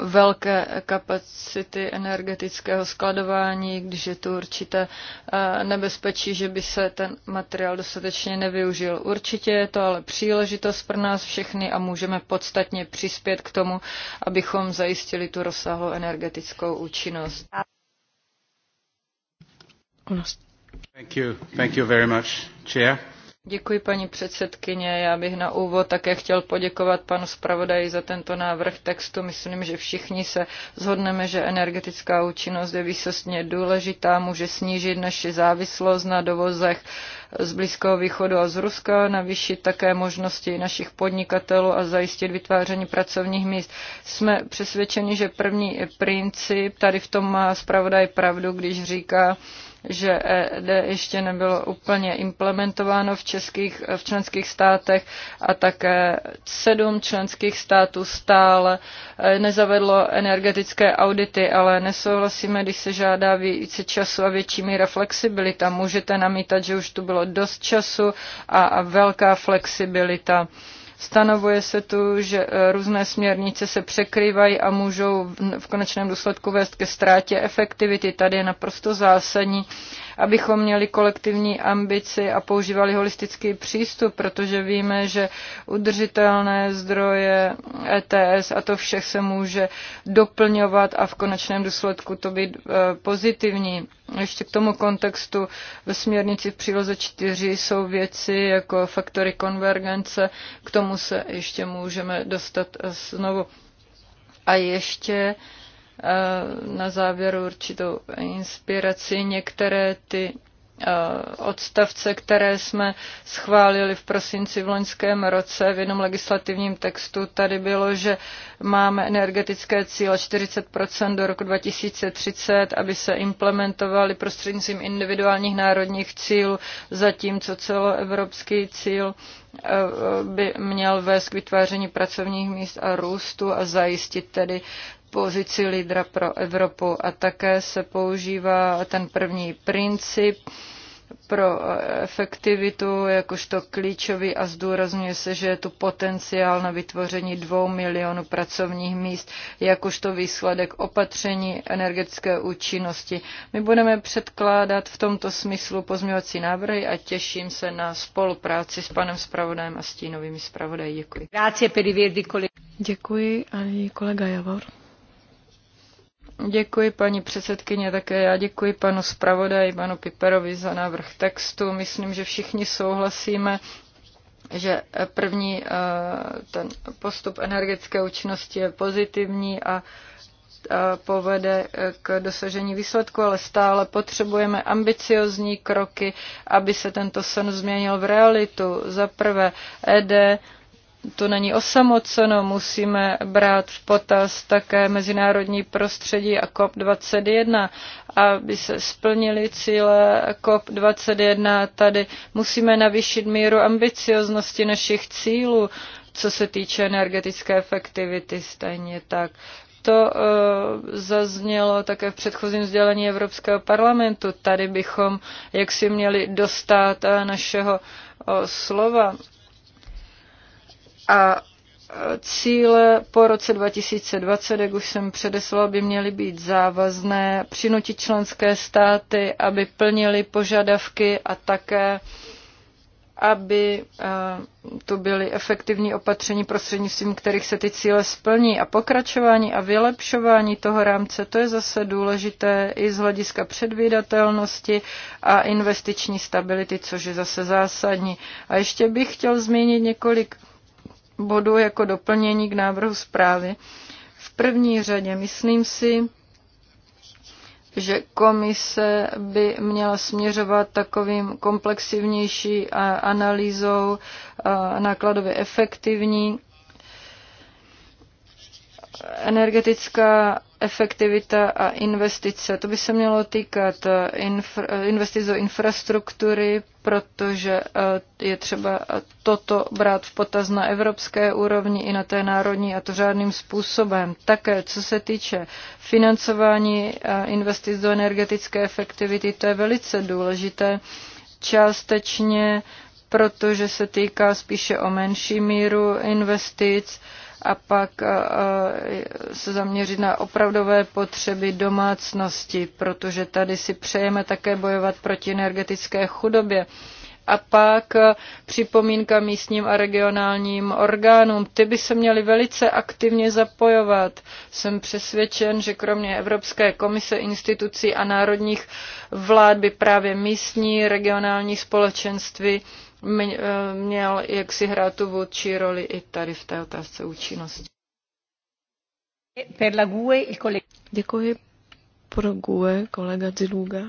velké kapacity energetického skladování, když je tu určité eh, nebezpečí, že by se ten materiál dostatečně nevyužil. Určitě je to ale příležitost pro nás všechny a můžeme podstatně přispět k tomu, abychom zajistili tu rozsáhlou energetickou účinnost. Děkuji, paní předsedkyně. Já bych na úvod také chtěl poděkovat panu zpravodaji za tento návrh textu. Myslím, že všichni se zhodneme, že energetická účinnost je výsostně důležitá, může snížit naši závislost na dovozech z Blízkého východu a z Ruska, navýšit také možnosti našich podnikatelů a zajistit vytváření pracovních míst. Jsme přesvědčeni, že první princip tady v tom má zpravodaj pravdu, když říká, že ED ještě nebylo úplně implementováno v, českých, v členských státech a také sedm členských států stále e, nezavedlo energetické audity, ale nesouhlasíme, když se žádá více času a větší míra flexibilita. Můžete namítat, že už tu bylo dost času a, a velká flexibilita. Stanovuje se tu, že eh, různé směrnice se překrývají a můžou v konečném důsledku vést ke ztrátě efektivity. Tady je naprosto zásadní, abychom měli kolektivní ambici a používali holistický přístup, protože víme, že udržitelné zdroje ETS a to všech se může doplňovat a v konečném důsledku to být e, pozitivní. Ještě k tomu kontextu ve směrnici v příloze 4 jsou věci jako faktory konvergence, k tomu se ještě můžeme dostat e, znovu. A ještě uh, Eh, na závěru určitou inspiraci. Některé ty eh, odstavce, které jsme schválili v prosinci v loňském roce v jednom legislativním textu. Tady bylo, že máme energetické cíle 40 do roku 2030, aby se implementovaly prostřednictvím individuálních národních cílů, zatímco celoevropský cíl eh, by měl vést k vytváření pracovních míst a růstu a zajistit tedy pozici lídra pro Evropu a také se používá ten první princip pro efektivitu jakožto klíčový a zdůrazňuje se, že je tu potenciál na vytvoření dvou milionů pracovních míst jakožto výsledek opatření energetické účinnosti. My budeme předkládat v tomto smyslu pozměvací návrhy a těším se na spolupráci s panem zpravodajem a stínovými zpravodaji. Děkuji. Děkuji a kolega Javor. Děkuji paní předsedkyně, také já děkuji panu zpravodaji, panu Piperovi za návrh textu. Myslím, že všichni souhlasíme, že první eh, ten postup energetické účinnosti je pozitivní a povede eh, k dosažení výsledku, ale stále potřebujeme ambiciozní kroky, aby se tento sen změnil v realitu. Za prvé, ED to není osamoceno, musíme brát v potaz také mezinárodní prostředí a COP21, aby se splnili cíle COP21. Tady musíme navýšit míru ambicioznosti našich cílů, co se týče energetické efektivity, stejně tak. To uh, zaznělo také v předchozím sdělení Evropského parlamentu. Tady bychom jaksi měli dostat uh, našeho uh, slova a cíle po roce 2020, jak už jsem předeslala, by měly být závazné, přinutit členské státy, aby plnili požadavky a také aby to byly efektivní opatření prostřednictvím, kterých se ty cíle splní. A pokračování a vylepšování toho rámce, to je zase důležité i z hlediska předvídatelnosti a investiční stability, což je zase zásadní. A ještě bych chtěl zmínit několik bodu jako doplnění k návrhu zprávy. V první řadě myslím si, že komise by měla směřovat takovým komplexivnější analýzou nákladově efektivní energetická efektivita a investice. To by se mělo týkat eh, infra, eh, investic do infrastruktury, protože eh, je třeba toto brát v potaz na evropské úrovni i na té národní a to řádným způsobem. Také, co se týče financování investic do energetické efektivity, to je velice důležité. Částečně, protože se týká spíše o menší míru investic, a pak eh, eh, se zaměřit na opravdové potřeby domácnosti, protože tady si přejeme také bojovat proti energetické chudobě a pak eh, připomínka místním a regionálním orgánům. Ty by se měly velice aktivně zapojovat. Jsem přesvědčen, že kromě Evropské komise, institucí a národních vlád by právě místní regionální společenství Eh, měl jak si hrát tu vůdčí roli i tady v té otázce účinnosti. Děkuji pro GUE kolega Ziluga.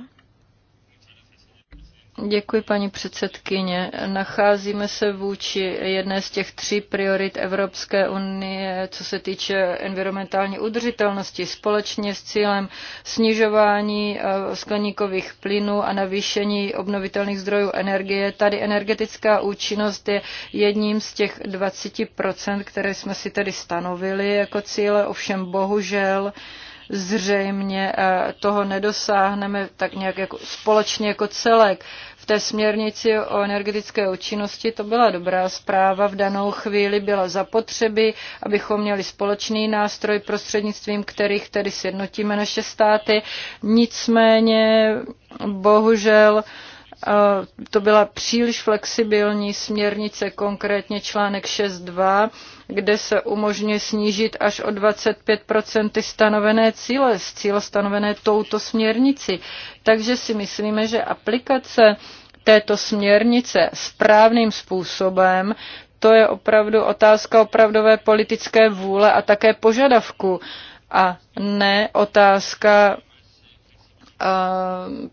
Děkuji, paní předsedkyně. Nacházíme se vůči jedné z těch tří priorit Evropské unie, co se týče environmentální udržitelnosti, společně s cílem snižování eh, skleníkových plynů a navýšení obnovitelných zdrojů energie. Tady energetická účinnost je jedním z těch 20%, které jsme si tedy stanovili jako cíle, ovšem bohužel zřejmě eh, toho nedosáhneme tak nějak jako společně jako celek. V té směrnici o energetické účinnosti to byla dobrá zpráva. V danou chvíli byla zapotřeby, abychom měli společný nástroj, prostřednictvím kterých tedy sjednotíme naše státy. Nicméně, bohužel, to byla příliš flexibilní směrnice, konkrétně článek 6.2, kde se umožňuje snížit až o 25 stanovené cíle, cíle stanovené touto směrnici. Takže si myslíme, že aplikace této směrnice správným způsobem to je opravdu otázka opravdové politické vůle a také požadavku a ne otázka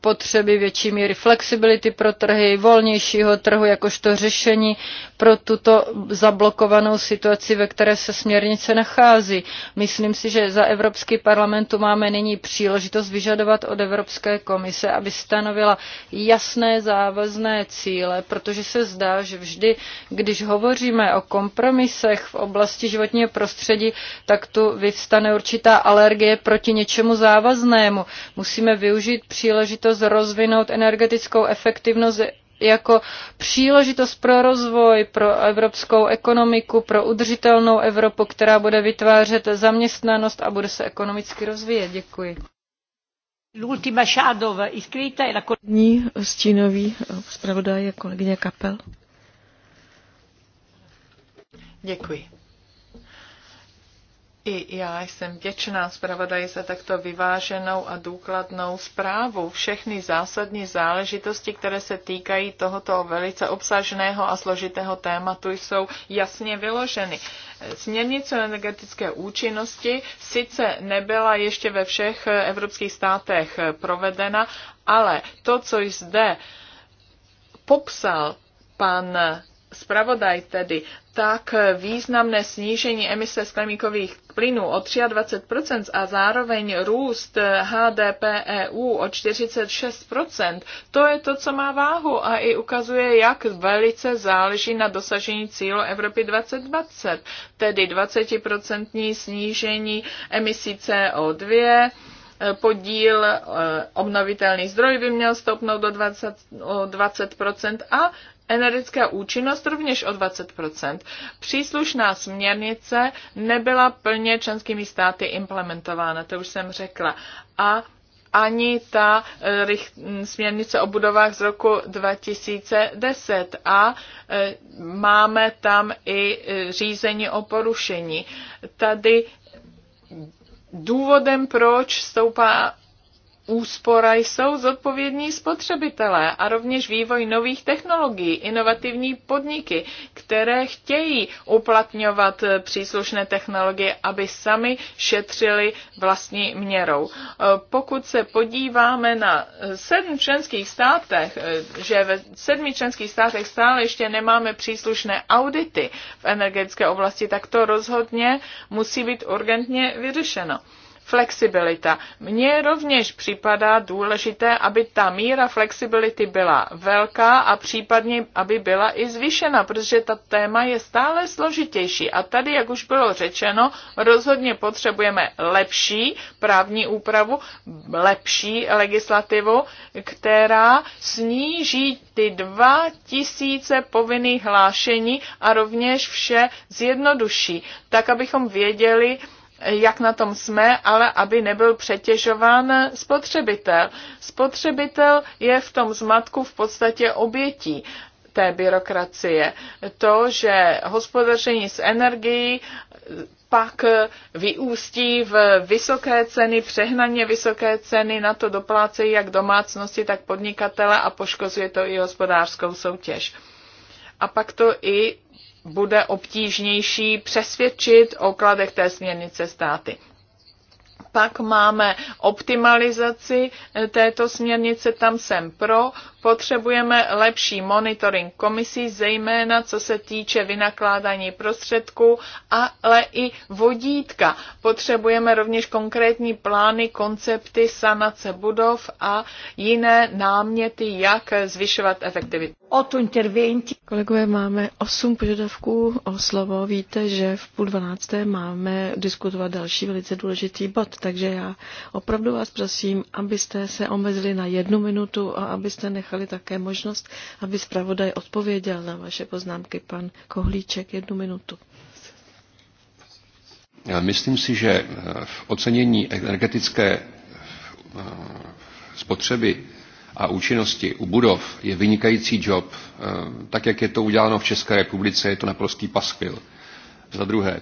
potřeby větší míry flexibility pro trhy, volnějšího trhu jakožto řešení pro tuto zablokovanou situaci, ve které se směrnice nachází. Myslím si, že za Evropský Parlamentu máme nyní příležitost vyžadovat od Evropské komise, aby stanovila jasné závazné cíle, protože se zdá, že vždy, když hovoříme o kompromisech v oblasti životního prostředí, tak tu vyvstane určitá alergie proti něčemu závaznému. Musíme využít využít příležitost rozvinout energetickou efektivnost jako příležitost pro rozvoj, pro evropskou ekonomiku, pro udržitelnou Evropu, která bude vytvářet zaměstnanost a bude se ekonomicky rozvíjet. Děkuji. L'ultima Shadova iscritta è la Ní stínový eh, zpravodaj je kolegyně Kapel. Děkuji. I já jsem vděčná zpravodaji za takto vyváženou a důkladnou zprávu. Všechny zásadní záležitosti, které se týkají tohoto velice obsažného a složitého tématu, jsou jasně vyloženy. Směrnice o energetické účinnosti sice nebyla ještě ve všech evropských státech provedena, ale to, co zde popsal pan zpravodaj tedy tak významné snížení emise skleníkových plynů o 23% a zároveň růst HDP EU o 46%, to je to, co má váhu a i ukazuje, jak velice záleží na dosažení cílu Evropy 2020, tedy 20% snížení emisí CO2, podíl eh, obnovitelných zdrojů by měl stoupnout do 20, 20% a energetická účinnost rovněž o 20 Příslušná směrnice nebyla plně členskými státy implementována, to už jsem řekla. A ani ta eh, mm, směrnice o budovách z roku 2010 a eh, máme tam i eh, řízení o porušení. Tady důvodem, proč stoupá úspora jsou zodpovědní spotřebitelé a rovněž vývoj nových technologií, inovativní podniky, které chtějí uplatňovat eh, příslušné technologie, aby sami šetřili vlastní měrou. Eh, pokud se podíváme na eh, sedm členských státech, že ve sedmi členských státech stále ještě nemáme příslušné audity v energetické oblasti, tak to rozhodně musí být urgentně vyřešeno flexibilita. Mně rovněž připadá důležité, aby ta míra flexibility byla velká a případně, aby byla i zvýšena, protože ta téma je stále složitější. A tady, jak už bylo řečeno, rozhodně potřebujeme lepší právní úpravu, lepší legislativu, která sníží ty dva tisíce povinných hlášení a rovněž vše zjednoduší, tak abychom věděli, jak na tom jsme, ale aby nebyl přetěžován spotřebitel. Spotřebitel je v tom zmatku v podstatě obětí té byrokracie. To, že hospodaření s energií pak vyústí v vysoké ceny, přehnaně vysoké ceny, na to doplácejí jak domácnosti, tak podnikatele a poškozuje to i hospodářskou soutěž. A pak to i bude obtížnější přesvědčit o kladech té směrnice státy. Pak máme optimalizaci eh, této směrnice, tam jsem pro, Potřebujeme lepší monitoring komisí, zejména co se týče vynakládání prostředků, ale i vodítka. Potřebujeme rovněž konkrétní plány, koncepty sanace budov a jiné náměty, jak zvyšovat efektivitu. Kolegové, máme osm požadavků o slovo. Víte, že v půl dvanácté máme diskutovat další velice důležitý bod, takže já opravdu vás prosím, abyste se omezili na jednu minutu a abyste nechali nechali také možnost, aby zpravodaj odpověděl na vaše poznámky. Pan Kohlíček, jednu minutu. Myslím si, že eh, v ocenění energetické eh, spotřeby a účinnosti u budov je vynikající job. Eh, tak, jak je to uděláno v České republice, je to naprostý paskvil. Za druhé,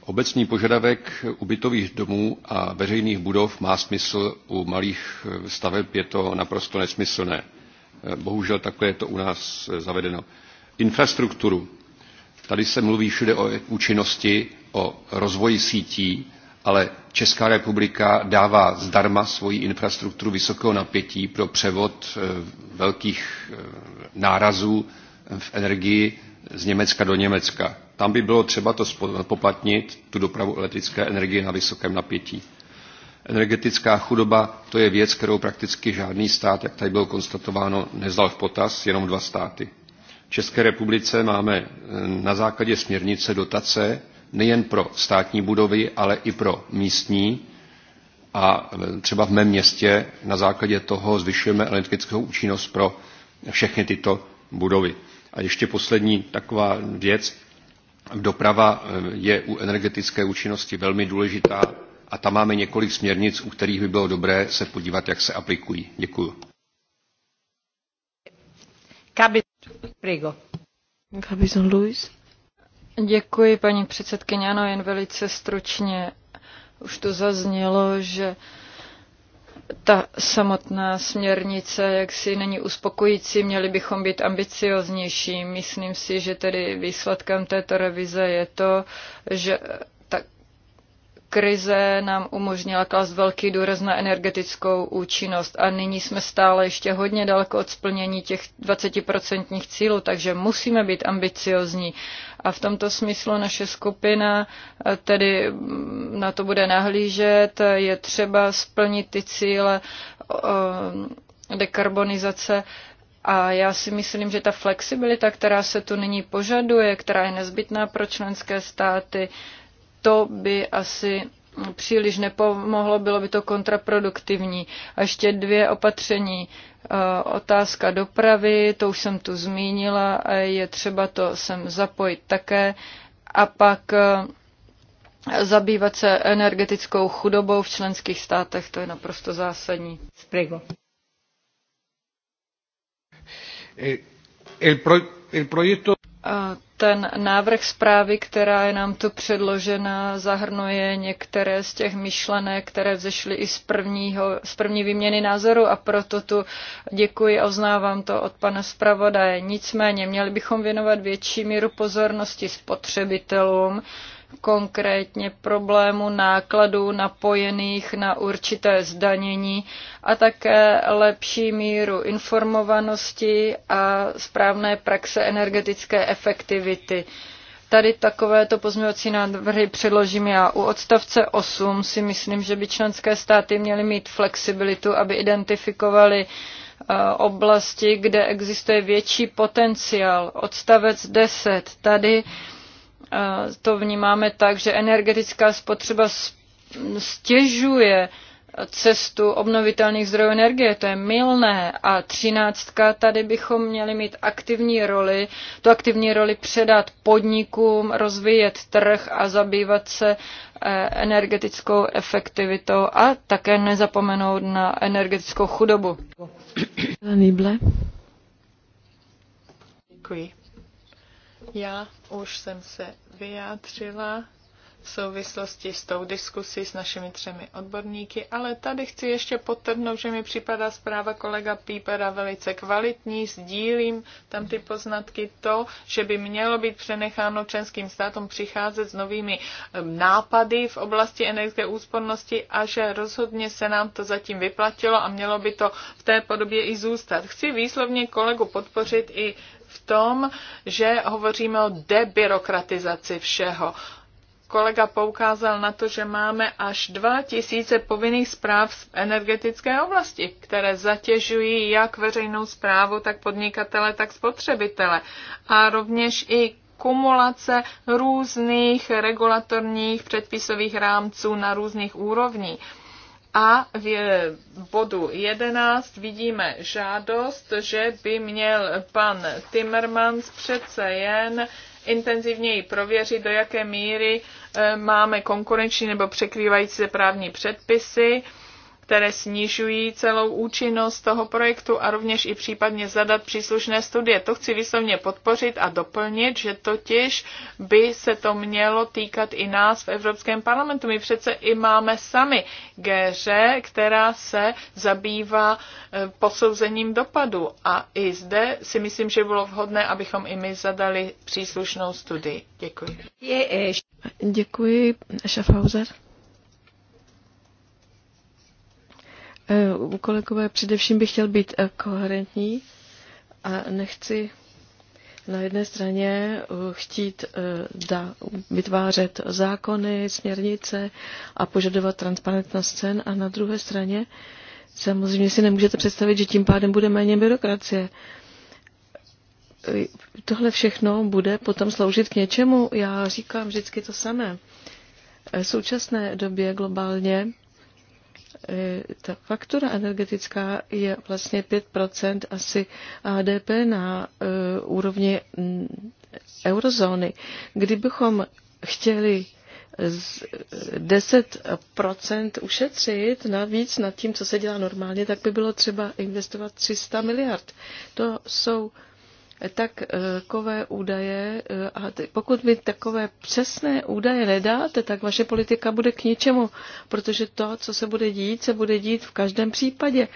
obecný požadavek ubytových domů a veřejných budov má smysl, u malých staveb je to naprosto nesmyslné Eh, bohužel takhle je to u nás eh, zavedeno. Infrastrukturu. Tady se mluví všude o účinnosti, o rozvoji sítí, ale Česká republika dává zdarma svoji infrastrukturu vysokého napětí pro převod eh, velkých nárazů v energii z Německa do Německa. Tam by bylo třeba to poplatnit, tu dopravu elektrické energie na vysokém napětí. Energetická chudoba to je věc, kterou prakticky žádný stát, jak tady bylo konstatováno, nezal v potaz, jenom dva státy. V České republice máme eh, na základě směrnice dotace nejen pro státní budovy, ale i pro místní. A eh, třeba v mém městě na základě toho zvyšujeme energetickou účinnost pro všechny tyto budovy. A ještě poslední taková věc. Doprava eh, je u energetické účinnosti velmi důležitá a tam máme několik směrnic, u kterých by bylo dobré se podívat, jak se aplikují. Děkuju. Prego. Luis. Děkuji, paní předsedkyně. Ano, jen velice stručně. Už to zaznělo, že ta samotná směrnice jaksi není uspokojící, měli bychom být ambicioznější. Myslím si, že tedy výsledkem této revize je to, že krize nám umožnila klást velký důraz na energetickou účinnost a nyní jsme stále ještě hodně daleko od splnění těch 20% cílů, takže musíme být ambiciozní. A v tomto smyslu naše skupina eh, tedy mm, na to bude nahlížet. Eh, je třeba splnit ty cíle eh, dekarbonizace a já si myslím, že ta flexibilita, která se tu nyní požaduje, která je nezbytná pro členské státy, to by asi příliš nepomohlo, bylo by to kontraproduktivní. A ještě dvě opatření. Eh, otázka dopravy, to už jsem tu zmínila, a je třeba to sem zapojit také. A pak eh, zabývat se energetickou chudobou v členských státech, to je naprosto zásadní. Sprigo. Eh, el, pro, el proyecto ten návrh zprávy, která je nám tu předložena, zahrnuje některé z těch myšlenek, které vzešly i z, prvního, z první výměny názoru a proto tu děkuji a uznávám to od pana zpravodaje. Nicméně měli bychom věnovat větší míru pozornosti spotřebitelům, konkrétně problému nákladů napojených na určité zdanění a také lepší míru informovanosti a správné praxe energetické efektivity. Tady takovéto pozměňovací návrhy předložím já. U odstavce 8 si myslím, že by členské státy měly mít flexibilitu, aby identifikovali eh, oblasti, kde existuje větší potenciál. Odstavec 10. Tady uh, to vnímáme tak, že energetická spotřeba stěžuje cestu obnovitelných zdrojů energie. To je milné. A třináctka, tady bychom měli mít aktivní roli, tu aktivní roli předat podnikům, rozvíjet trh a zabývat se e, energetickou efektivitou a také nezapomenout na energetickou chudobu. Děkuji. Já už jsem se vyjádřila v souvislosti s tou diskusí s našimi třemi odborníky, ale tady chci ještě potrhnout, že mi připadá zpráva kolega Pípera velice kvalitní, sdílím tam ty poznatky to, že by mělo být přenecháno členským státům přicházet s novými nápady v oblasti energetické úspornosti a že rozhodně se nám to zatím vyplatilo a mělo by to v té podobě i zůstat. Chci výslovně kolegu podpořit i v tom, že hovoříme o debirokratizaci všeho. Kolega poukázal na to, že máme až 2000 povinných zpráv z energetické oblasti, které zatěžují jak veřejnou zprávu, tak podnikatele, tak spotřebitele. A rovněž i kumulace různých regulatorních předpisových rámců na různých úrovních a v bodu 11 vidíme žádost, že by měl pan Timmermans přece jen intenzivněji prověřit, do jaké míry eh, máme konkurenční nebo překrývající se právní předpisy které snižují celou účinnost toho projektu a rovněž i případně zadat příslušné studie. To chci výslovně podpořit a doplnit, že totiž by se to mělo týkat i nás v Evropském parlamentu. My přece i máme sami Géře, která se zabývá eh, posouzením dopadu a i zde si myslím, že bylo vhodné, abychom i my zadali příslušnou studii. Děkuji. Eh, Děkuji, Schaffhauser. Eh, kolegové, především bych chtěl být eh, koherentní a nechci na jedné straně eh, chtít vytvářet zákony, směrnice a požadovat transparentnost cen a na druhé straně samozřejmě si nemůžete představit, že tím pádem bude méně byrokracie. Tohle všechno bude potom sloužit k něčemu. Já říkám vždycky to samé. V současné době globálně Eh, ta faktura energetická je vlastně 5% asi ADP na eh, úrovni mm, eurozóny. Kdybychom chtěli z 10% ušetřit navíc nad tím, co se dělá normálně, tak by bylo třeba investovat 300 miliard. To jsou takové eh, údaje, eh, a pokud mi takové přesné údaje nedáte, tak vaše politika bude k ničemu, protože to, co se bude dít, se bude dít v každém případě.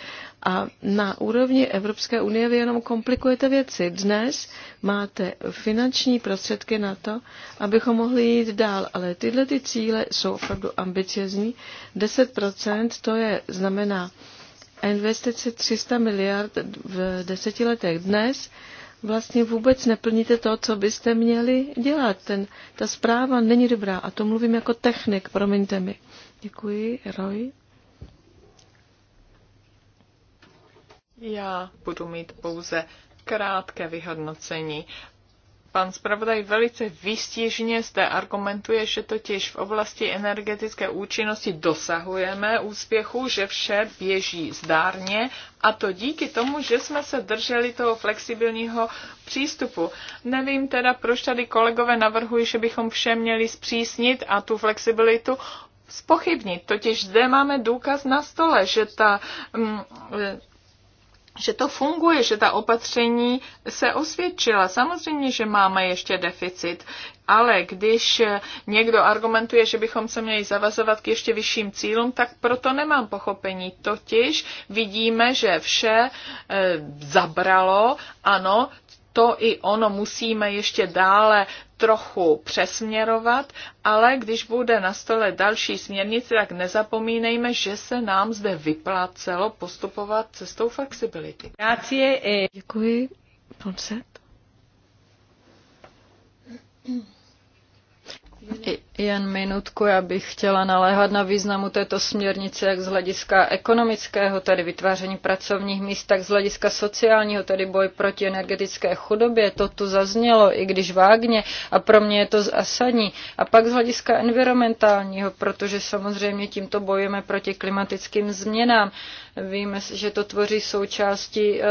A na úrovni Evropské unie vy jenom komplikujete věci. Dnes máte finanční prostředky na to, abychom mohli jít dál, ale tyhle ty cíle jsou opravdu ambiciozní. 10% to je, znamená investice 300 miliard v deseti letech. Dnes vlastně vůbec neplníte to, co byste měli dělat. Ten, ta zpráva není dobrá a to mluvím jako technik, promiňte mi. Děkuji, Roy. Já budu mít pouze krátké vyhodnocení. Pan zpravodaj velice výstěžně zde argumentuje, že totiž v oblasti energetické účinnosti dosahujeme úspěchu, že vše běží zdárně a to díky tomu, že jsme se drželi toho flexibilního přístupu. Nevím teda, proč tady kolegové navrhují, že bychom vše měli zpřísnit a tu flexibilitu spochybnit. Totiž zde máme důkaz na stole, že ta mm, že to funguje, že ta opatření se osvědčila. Samozřejmě, že máme ještě deficit, ale když někdo argumentuje, že bychom se měli zavazovat k ještě vyšším cílům, tak proto nemám pochopení. Totiž vidíme, že vše e, zabralo, ano, to i ono musíme ještě dále trochu přesměrovat, ale když bude na stole další směrnice, tak nezapomínejme, že se nám zde vyplácelo postupovat cestou flexibility. E- Děkuji, jen minutku, já bych chtěla naléhat na významu této směrnice jak z hlediska ekonomického, tedy vytváření pracovních míst, tak z hlediska sociálního, tedy boj proti energetické chudobě. To tu zaznělo, i když vágně, a pro mě je to zásadní. A pak z hlediska environmentálního, protože samozřejmě tímto bojujeme proti klimatickým změnám. Víme, že to tvoří součástí, eh,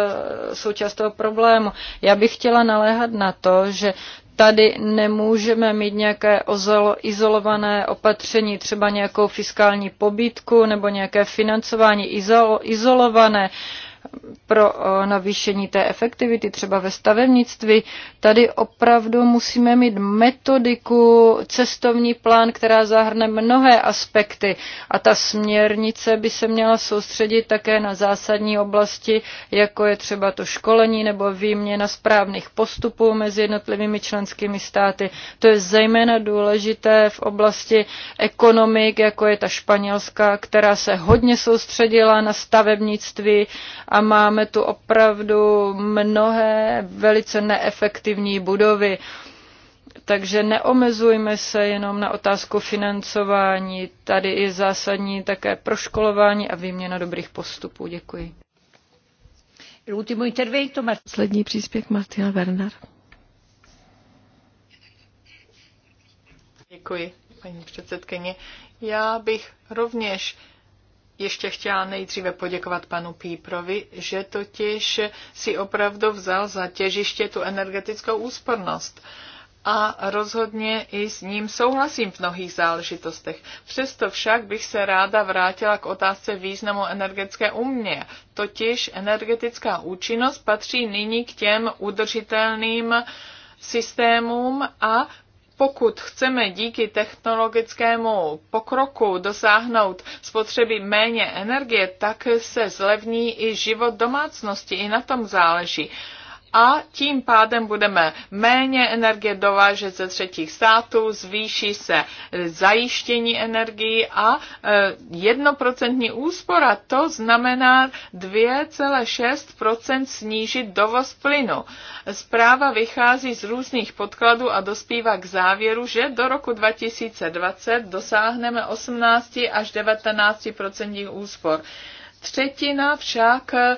součást toho problému. Já bych chtěla naléhat na to, že tady nemůžeme mít nějaké izolované opatření, třeba nějakou fiskální pobítku nebo nějaké financování izolované pro eh, navýšení té efektivity, třeba ve stavebnictví. Tady opravdu musíme mít metodiku, cestovní plán, která zahrne mnohé aspekty a ta směrnice by se měla soustředit také na zásadní oblasti, jako je třeba to školení nebo výměna správných postupů mezi jednotlivými členskými státy. To je zejména důležité v oblasti ekonomik, jako je ta španělská, která se hodně soustředila na stavebnictví a máme tu opravdu mnohé velice neefektivní budovy. Takže neomezujme se jenom na otázku financování. Tady je zásadní také proškolování a výměna dobrých postupů. Děkuji. Poslední příspěvek Martina Werner. Děkuji, paní předsedkyně. Já bych rovněž ještě chtěla nejdříve poděkovat panu Píprovi, že totiž si opravdu vzal za těžiště tu energetickou úspornost. A rozhodně i s ním souhlasím v mnohých záležitostech. Přesto však bych se ráda vrátila k otázce významu energetické umě. Totiž energetická účinnost patří nyní k těm udržitelným systémům a pokud chceme díky technologickému pokroku dosáhnout spotřeby méně energie, tak se zlevní i život domácnosti, i na tom záleží a tím pádem budeme méně energie dovážet ze třetích států, zvýší se zajištění energii a eh, jednoprocentní úspora, to znamená 2,6% snížit dovoz plynu. Zpráva vychází z různých podkladů a dospívá k závěru, že do roku 2020 dosáhneme 18 až 19% úspor. Třetina však eh,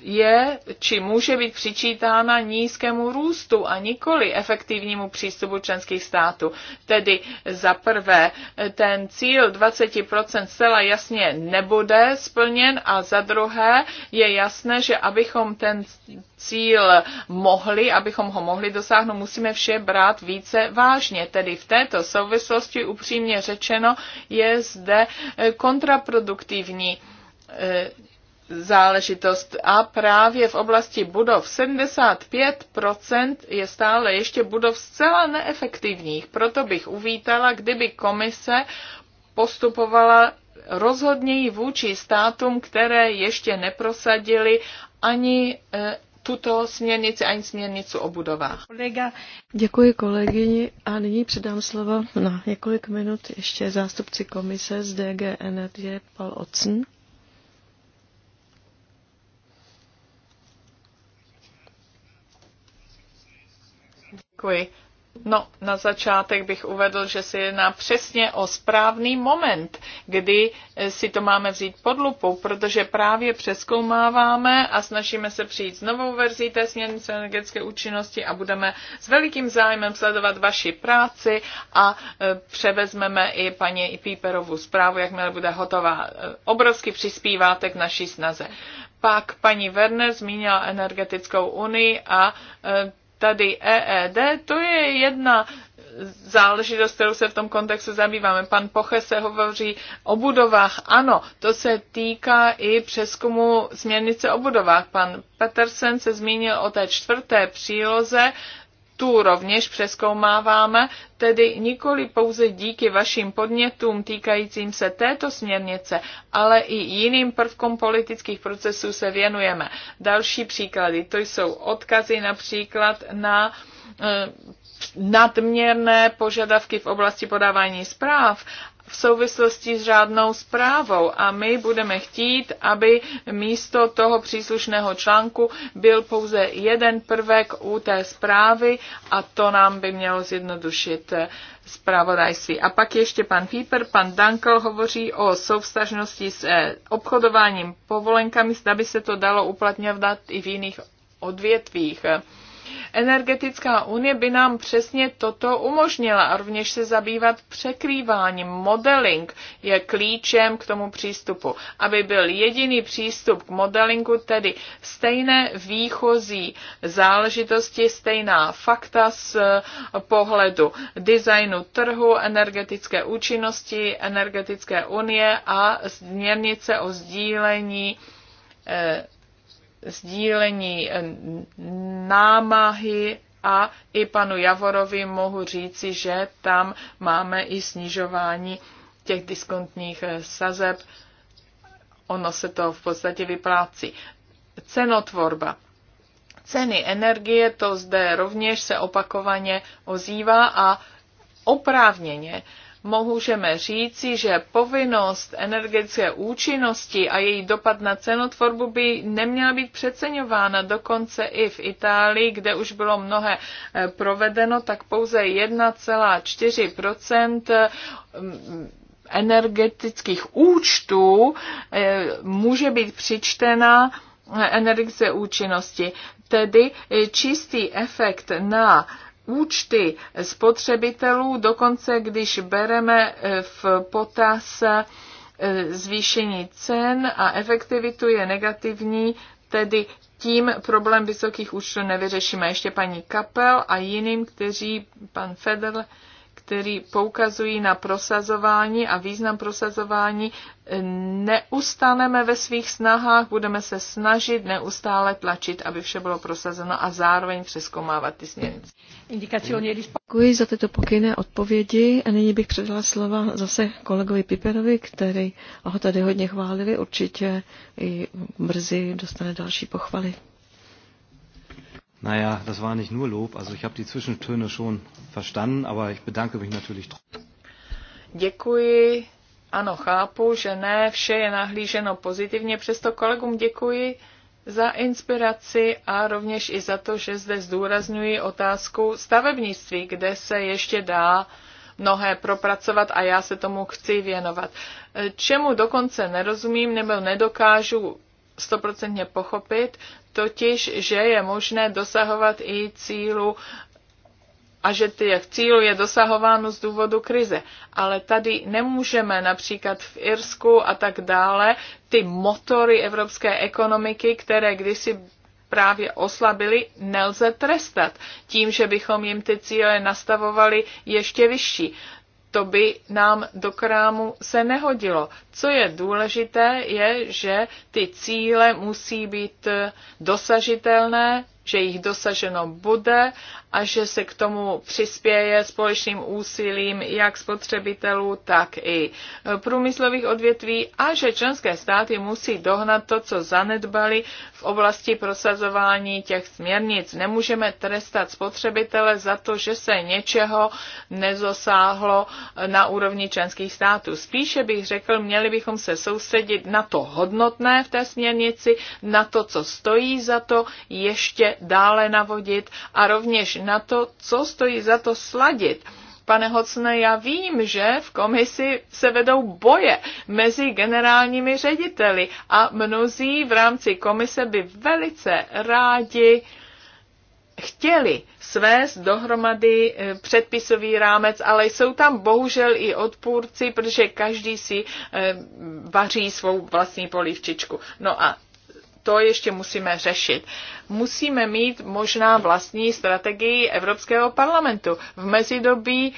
je či může být přičítána nízkému růstu a nikoli efektivnímu přístupu členských států. Tedy za prvé ten cíl 20% zcela jasně nebude splněn a za druhé je jasné, že abychom ten cíl mohli, abychom ho mohli dosáhnout, musíme vše brát více vážně. Tedy v této souvislosti upřímně řečeno je zde kontraproduktivní E, záležitost a právě v oblasti budov 75% je stále ještě budov zcela neefektivních. Proto bych uvítala, kdyby komise postupovala rozhodněji vůči státům, které ještě neprosadili ani e, tuto směrnici, ani směrnici o budovách. Kolega. Děkuji kolegyni a nyní předám slovo na několik minut ještě zástupci komise z DG Energie, Paul Otsen. Děkuji. No, na začátek bych uvedl, že se jedná přesně o správný moment, kdy eh, si to máme vzít pod lupu, protože právě přeskoumáváme a snažíme se přijít s novou verzí té směrnice energetické účinnosti a budeme s velikým zájmem sledovat vaši práci a eh, převezmeme i paní Píperovu zprávu, jakmile bude hotová. Eh, Obrovsky přispíváte k naší snaze. Pak paní Werner zmínila energetickou unii a tady EED, to je jedna záležitost, kterou se v tom kontextu zabýváme. Pan Poche se hovoří o budovách. Ano, to se týká i přeskumu směrnice o budovách. Pan Petersen se zmínil o té čtvrté příloze tu rovněž přeskoumáváme, tedy nikoli pouze díky vašim podnětům týkajícím se této směrnice, ale i jiným prvkům politických procesů se věnujeme. Další příklady, to jsou odkazy například na eh, nadměrné požadavky v oblasti podávání zpráv v souvislosti s řádnou zprávou a my budeme chtít, aby místo toho příslušného článku byl pouze jeden prvek u té zprávy a to nám by mělo zjednodušit zpravodajství. A pak ještě pan Píper, pan Dankel hovoří o souvstažnosti s eh, obchodováním povolenkami, zda by se to dalo uplatňovat i v jiných odvětvích. Energetická unie by nám přesně toto umožnila a rovněž se zabývat překrýváním. Modeling je klíčem k tomu přístupu, aby byl jediný přístup k modelingu, tedy stejné výchozí záležitosti, stejná fakta z pohledu designu trhu, energetické účinnosti, energetické unie a změrnice o sdílení eh, sdílení eh, námahy a i panu Javorovi mohu říci, že tam máme i snižování těch diskontních eh, sazeb. Ono se to v podstatě vyplácí. Cenotvorba. Ceny energie, to zde rovněž se opakovaně ozývá a oprávněně. Uh, můžeme říci, že povinnost energetické účinnosti a její dopad na cenotvorbu by neměla být přeceňována. Dokonce i v Itálii, kde už bylo mnohé eh, provedeno, tak pouze 1,4 mm, energetických účtů eh, může být přičtena eh, energetické účinnosti. Tedy čistý efekt na účty spotřebitelů, dokonce když bereme eh, v potaz eh, zvýšení cen a efektivitu je negativní, tedy tím problém vysokých účtů nevyřešíme. Ještě paní Kapel a jiným, kteří, pan Federle který poukazují na prosazování a význam prosazování, neustaneme ve svých snahách, budeme se snažit neustále tlačit, aby vše bylo prosazeno a zároveň přeskoumávat ty směrnice. Děkuji za tyto pokyné odpovědi a nyní bych předala slova zase kolegovi Piperovi, který ho tady hodně chválili, určitě i brzy dostane další pochvaly. Naja, das war nicht nur Lob. Also ich habe die Zwischentöne schon verstanden, aber ich bedanke mich natürlich. trotzdem. Děkuji. Ano, chápu, že ne vše je nahlíženo pozitivně, přesto kolegům děkuji za inspiraci a rovněž i za to, že zde zdůrazňuji otázku stavebnictví, kde se ještě dá mnohé propracovat a já se tomu chci věnovat. Čemu dokonce nerozumím nebo nedokážu stoprocentně pochopit, totiž, že je možné dosahovat i cílu a že těch cílů je dosahováno z důvodu krize. Ale tady nemůžeme například v Irsku a tak dále ty motory evropské ekonomiky, které kdysi právě oslabili, nelze trestat tím, že bychom jim ty cíle nastavovali ještě vyšší to by nám do krámu se nehodilo. Co je důležité, je, že ty cíle musí být dosažitelné že jich dosaženo bude a že se k tomu přispěje společným úsilím jak spotřebitelů, tak i průmyslových odvětví a že členské státy musí dohnat to, co zanedbali v oblasti prosazování těch směrnic. Nemůžeme trestat spotřebitele za to, že se něčeho nezosáhlo na úrovni členských států. Spíše bych řekl, měli bychom se soustředit na to hodnotné v té směrnici, na to, co stojí za to ještě dále navodit a rovněž na to, co stojí za to sladit. Pane Hocne, já vím, že v komisi se vedou boje mezi generálními řediteli a mnozí v rámci komise by velice rádi chtěli svést dohromady eh, předpisový rámec, ale jsou tam bohužel i odpůrci, protože každý si eh, vaří svou vlastní polívčičku. No a to ještě musíme řešit. Musíme mít možná vlastní strategii Evropského parlamentu. V mezidobí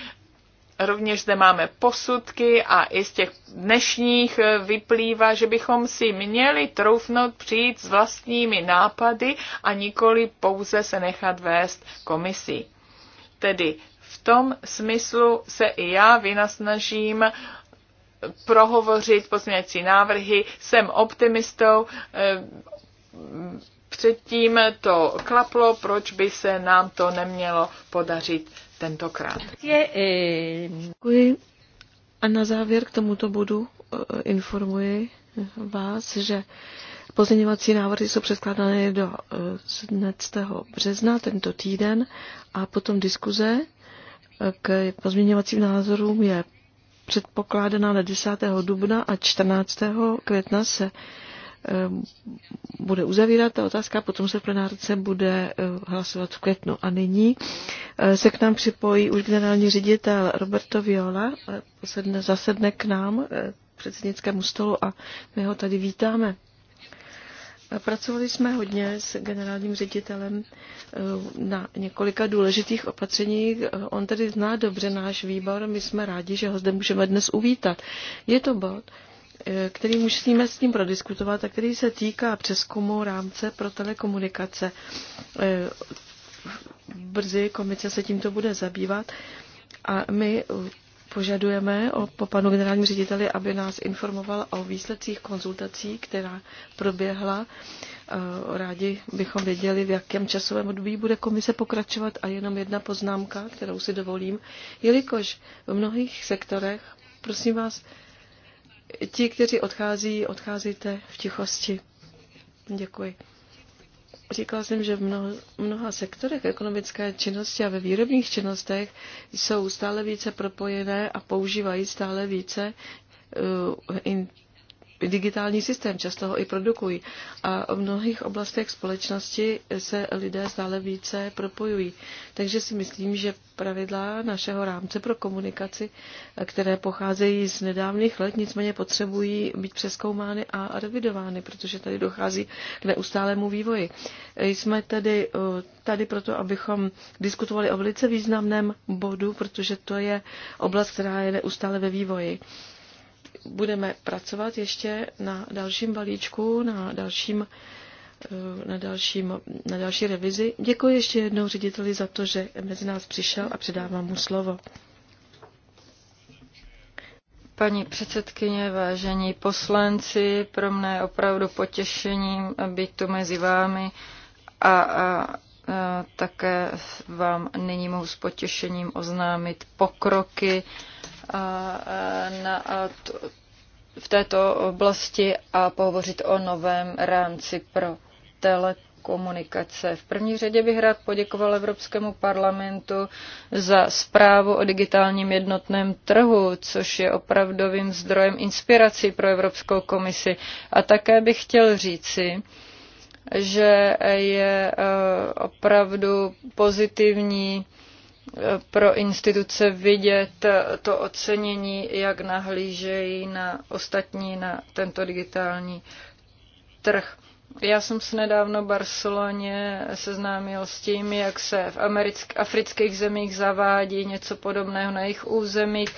Rovněž zde máme posudky a i z těch dnešních eh, vyplývá, že bychom si měli troufnout přijít s vlastními nápady a nikoli pouze se nechat vést komisí. Tedy v tom smyslu se i já vynasnažím prohovořit pozměňovací návrhy. Jsem optimistou. Eh, předtím to klaplo, proč by se nám to nemělo podařit tentokrát. Eh, děkuji. A na závěr k tomuto bodu eh, informuji vás, že Pozměňovací návrhy jsou předkládány do 17. března tento týden a potom diskuze k pozměňovacím názorům je předpokládaná na 10. dubna a 14. května se eh, bude uzavírat ta otázka, potom se v plenárce bude eh, hlasovat v květnu. A nyní eh, se k nám připojí už generální ředitel Roberto Viola, zasedne k nám předsednickému stolu a my ho tady vítáme. Pracovali jsme hodně s generálním ředitelem eh, na několika důležitých opatřeních. On tedy zná dobře náš výbor, my jsme rádi, že ho zde můžeme dnes uvítat. Je to bod, eh, který musíme s ním prodiskutovat a který se týká přeskumu rámce pro telekomunikace. Eh, brzy komice se tímto bude zabývat a my Požadujeme o, po panu generálním řediteli, aby nás informoval o výsledcích konzultací, která proběhla. E, rádi bychom věděli, v jakém časovém období bude komise pokračovat. A jenom jedna poznámka, kterou si dovolím, jelikož v mnohých sektorech, prosím vás, ti, kteří odchází, odcházíte v tichosti. Děkuji. Říkala jsem, že v mnoha, mnoha sektorech ekonomické činnosti a ve výrobních činnostech jsou stále více propojené a používají stále více uh, in, digitální systém, často ho i produkují. A v mnohých oblastech společnosti se lidé stále více propojují. Takže si myslím, že pravidla našeho rámce pro komunikaci, které pocházejí z nedávných let, nicméně potřebují být přeskoumány a revidovány, protože tady dochází k neustálému vývoji. Jsme tedy eh, tady proto, abychom diskutovali o velice významném bodu, protože to je oblast, která je neustále ve vývoji budeme pracovat ještě na dalším balíčku, na dalším eh, na, dalším, na další revizi. Děkuji ještě jednou řediteli za to, že mezi nás přišel a předávám mu slovo. Paní předsedkyně, vážení poslanci, pro mne je opravdu potěšením být tu mezi vámi a, a také vám nyní mohu s potěšením oznámit pokroky, na v této oblasti a pohovořit o novém rámci pro telekomunikace. V první řadě bych rád poděkoval Evropskému parlamentu za zprávu o digitálním jednotném trhu, což je opravdovým zdrojem inspirací pro Evropskou komisi. A také bych chtěl říci, že je e, opravdu pozitivní pro instituce vidět to ocenění, jak nahlížejí na ostatní na tento digitální trh. Já jsem se nedávno v Barceloně seznámil s tím, jak se v americk- afrických zemích zavádí něco podobného na jejich územích.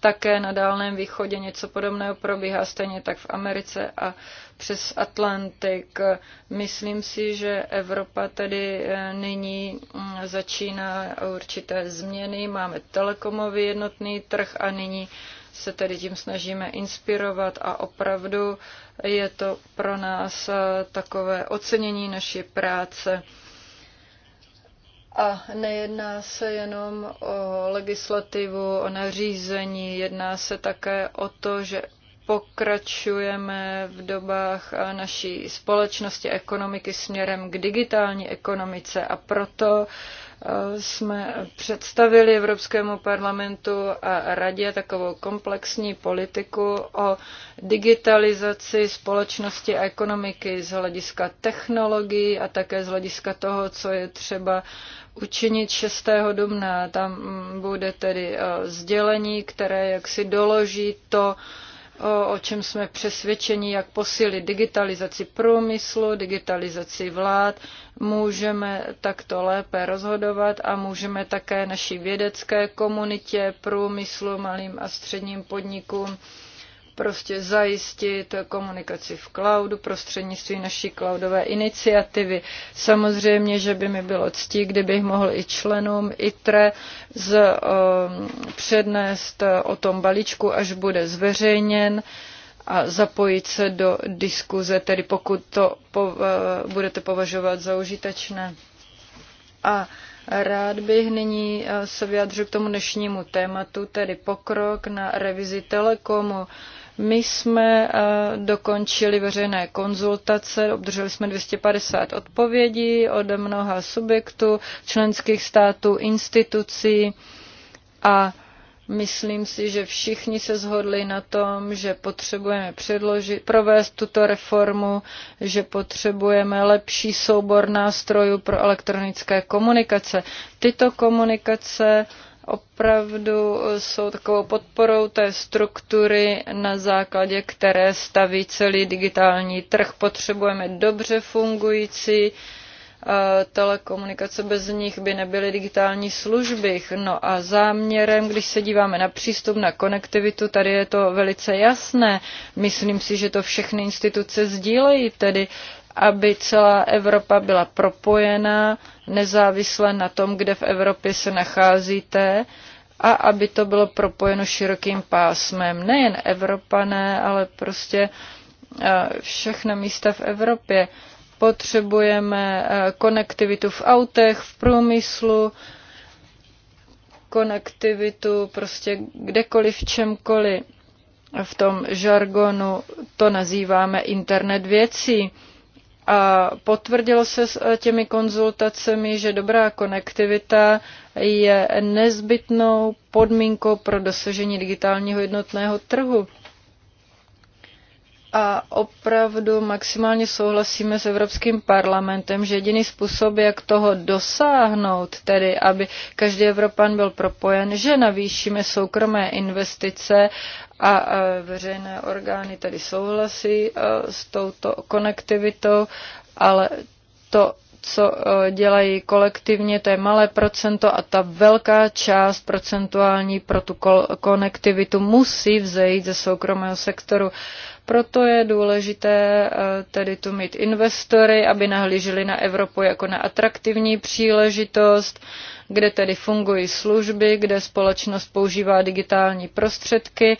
Také na Dálném východě něco podobného probíhá, stejně tak v Americe a přes Atlantik. Myslím si, že Evropa tedy eh, nyní mm, začíná určité změny. Máme telekomový jednotný trh a nyní se tedy tím snažíme inspirovat a opravdu je to pro nás eh, takové ocenění naší práce. A nejedná se jenom o legislativu, o nařízení, jedná se také o to, že pokračujeme v dobách naší společnosti ekonomiky směrem k digitální ekonomice a proto jsme představili Evropskému parlamentu a radě takovou komplexní politiku o digitalizaci společnosti a ekonomiky z hlediska technologií a také z hlediska toho, co je třeba učinit 6. dubna. Tam bude tedy eh, sdělení, které jaksi doloží to, o čem jsme přesvědčeni, jak posílit digitalizaci průmyslu, digitalizaci vlád. Můžeme takto lépe rozhodovat a můžeme také naší vědecké komunitě, průmyslu, malým a středním podnikům prostě zajistit komunikaci v cloudu prostřednictvím naší cloudové iniciativy. Samozřejmě, že by mi bylo ctí, kdybych mohl i členům ITRE z, um, přednést uh, o tom balíčku, až bude zveřejněn a zapojit se do diskuze, tedy pokud to po, budete považovat za užitečné. A Rád bych nyní eh, se vyjadřil k tomu dnešnímu tématu, tedy pokrok na revizi telekomu. My jsme eh, dokončili veřejné konzultace, obdrželi jsme 250 odpovědí od mnoha subjektů, členských států, institucí a Myslím si, že všichni se shodli na tom, že potřebujeme předložit, provést tuto reformu, že potřebujeme lepší soubor nástrojů pro elektronické komunikace. Tyto komunikace opravdu jsou takovou podporou té struktury, na základě které staví celý digitální trh. Potřebujeme dobře fungující Eh, telekomunikace, bez nich by nebyly digitální služby. No a záměrem, když se díváme na přístup na konektivitu, tady je to velice jasné. Myslím si, že to všechny instituce sdílejí, tedy aby celá Evropa byla propojená, nezávisle na tom, kde v Evropě se nacházíte a aby to bylo propojeno širokým pásmem. Nejen Evropané, ale prostě eh, všechna místa v Evropě. Potřebujeme eh, konektivitu v autech, v průmyslu, konektivitu prostě kdekoliv, čemkoliv. V tom žargonu to nazýváme internet věcí. A potvrdilo se s eh, těmi konzultacemi, že dobrá konektivita je nezbytnou podmínkou pro dosažení digitálního jednotného trhu a opravdu maximálně souhlasíme s Evropským parlamentem, že jediný způsob, jak toho dosáhnout, tedy aby každý Evropan byl propojen, že navýšíme soukromé investice a veřejné orgány tedy souhlasí e, s touto konektivitou, ale to co e, dělají kolektivně, to je malé procento a ta velká část procentuální pro tu konektivitu musí vzejít ze soukromého sektoru. Proto je důležité eh, tedy tu mít investory, aby nahlíželi na Evropu jako na atraktivní příležitost, kde tedy fungují služby, kde společnost používá digitální prostředky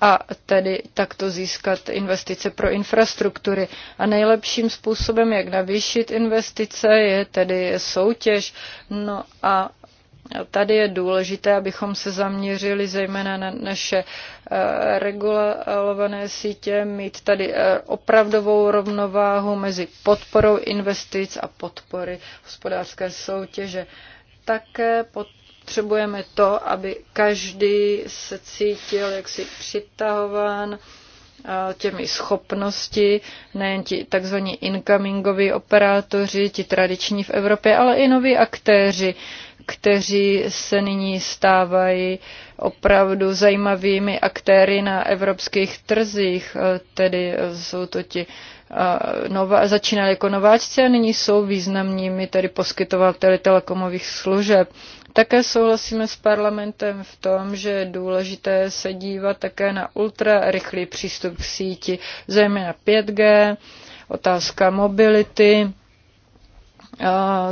a tedy takto získat investice pro infrastruktury. A nejlepším způsobem, jak navýšit investice, je tedy soutěž. No a Tady je důležité, abychom se zaměřili zejména na naše eh, regulované sítě, mít tady eh, opravdovou rovnováhu mezi podporou investic a podpory hospodářské soutěže. Také potřebujeme to, aby každý se cítil jaksi přitahován těmi schopnosti, nejen ti tzv. incomingoví operátoři, ti tradiční v Evropě, ale i noví aktéři, kteří se nyní stávají opravdu zajímavými aktéry na evropských trzích, tedy jsou to ti nová, začínali jako nováčci a nyní jsou významnými tedy poskytovateli telekomových služeb. Také souhlasíme s parlamentem v tom, že je důležité se dívat také na ultrarychlý přístup k síti, zejména 5G, otázka mobility,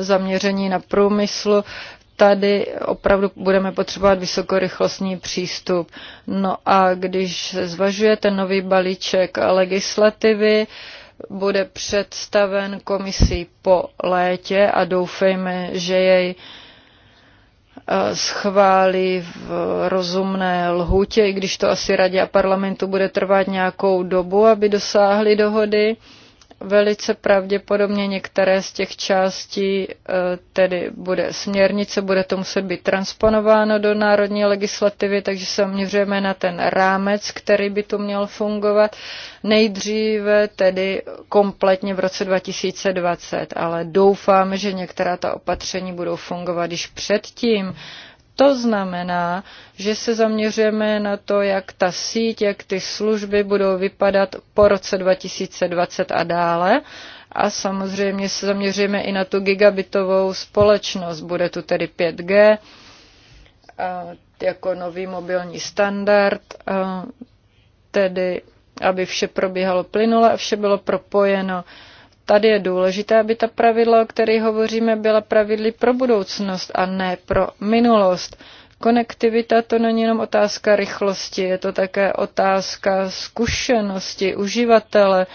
zaměření na průmysl, tady opravdu budeme potřebovat vysokorychlostní přístup. No a když se zvažuje ten nový balíček legislativy, bude představen komisí po létě a doufejme, že jej uh, Eh, schválí v rozumné lhůtě, i když to asi radě a parlamentu bude trvat nějakou dobu, aby dosáhli dohody velice pravděpodobně některé z těch částí, eh, tedy bude směrnice, bude to muset být transponováno do národní legislativy, takže se zaměřujeme na ten rámec, který by tu měl fungovat nejdříve, tedy kompletně v roce 2020, ale doufám, že některá ta opatření budou fungovat již předtím, to znamená, že se zaměřujeme na to, jak ta síť, jak ty služby budou vypadat po roce 2020 a dále. A samozřejmě se zaměříme i na tu gigabitovou společnost. Bude tu tedy 5G jako nový mobilní standard, tedy aby vše probíhalo plynule a vše bylo propojeno tady je důležité, aby ta pravidla, o kterých hovoříme, byla pravidly pro budoucnost a ne pro minulost. Konektivita to není jenom otázka rychlosti, je to také otázka zkušenosti uživatele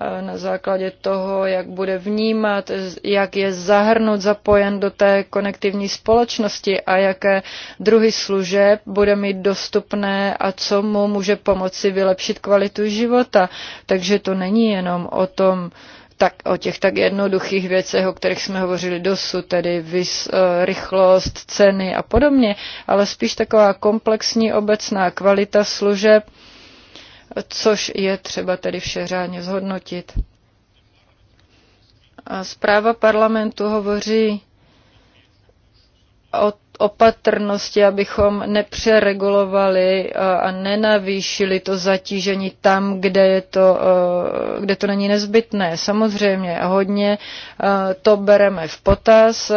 eh, na základě toho, jak bude vnímat, jak je zahrnut, zapojen do té konektivní společnosti a jaké druhy služeb bude mít dostupné a co mu může pomoci vylepšit kvalitu života. Takže to není jenom o tom, tak o těch tak jednoduchých věcech, o kterých jsme hovořili dosud, tedy vys, eh, rychlost, ceny a podobně, ale spíš taková komplexní obecná kvalita služeb, což je třeba tedy vše řádně zhodnotit. A zpráva parlamentu hovoří o opatrnosti, abychom nepřeregulovali eh, a nenavýšili to zatížení tam, kde, je to, eh, kde to není nezbytné. Samozřejmě hodně eh, to bereme v potaz,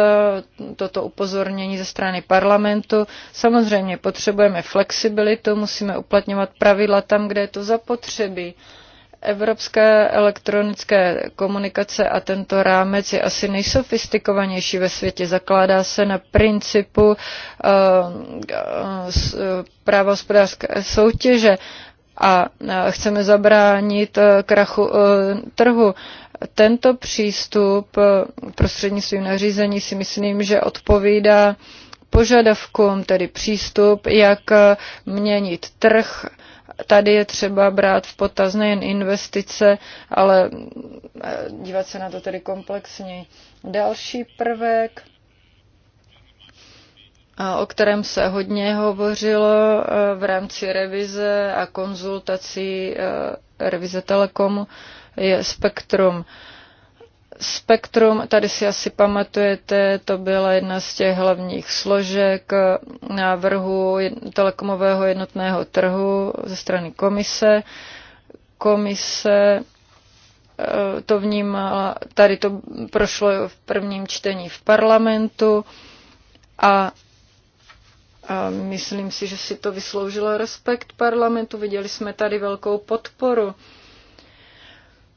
toto upozornění ze strany parlamentu. Samozřejmě potřebujeme flexibilitu, musíme uplatňovat pravidla tam, kde je to zapotřebí. Evropské elektronické komunikace a tento rámec je asi nejsofistikovanější ve světě. Zakládá se na principu eh, eh, eh, práva hospodářské soutěže a chceme zabránit krachu trhu. Tento přístup prostřednictvím nařízení si myslím, že odpovídá požadavkům, tedy přístup, jak měnit trh tady je třeba brát v potaz nejen investice, ale eh, dívat se na to tedy komplexněji. Další prvek, o kterém se hodně hovořilo eh, v rámci revize a konzultací eh, revize Telekomu, je spektrum. Spektrum, tady si asi pamatujete, to byla jedna z těch hlavních složek návrhu telekomového jednotného trhu ze strany komise. Komise eh, to vnímala, tady to prošlo v prvním čtení v parlamentu a a myslím si, že si to vysloužilo respekt parlamentu. Viděli jsme tady velkou podporu.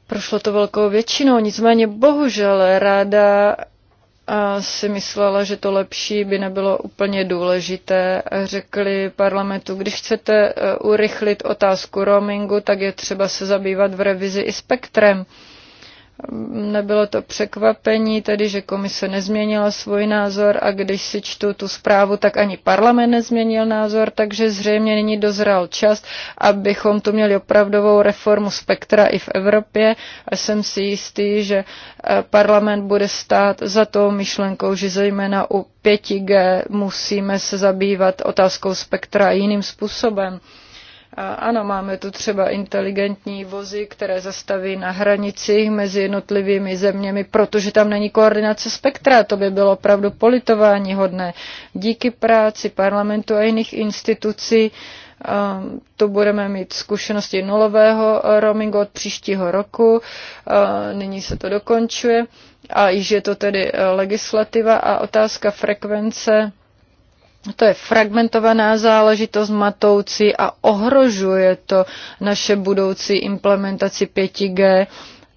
Prošlo to velkou většinou, nicméně bohužel ráda a si myslela, že to lepší by nebylo úplně důležité. Řekli parlamentu, když chcete e, urychlit otázku roamingu, tak je třeba se zabývat v revizi i spektrem. Nebylo to překvapení, tedy že komise nezměnila svůj názor a když si čtu tu zprávu, tak ani parlament nezměnil názor, takže zřejmě nyní dozral čas, abychom tu měli opravdovou reformu spektra i v Evropě a jsem si jistý, že eh, parlament bude stát za tou myšlenkou, že zejména u 5G musíme se zabývat otázkou spektra jiným způsobem. Ano, máme tu třeba inteligentní vozy, které zastaví na hranicích mezi jednotlivými zeměmi, protože tam není koordinace spektra. To by bylo opravdu politování hodné. Díky práci parlamentu a jiných institucí um, to budeme mít zkušenosti nulového roamingu od příštího roku. Uh, nyní se to dokončuje a již je to tedy legislativa a otázka frekvence to je fragmentovaná záležitost matoucí a ohrožuje to naše budoucí implementaci 5G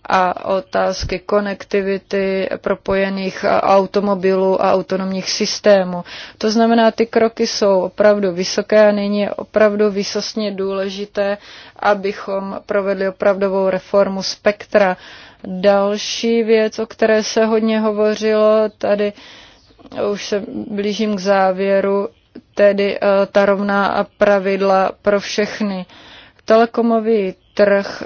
a otázky konektivity propojených automobilů a autonomních systémů. To znamená, ty kroky jsou opravdu vysoké a nyní je opravdu vysostně důležité, abychom provedli opravdovou reformu spektra. Další věc, o které se hodně hovořilo, tady už se blížím k závěru, tedy eh, ta rovná pravidla pro všechny. Telekomový trh,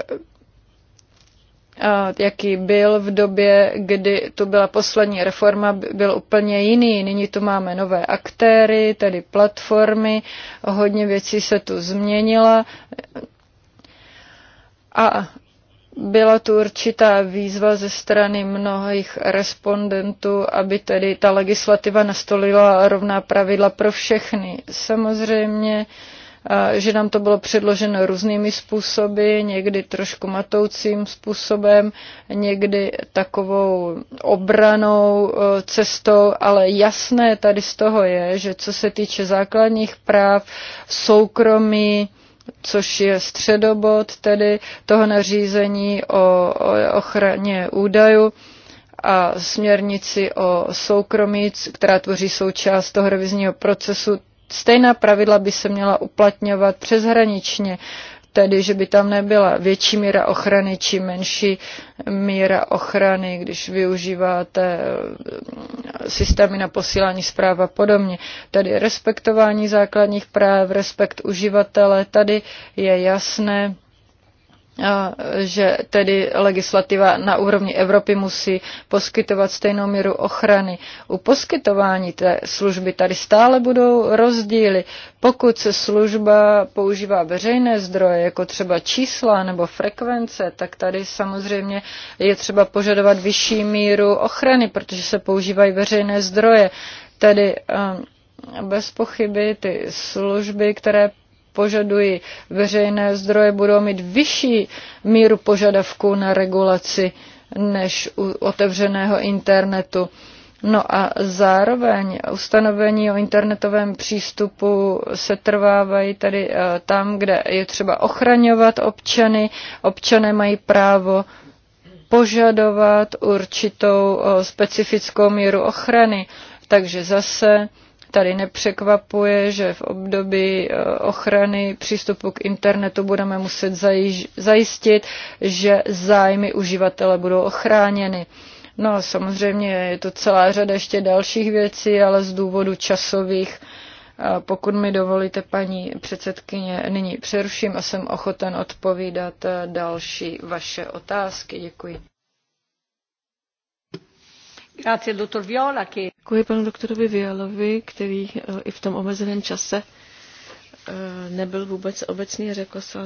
eh, jaký byl v době, kdy tu byla poslední reforma, byl úplně jiný. Nyní tu máme nové aktéry, tedy platformy, hodně věcí se tu změnila. A byla tu určitá výzva ze strany mnohých respondentů, aby tedy ta legislativa nastolila rovná pravidla pro všechny. Samozřejmě, že nám to bylo předloženo různými způsoby, někdy trošku matoucím způsobem, někdy takovou obranou e, cestou, ale jasné tady z toho je, že co se týče základních práv, soukromí, což je středobod tedy toho nařízení o ochraně údajů a směrnici o soukromí, která tvoří součást toho revizního procesu. Stejná pravidla by se měla uplatňovat přeshraničně tedy, že by tam nebyla větší míra ochrany či menší míra ochrany, když využíváte eh, systémy na posílání zpráv a podobně. Tedy respektování základních práv, respekt uživatele, tady je jasné, že tedy legislativa na úrovni Evropy musí poskytovat stejnou míru ochrany. U poskytování té služby tady stále budou rozdíly. Pokud se služba používá veřejné zdroje, jako třeba čísla nebo frekvence, tak tady samozřejmě je třeba požadovat vyšší míru ochrany, protože se používají veřejné zdroje. Tedy ehm, bez pochyby ty služby, které požadují veřejné zdroje, budou mít vyšší míru požadavků na regulaci než u otevřeného internetu. No a zároveň ustanovení o internetovém přístupu se trvávají tady eh, tam, kde je třeba ochraňovat občany. Občané mají právo požadovat určitou eh, specifickou míru ochrany. Takže zase Tady nepřekvapuje, že v období eh, ochrany přístupu k internetu budeme muset zajistit, že zájmy uživatele budou ochráněny. No samozřejmě je to celá řada ještě dalších věcí, ale z důvodu časových, pokud mi dovolíte, paní předsedkyně, nyní přeruším a jsem ochoten odpovídat eh, další vaše otázky. Děkuji. Děkuji panu doktorovi Vialovi, který eh, i v tom omezeném čase eh, nebyl vůbec obecný, řekl se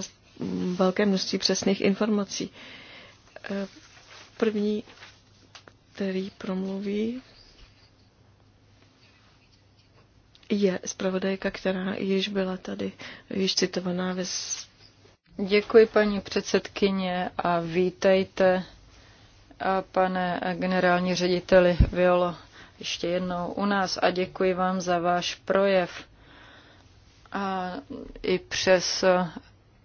velké množství přesných informací. Eh, první, který promluví, je zpravodajka, která již byla tady, již citovaná ve Děkuji paní předsedkyně a vítejte a pane generální řediteli Violo, ještě jednou u nás a děkuji vám za váš projev. A i přes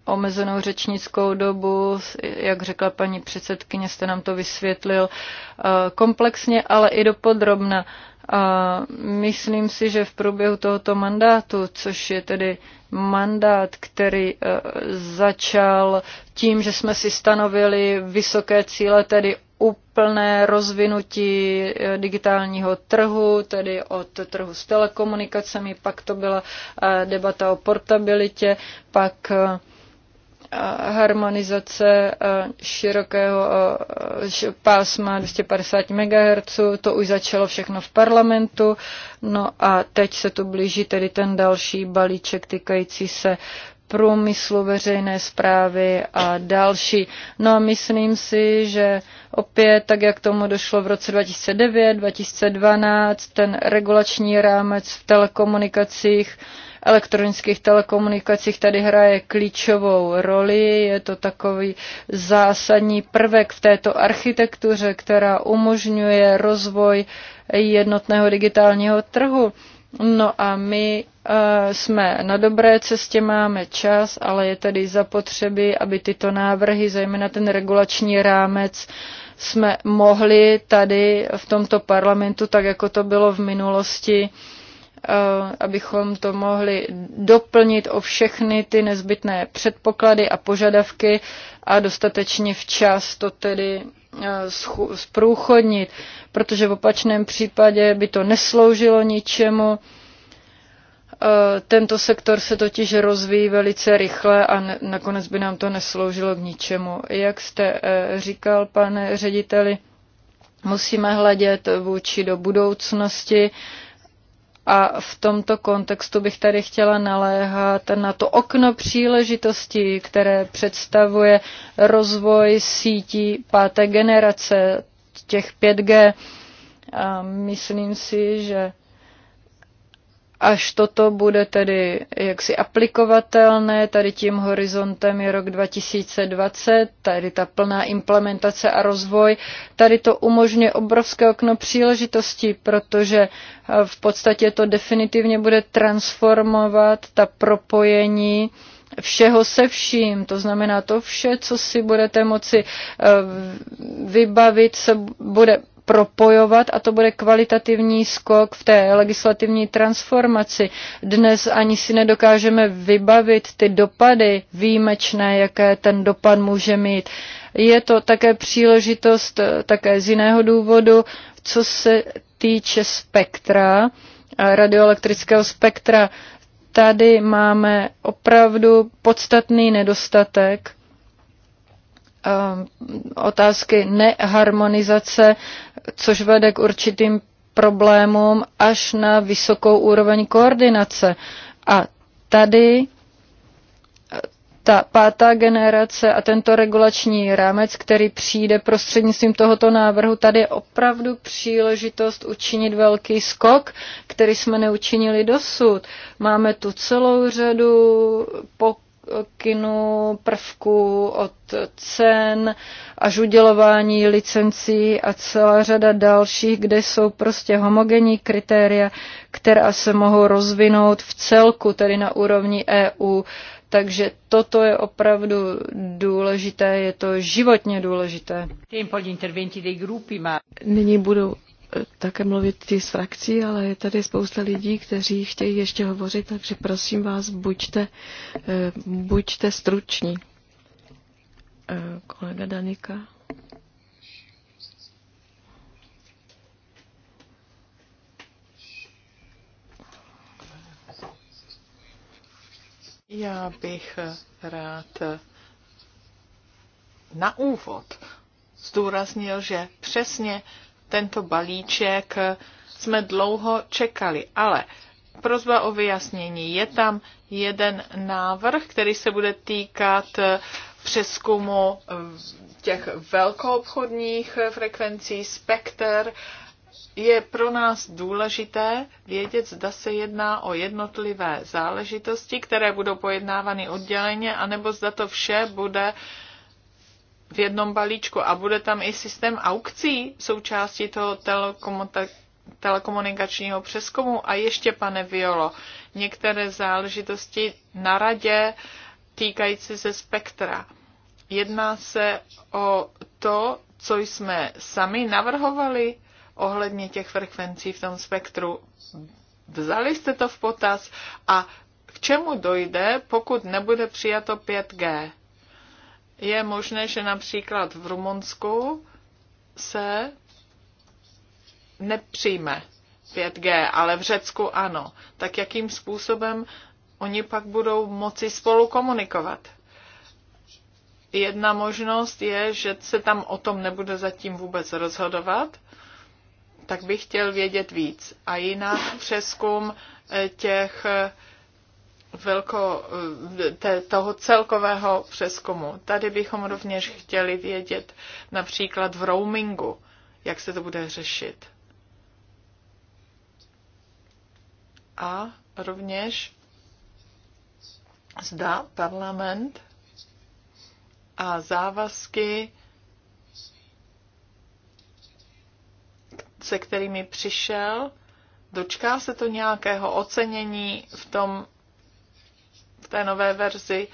omezenou řečnickou dobu, jak řekla paní předsedkyně, jste nám to vysvětlil eh, komplexně, ale i dopodrobna. A eh, myslím si, že v průběhu tohoto mandátu, což je tedy mandát, který eh, začal tím, že jsme si stanovili vysoké cíle, tedy úplné rozvinutí eh, digitálního trhu, tedy od trhu s telekomunikacemi, pak to byla eh, debata o portabilitě, pak eh, harmonizace širokého pásma 250 MHz, to už začalo všechno v parlamentu, no a teď se tu blíží tedy ten další balíček týkající se průmyslu, veřejné zprávy a další. No a myslím si, že opět, tak jak tomu došlo v roce 2009, 2012, ten regulační rámec v telekomunikacích, elektronických telekomunikacích tady hraje klíčovou roli. Je to takový zásadní prvek v této architektuře, která umožňuje rozvoj jednotného digitálního trhu. No a my eh, jsme na dobré cestě, máme čas, ale je tady zapotřebí, aby tyto návrhy, zejména ten regulační rámec, jsme mohli tady v tomto parlamentu, tak jako to bylo v minulosti, eh, abychom to mohli doplnit o všechny ty nezbytné předpoklady a požadavky a dostatečně včas to tedy zprůchodnit, protože v opačném případě by to nesloužilo ničemu. E, tento sektor se totiž rozvíjí velice rychle a nakonec by nám to nesloužilo k ničemu. Jak jste e, říkal, pane řediteli, musíme hledět vůči do budoucnosti a v tomto kontextu bych tady chtěla naléhat na to okno příležitostí, které představuje rozvoj sítí páté generace, těch 5G. A myslím si, že až toto bude tedy jaksi aplikovatelné, tady tím horizontem je rok 2020, tady ta plná implementace a rozvoj, tady to umožňuje obrovské okno příležitostí, protože eh, v podstatě to definitivně bude transformovat ta propojení všeho se vším, to znamená to vše, co si budete moci eh, vybavit, se bude propojovat a to bude kvalitativní skok v té legislativní transformaci. Dnes ani si nedokážeme vybavit ty dopady výjimečné, jaké ten dopad může mít. Je to také příležitost eh, také z jiného důvodu, co se týče spektra, eh, radioelektrického spektra. Tady máme opravdu podstatný nedostatek Ehm, otázky neharmonizace, což vede k určitým problémům až na vysokou úroveň koordinace. A tady eh, ta pátá generace a tento regulační rámec, který přijde prostřednictvím tohoto návrhu, tady je opravdu příležitost učinit velký skok, který jsme neučinili dosud. Máme tu celou řadu poků kinu prvků od cen, až udělování licencí a celá řada dalších, kde jsou prostě homogenní kritéria, která se mohou rozvinout v celku, tedy na úrovni EU. Takže toto je opravdu důležité, je to životně důležité. Nyní budu také mluvit ty z frakcí, ale je tady spousta lidí, kteří chtějí ještě hovořit, takže prosím vás, buďte, eh, buďte struční. Eh, kolega Danika. Já bych eh, rád na úvod zdůraznil, že přesně tento balíček jsme dlouho čekali, ale prozba o vyjasnění. Je tam jeden návrh, který se bude týkat eh, přeskumu eh, těch velkoobchodních eh, frekvencí, spekter. Je pro nás důležité vědět, zda se jedná o jednotlivé záležitosti, které budou pojednávány odděleně, anebo zda to vše bude uh, v jednom balíčku a bude tam i systém aukcí součástí toho telekomunikačního přeskumu. A ještě, pane Violo, některé záležitosti na radě týkající se spektra. Jedná se o to, co jsme sami navrhovali ohledně těch frekvencí v tom spektru. Vzali jste to v potaz a k čemu dojde, pokud nebude přijato 5G? Je možné, že například v Rumunsku se nepřijme 5G, ale v Řecku ano. Tak jakým způsobem oni pak budou moci spolu komunikovat? Jedna možnost je, že se tam o tom nebude zatím vůbec rozhodovat, tak bych chtěl vědět víc. A jinak přeskum eh, těch eh, velko, eh, te, toho celkového přeskumu. Tady bychom rovněž chtěli vědět například v roamingu, jak se to bude řešit. A rovněž zda parlament a závazky, se kterými přišel, dočká se to nějakého ocenění v tom té nové verzi.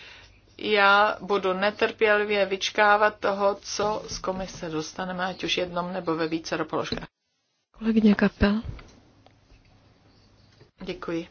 Já budu netrpělivě vyčkávat toho, co z komise dostaneme, ať už jednom nebo ve více položkách. Kolegyně Kapel. Děkuji.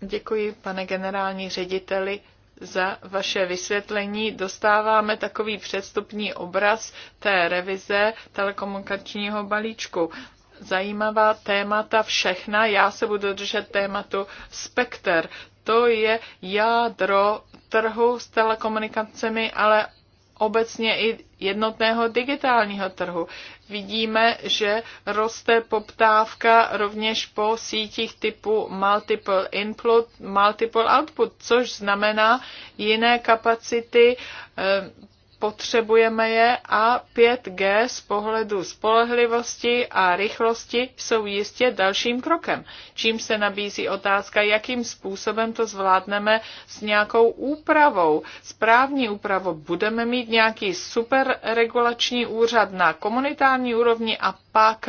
Děkuji, pane generální řediteli, za vaše vysvětlení. Dostáváme takový předstupní obraz té revize telekomunikačního balíčku. Zajímavá témata všechna. Já se budu držet tématu spekter to je jádro trhu s telekomunikacemi, ale obecně i jednotného digitálního trhu. Vidíme, že roste poptávka rovněž po sítích typu multiple input, multiple output, což znamená jiné kapacity eh, potřebujeme je a 5G z pohledu spolehlivosti a rychlosti jsou jistě dalším krokem. Čím se nabízí otázka, jakým způsobem to zvládneme s nějakou úpravou, správní úpravou. Budeme mít nějaký superregulační úřad na komunitární úrovni a pak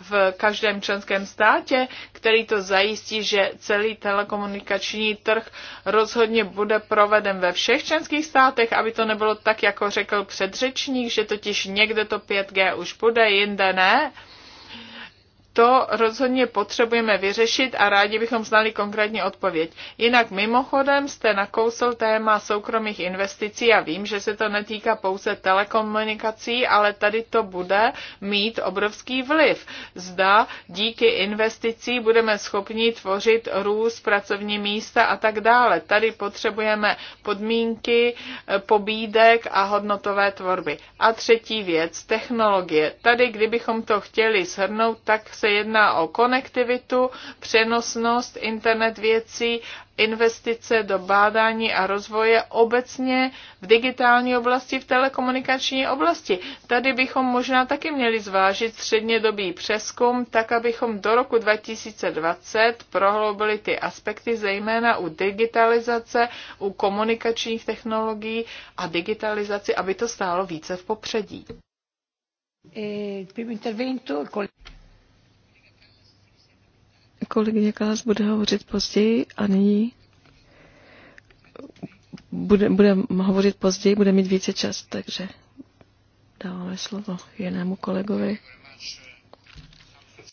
v každém členském státě, který to zajistí, že celý telekomunikační trh rozhodně bude proveden ve všech členských státech, aby to nebylo tak jako řekl předřečník, že totiž někde to 5G už bude, jinde ne, to rozhodně potřebujeme vyřešit a rádi bychom znali konkrétní odpověď. Jinak mimochodem jste nakousl téma soukromých investicí a vím, že se to netýká pouze telekomunikací, ale tady to bude mít obrovský vliv. Zda díky investicí budeme schopni tvořit růst pracovní místa a tak dále. Tady potřebujeme podmínky, pobídek a hodnotové tvorby. A třetí věc, technologie. Tady, kdybychom to chtěli shrnout, tak se se jedná o konektivitu, přenosnost, internet věcí, investice do bádání a rozvoje obecně v digitální oblasti, v telekomunikační oblasti. Tady bychom možná taky měli zvážit střednědobý přeskum, tak abychom do roku 2020 prohloubili ty aspekty, zejména u digitalizace, u komunikačních technologií a digitalizaci, aby to stálo více v popředí. Eh, Kolegyně Klas bude hovořit později a nyní bude, bude hovořit později, bude mít více čas, takže dáváme slovo jinému kolegovi.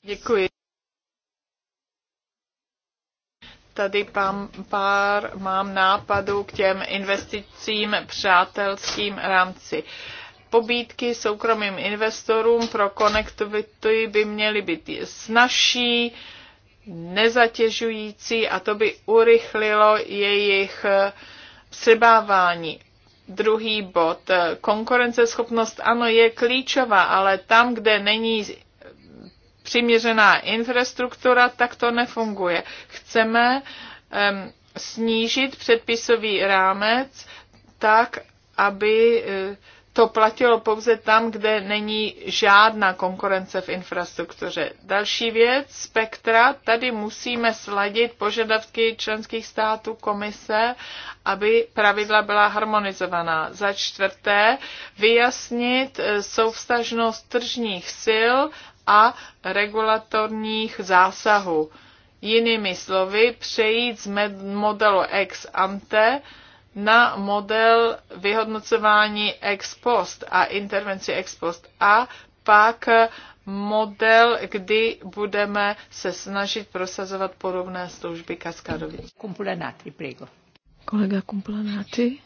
Děkuji. Tady pám, pár mám nápadů k těm investicím přátelským rámci. Pobídky soukromým investorům pro konektivity by měly být snažší, nezatěžující a to by urychlilo jejich eh, přebávání. Druhý bod. Eh, konkurenceschopnost ano je klíčová, ale tam, kde není přiměřená infrastruktura, tak to nefunguje. Chceme um, snížit předpisový rámec tak, aby uh, to platilo pouze tam, kde není žádná konkurence v infrastruktuře. Další věc, spektra, tady musíme sladit požadavky členských států komise, aby pravidla byla harmonizovaná. Za čtvrté, vyjasnit eh, souvstažnost tržních sil a regulatorních zásahů. Jinými slovy, přejít z modelu ex ante na model vyhodnocování ex post a intervenci ex post a pak model, kdy budeme se snažit prosazovat podobné služby kaskadově. Kumpulenáty, prego. Kolega Kumpulenáty.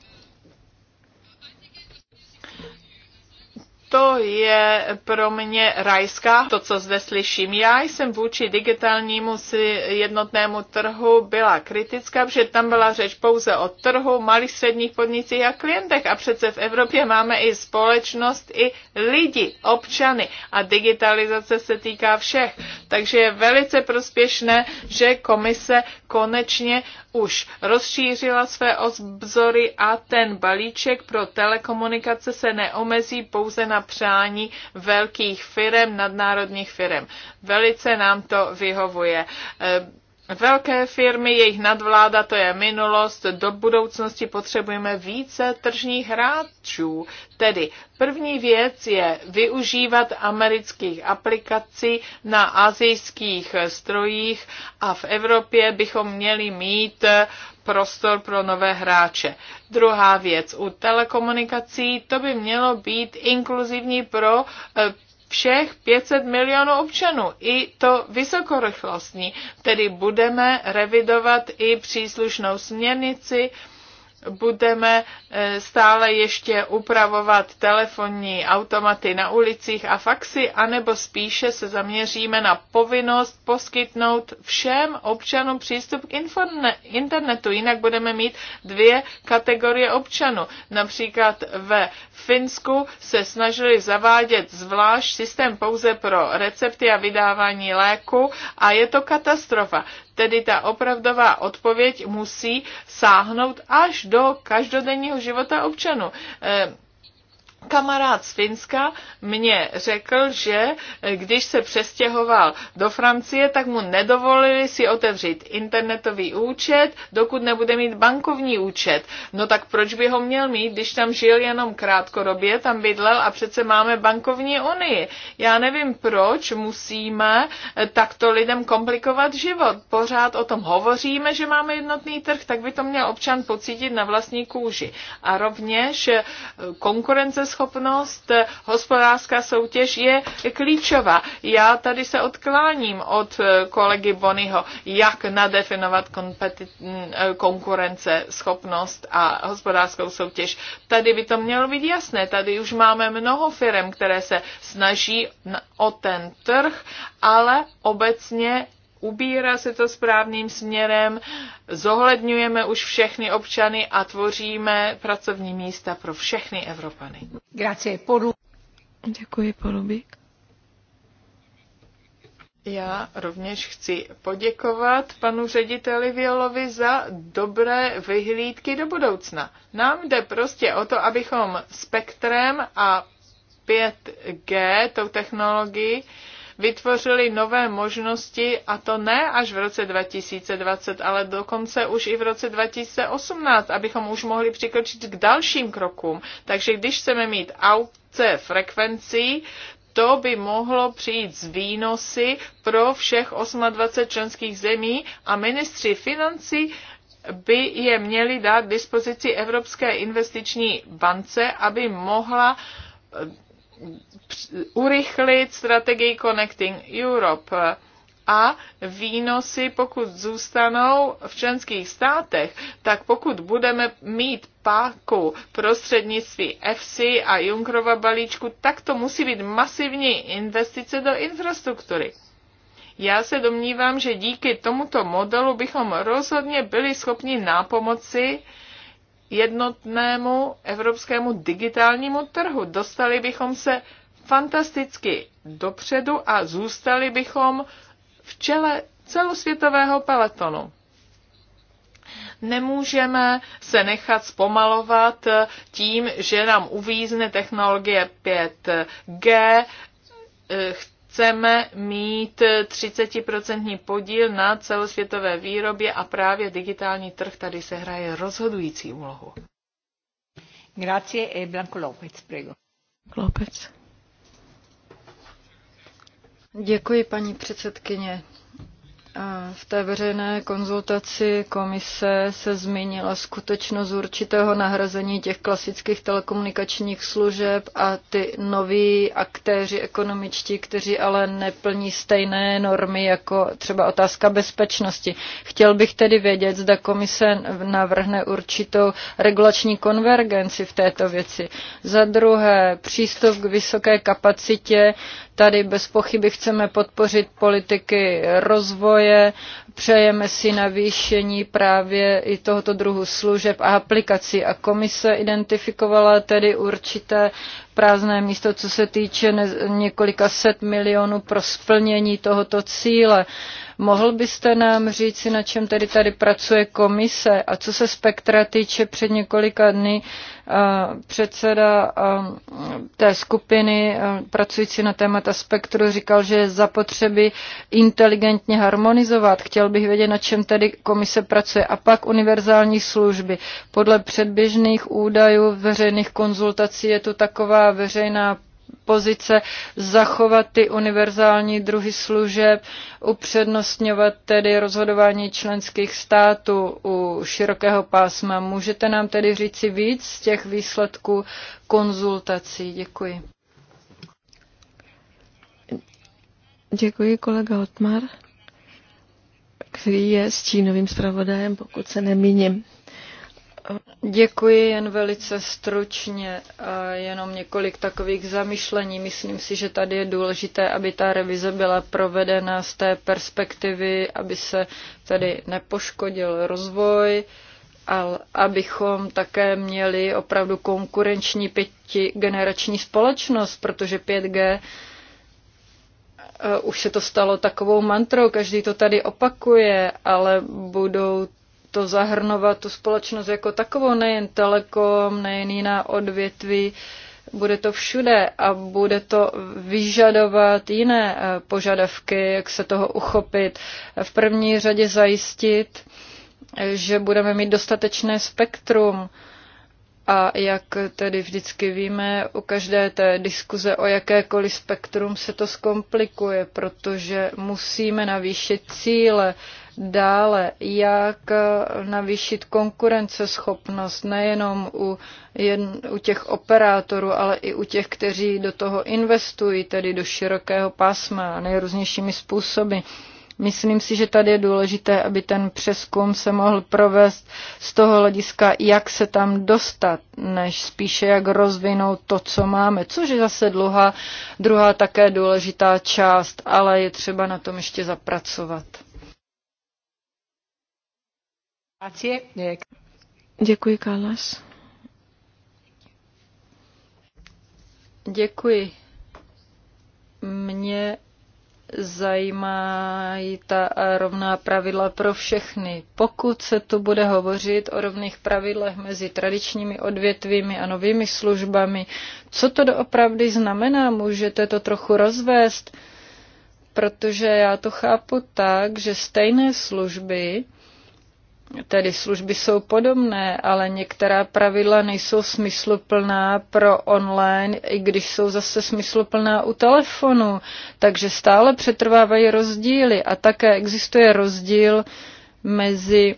to je pro mě rajská, to, co zde slyším. Já jsem vůči digitálnímu jednotnému trhu byla kritická, protože tam byla řeč pouze o trhu, malých středních podnicích a klientech. A přece v Evropě máme i společnost, i lidi, občany. A digitalizace se týká všech. Takže je velice prospěšné, že komise konečně už rozšířila své obzory a ten balíček pro telekomunikace se neomezí pouze na na přání velkých firm, nadnárodních firm. Velice nám to vyhovuje. E, velké firmy, jejich nadvláda, to je minulost. Do budoucnosti potřebujeme více tržních hráčů. Tedy první věc je využívat amerických aplikací na azijských strojích a v Evropě bychom měli mít prostor pro nové hráče. Druhá věc, u telekomunikací to by mělo být inkluzivní pro eh, všech 500 milionů občanů, i to vysokorychlostní, tedy budeme revidovat i příslušnou směrnici, budeme eh, stále ještě upravovat telefonní automaty na ulicích a faxy, anebo spíše se zaměříme na povinnost poskytnout všem občanům přístup k internetu. Jinak budeme mít dvě kategorie občanů. Například ve Finsku se snažili zavádět zvlášť systém pouze pro recepty a vydávání léku a je to katastrofa. Tedy ta opravdová odpověď musí sáhnout až do každodenního života občanů. Eh, kamarád z Finska mě řekl, že když se přestěhoval do Francie, tak mu nedovolili si otevřít internetový účet, dokud nebude mít bankovní účet. No tak proč by ho měl mít, když tam žil jenom krátkodobě, tam bydlel a přece máme bankovní unii. Já nevím, proč musíme takto lidem komplikovat život. Pořád o tom hovoříme, že máme jednotný trh, tak by to měl občan pocítit na vlastní kůži. A rovněž konkurence konkurenceschopnost, eh, hospodářská soutěž je klíčová. Já tady se odkláním od eh, kolegy Bonyho, jak nadefinovat mm, eh, konkurenceschopnost a hospodářskou soutěž. Tady by to mělo být jasné. Tady už máme mnoho firm, které se snaží o ten trh, ale obecně ubírá se to správným směrem, zohledňujeme už všechny občany a tvoříme pracovní místa pro všechny Evropany. Grazie, poru. Děkuji, Porubik. Já rovněž chci poděkovat panu řediteli Violovi za dobré vyhlídky do budoucna. Nám jde prostě o to, abychom spektrem a 5G, tou technologií, vytvořili nové možnosti, a to ne až v roce 2020, ale dokonce už i v roce 2018, abychom už mohli přikročit k dalším krokům. Takže když chceme mít aukce frekvencí, to by mohlo přijít z výnosy pro všech 28 členských zemí a ministři financí by je měli dát dispozici Evropské investiční bance, aby mohla urychlit strategii Connecting Europe a výnosy, pokud zůstanou v členských státech, tak pokud budeme mít páku prostřednictví EFSI a Junkrova balíčku, tak to musí být masivní investice do infrastruktury. Já se domnívám, že díky tomuto modelu bychom rozhodně byli schopni nápomoci jednotnému evropskému digitálnímu trhu. Dostali bychom se fantasticky dopředu a zůstali bychom v čele celosvětového peletonu. Nemůžeme se nechat zpomalovat tím, že nám uvízne technologie 5G, chceme mít 30% podíl na celosvětové výrobě a právě digitální trh tady se hraje rozhodující úlohu. Grazie e Blanco Lopez, prego. Lopez. Děkuji, paní předsedkyně. V té veřejné konzultaci komise se zmínila skutečnost určitého nahrazení těch klasických telekomunikačních služeb a ty noví aktéři ekonomičtí, kteří ale neplní stejné normy jako třeba otázka bezpečnosti. Chtěl bych tedy vědět, zda komise navrhne určitou regulační konvergenci v této věci. Za druhé, přístup k vysoké kapacitě. Tady bez pochyby chceme podpořit politiky rozvoje zdroje, přejeme si navýšení právě i tohoto druhu služeb a aplikací. A komise identifikovala tedy určité prázdné místo, co se týče několika set milionů pro splnění tohoto cíle. Mohl byste nám říci, na čem tedy tady pracuje komise a co se spektra týče před několika dny Eh, předseda eh, té skupiny eh, pracující na témata spektru říkal, že je zapotřeby inteligentně harmonizovat. Chtěl bych vědět, na čem tedy komise pracuje. A pak univerzální služby. Podle předběžných údajů veřejných konzultací je tu taková veřejná pozice zachovat ty univerzální druhy služeb, upřednostňovat tedy rozhodování členských států u širokého pásma. Můžete nám tedy říci víc z těch výsledků konzultací? Děkuji. Děkuji kolega Otmar, který je s Čínovým zpravodajem, pokud se nemíním. Děkuji jen velice stručně, jenom několik takových zamyšlení. Myslím si, že tady je důležité, aby ta revize byla provedena z té perspektivy, aby se tedy nepoškodil rozvoj, ale abychom také měli opravdu konkurenční pětigenerační společnost, protože 5G e, už se to stalo takovou mantrou, každý to tady opakuje, ale budou to zahrnovat tu společnost jako takovou, nejen telekom, nejen jiná odvětví, bude to všude a bude to vyžadovat jiné eh, požadavky, jak se toho uchopit. Eh, v první řadě zajistit, eh, že budeme mít dostatečné spektrum. A jak tedy vždycky víme, u každé té diskuze o jakékoliv spektrum se to zkomplikuje, protože musíme navýšit cíle, Dále, jak navýšit konkurenceschopnost nejenom u, jen, u těch operátorů, ale i u těch, kteří do toho investují, tedy do širokého pásma a nejrůznějšími způsoby. Myslím si, že tady je důležité, aby ten přeskum se mohl provést z toho hlediska, jak se tam dostat, než spíše jak rozvinout to, co máme, což je zase dlouhá, druhá také důležitá část, ale je třeba na tom ještě zapracovat. Eh, Děkuji, Kálas. Děkuji. Mě zajímají ta rovná pravidla pro všechny. Pokud se tu bude hovořit o rovných pravidlech mezi tradičními odvětvími a novými službami, co to doopravdy znamená? Můžete to trochu rozvést? Protože já to chápu tak, že stejné služby Tedy služby jsou podobné, ale některá pravidla nejsou smysluplná pro online, i když jsou zase smysluplná u telefonu. Takže stále přetrvávají rozdíly a také existuje rozdíl mezi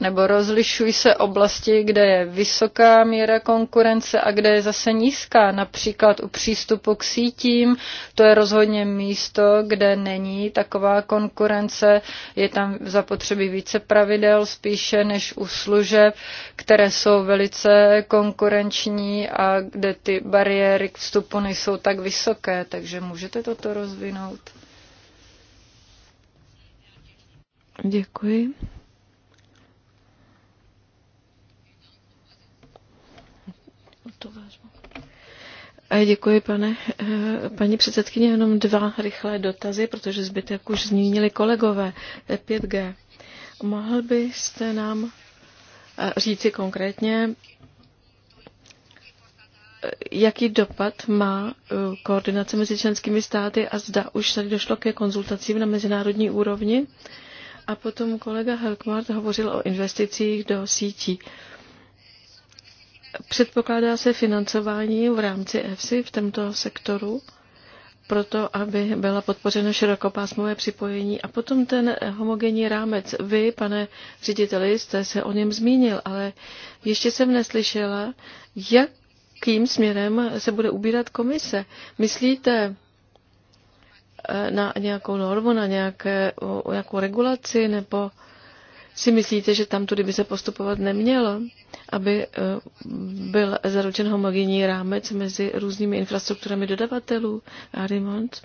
nebo rozlišují se oblasti, kde je vysoká míra konkurence a kde je zase nízká. Například u přístupu k sítím, to je rozhodně místo, kde není taková konkurence, je tam zapotřebí více pravidel spíše než u služeb, které jsou velice konkurenční a kde ty bariéry k vstupu nejsou tak vysoké, takže můžete toto rozvinout. Děkuji. to vezmu. Děkuji, pane, eh, paní předsedkyně. Jenom dva rychlé dotazy, protože zbytek už zmínili kolegové. 5G. Eh, Mohl byste nám eh, říci konkrétně, jaký dopad má koordinace mezi členskými státy a zda už tady došlo ke konzultacím na mezinárodní úrovni? A potom kolega Helkmart hovořil o investicích do sítí. Uh, Předpokládá se financování v rámci EFSI v tomto sektoru proto, aby byla podpořeno širokopásmové připojení. A potom ten homogenní rámec. Vy, pane řediteli, jste se o něm zmínil, ale ještě jsem neslyšela, jakým směrem se bude ubírat komise. Myslíte eh, na nějakou normu, na nějaké, nějakou regulaci nebo si myslíte, že tam tudy by se postupovat nemělo, aby eh, byl zaručen homogenní rámec mezi různými infrastrukturami dodavatelů? a remont?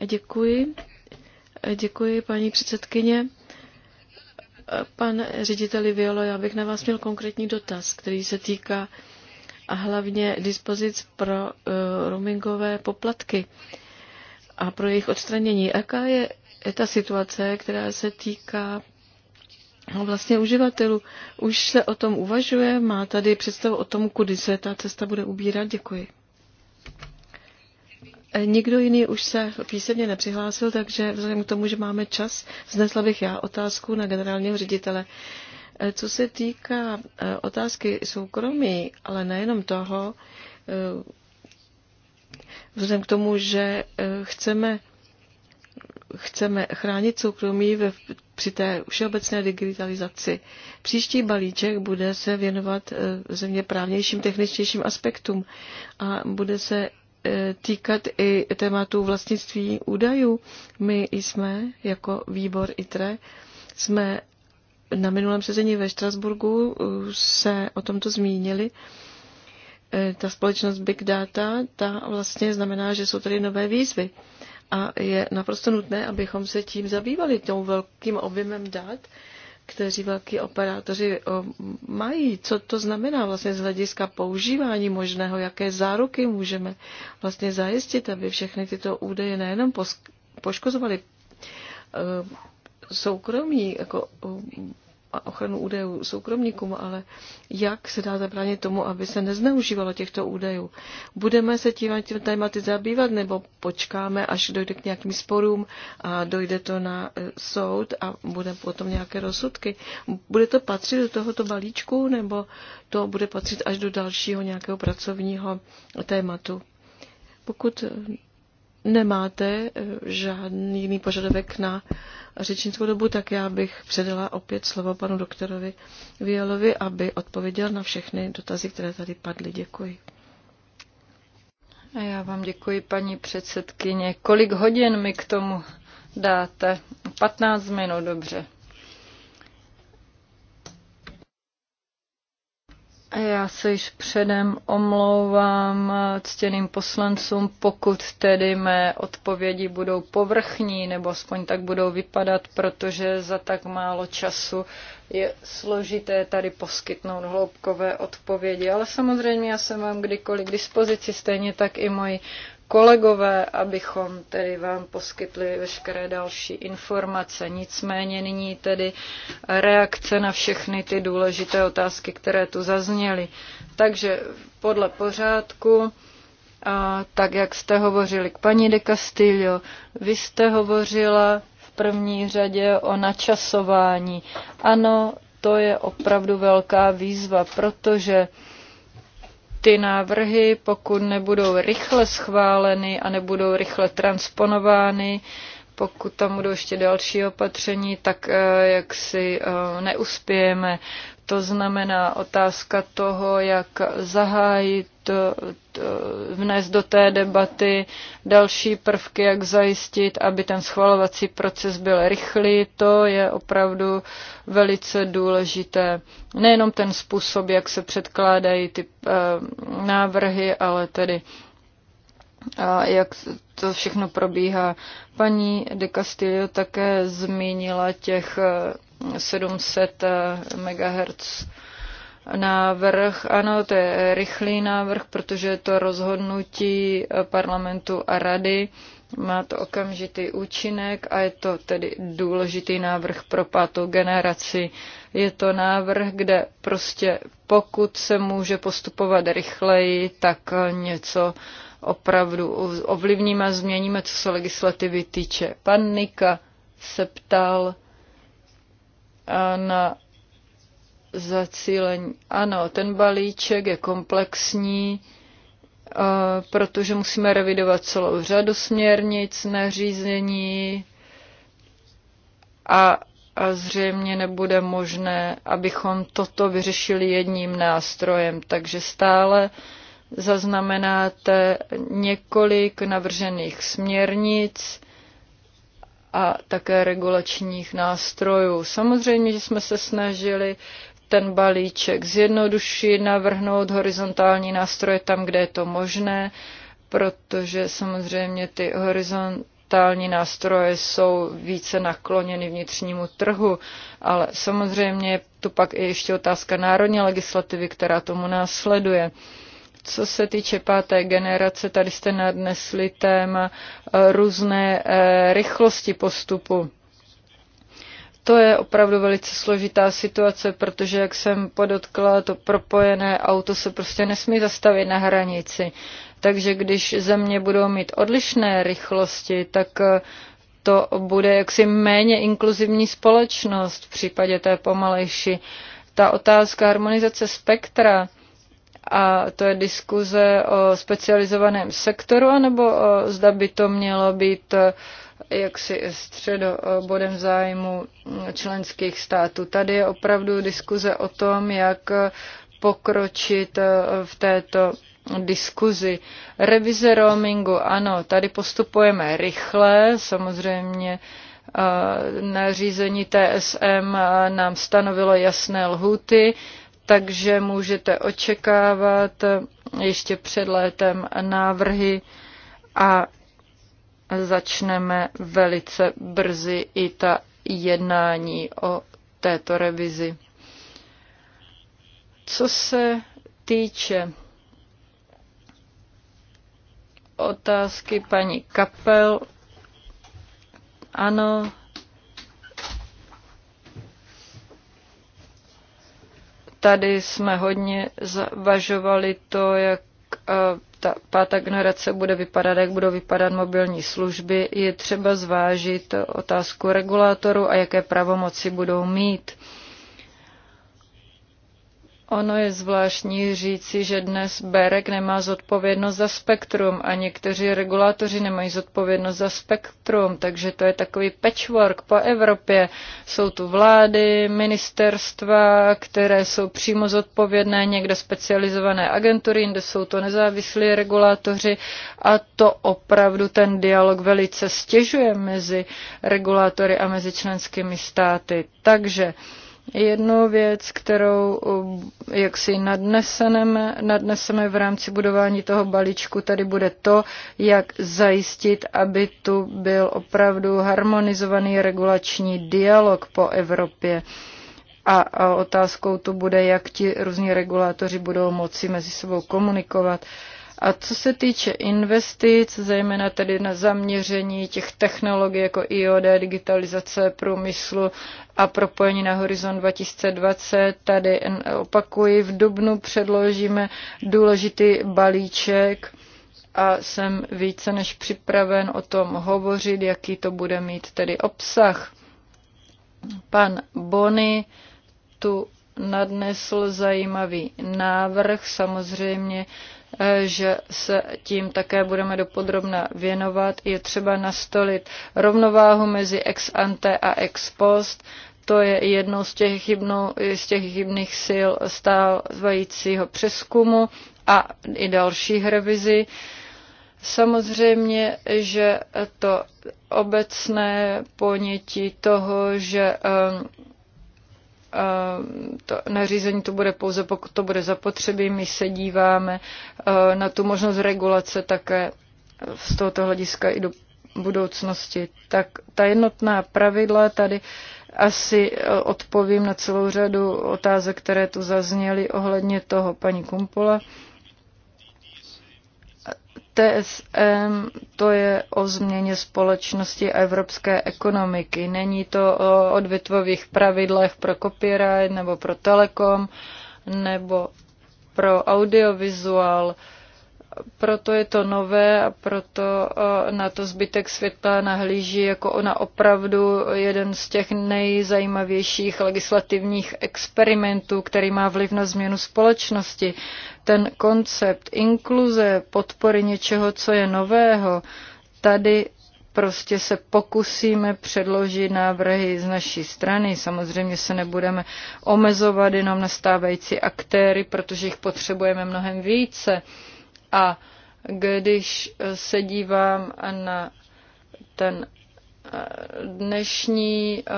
Eh, děkuji. Eh, děkuji, paní předsedkyně. Pan řediteli Violo, já bych na vás měl konkrétní dotaz, který se týká a hlavně dispozic pro roamingové poplatky a pro jejich odstranění. Jaká je ta situace, která se týká no, vlastně uživatelů. Už se o tom uvažuje, má tady představu o tom, kudy se ta cesta bude ubírat. Děkuji. E, nikdo jiný už se písemně nepřihlásil, takže vzhledem k tomu, že máme čas, znesla bych já otázku na generálního ředitele. E, co se týká e, otázky soukromí, ale nejenom toho, vzhledem k tomu, že chceme chceme chránit soukromí ve, při té všeobecné digitalizaci. Příští balíček bude se věnovat e, země právnějším, techničtějším aspektům a bude se e, týkat i tématu vlastnictví údajů. My jsme jako výbor ITRE jsme na minulém sezení ve Štrasburgu e, se o tomto zmínili. Ta společnost Big Data, ta vlastně znamená, že jsou tady nové výzvy. A je naprosto nutné, abychom se tím zabývali, tím velkým objemem dat, kteří velký operátoři mají. Co to znamená vlastně z hlediska používání možného, jaké záruky můžeme vlastně zajistit, aby všechny tyto údaje nejenom poškozovaly e, soukromí jako a ochranu údajů soukromníkům, ale jak se dá zabránit tomu, aby se nezneužívalo těchto údajů. Budeme se tím tématy zabývat nebo počkáme, až dojde k nějakým sporům a dojde to na e, soud a bude potom nějaké rozsudky. Bude to patřit do tohoto balíčku nebo to bude patřit až do dalšího nějakého pracovního tématu? Pokud e, nemáte e, žádný jiný požadavek na řečnickou dobu, tak já bych předala opět slovo panu doktorovi Vialovi, aby odpověděl na všechny dotazy, které tady padly. Děkuji. A já vám děkuji, paní předsedkyně. Kolik hodin mi k tomu dáte? 15 minut, dobře. Já se již předem omlouvám ctěným poslancům, pokud tedy mé odpovědi budou povrchní, nebo aspoň tak budou vypadat, protože za tak málo času je složité tady poskytnout hloubkové odpovědi. Ale samozřejmě já jsem vám kdykoliv k dispozici, stejně tak i moji kolegové, abychom tedy vám poskytli veškeré další informace. Nicméně nyní tedy reakce na všechny ty důležité otázky, které tu zazněly. Takže podle pořádku, a tak jak jste hovořili k paní de Castillo, vy jste hovořila v první řadě o načasování. Ano, to je opravdu velká výzva, protože ty návrhy, pokud nebudou rychle schváleny a nebudou rychle transponovány, pokud tam budou ještě další opatření, tak eh, jak si eh, neuspějeme. To znamená otázka toho, jak zahájit vnést do té debaty další prvky, jak zajistit, aby ten schvalovací proces byl rychlý. To je opravdu velice důležité. Nejenom ten způsob, jak se předkládají ty eh, návrhy, ale tedy a jak to všechno probíhá. Paní de Castillo také zmínila těch 700 eh, eh, MHz návrh. Ano, to je rychlý návrh, protože je to rozhodnutí parlamentu a rady. Má to okamžitý účinek a je to tedy důležitý návrh pro pátou generaci. Je to návrh, kde prostě pokud se může postupovat rychleji, tak něco opravdu ovlivníme a změníme, co se legislativy týče. Pan Nika se ptal eh, na zacílení. Ano, ten balíček je komplexní, eh, protože musíme revidovat celou řadu směrnic, nařízení a, a zřejmě nebude možné, abychom toto vyřešili jedním nástrojem. Takže stále zaznamenáte několik navržených směrnic, a také regulačních nástrojů. Samozřejmě, že jsme se snažili ten balíček zjednodušit, navrhnout horizontální nástroje tam, kde je to možné, protože samozřejmě ty horizontální nástroje jsou více nakloněny vnitřnímu trhu, ale samozřejmě je tu pak i ještě otázka národní legislativy, která tomu následuje. Co se týče páté generace, tady jste nadnesli téma eh, různé eh, rychlosti postupu to je opravdu velice složitá situace, protože, jak jsem podotkla, to propojené auto se prostě nesmí zastavit na hranici. Takže když země budou mít odlišné rychlosti, tak eh, to bude jaksi méně inkluzivní společnost v případě té pomalejší. Ta otázka harmonizace spektra, a to je diskuze o specializovaném sektoru, anebo o, eh, zda by to mělo být eh, jaksi středo eh, bodem zájmu členských států. Tady je opravdu diskuze o tom, jak eh, pokročit eh, v této diskuzi. Revize roamingu, ano, tady postupujeme rychle, samozřejmě nařízení TSM nám stanovilo jasné lhuty, takže můžete očekávat ještě před létem návrhy a začneme velice brzy i ta jednání o této revizi. Co se týče otázky paní Kapel, ano, tady jsme hodně zvažovali to, jak eh, ta pátá generace bude vypadat, jak budou vypadat mobilní služby, je třeba zvážit otázku regulátoru a jaké pravomoci budou mít. Ono je zvláštní říci, že dnes Berek nemá zodpovědnost za spektrum a někteří regulátoři nemají zodpovědnost za spektrum, takže to je takový patchwork po Evropě. Jsou tu vlády, ministerstva, které jsou přímo zodpovědné, někde specializované agentury, jinde jsou to nezávislí regulátoři a to opravdu ten dialog velice stěžuje mezi regulátory a mezi členskými státy. Takže jednu věc, kterou eh, jak si nadneseme, nadneseme v rámci budování toho balíčku, tady bude to, jak zajistit, aby tu byl opravdu harmonizovaný regulační dialog po Evropě. A, a otázkou tu bude, jak ti různí regulátoři budou moci mezi sebou komunikovat. Uh, a co se týče investic, zejména tedy na zaměření těch technologií jako IOD, digitalizace průmyslu a propojení na Horizon 2020, tady opakuji, v Dubnu předložíme důležitý balíček a jsem více než připraven o tom hovořit, jaký to bude mít tedy obsah. Pan Bony tu nadnesl zajímavý návrh, samozřejmě že se tím také budeme dopodrobna věnovat. Je třeba nastolit rovnováhu mezi ex ante a ex post. To je jednou z těch, chybnou, z těch chybných sil stávajícího přeskumu a i dalších revizi. Samozřejmě, že to obecné ponětí toho, že ehm, Eh, to nařízení to bude pouze, pokud to bude zapotřebí. My se díváme eh, na tu možnost regulace také z tohoto hlediska i do budoucnosti. Tak ta jednotná pravidla tady asi eh, odpovím na celou řadu otázek, které tu zazněly ohledně toho paní Kumpola. TSM to je o změně společnosti a evropské ekonomiky. Není to o odvětvových pravidlech pro copyright nebo pro telekom nebo pro audiovizuál. Uh, proto je to nové a proto eh, na to zbytek světla nahlíží jako na opravdu jeden z těch nejzajímavějších legislativních experimentů, který má vliv na změnu společnosti. Ten koncept inkluze, podpory něčeho, co je nového, tady prostě se pokusíme předložit návrhy z naší strany. Samozřejmě se nebudeme omezovat jenom na stávající aktéry, protože jich potřebujeme mnohem více. A když se dívám na ten eh, dnešní eh,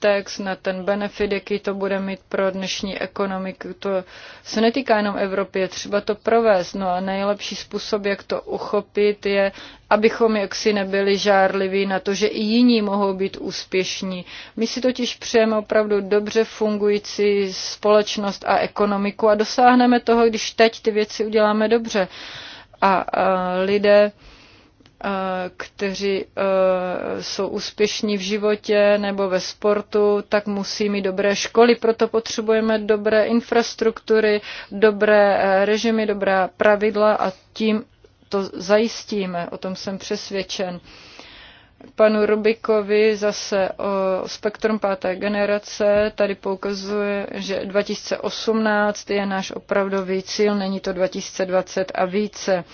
text na ten benefit, jaký to bude mít pro dnešní ekonomiku. To se netýká jenom Evropy, je třeba to provést. No a nejlepší způsob, jak to uchopit, je, abychom jaksi nebyli žárliví na to, že i jiní mohou být úspěšní. My si totiž přejeme opravdu dobře fungující společnost a ekonomiku a dosáhneme toho, když teď ty věci uděláme dobře. A, a lidé, Eh, kteří eh, jsou úspěšní v životě nebo ve sportu, tak musí mít dobré školy. Proto potřebujeme dobré infrastruktury, dobré eh, režimy, dobrá pravidla a tím to zajistíme. O tom jsem přesvědčen. Panu Rubikovi zase o spektrum páté generace tady poukazuje, že 2018 je náš opravdový cíl, není to 2020 a více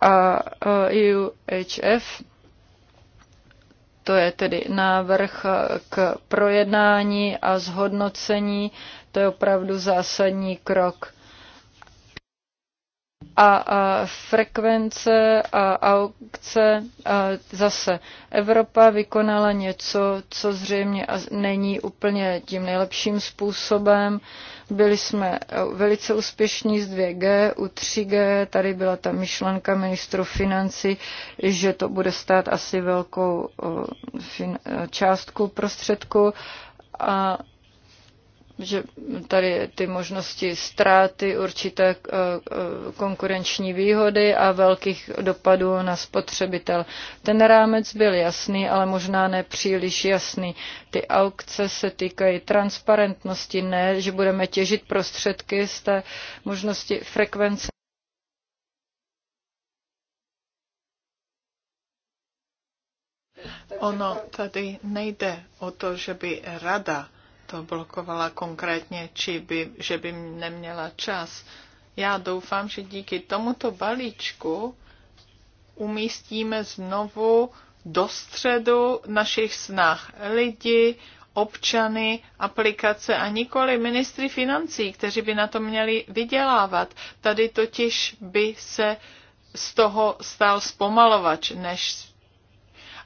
a EUHF, to je tedy návrh k projednání a zhodnocení, to je opravdu zásadní krok a, a frekvence a aukce a zase Evropa vykonala něco, co zřejmě není úplně tím nejlepším způsobem. Byli jsme eh, velice úspěšní z 2G, u 3G, tady byla ta myšlenka ministru financí, že to bude stát asi velkou eh, eh, částku prostředku a že tady ty možnosti ztráty, určité eh, eh, konkurenční výhody a velkých dopadů na spotřebitel. Ten rámec byl jasný, ale možná ne příliš jasný. Ty aukce se týkají transparentnosti, ne, že budeme těžit prostředky z té možnosti frekvence. Ono tady nejde o to, že by rada to blokovala konkrétně, či by, že by neměla čas. Já doufám, že díky tomuto balíčku umístíme znovu do středu našich snah lidi, občany, aplikace a nikoli ministry financí, kteří by na to měli vydělávat. Tady totiž by se z toho stal zpomalovač, než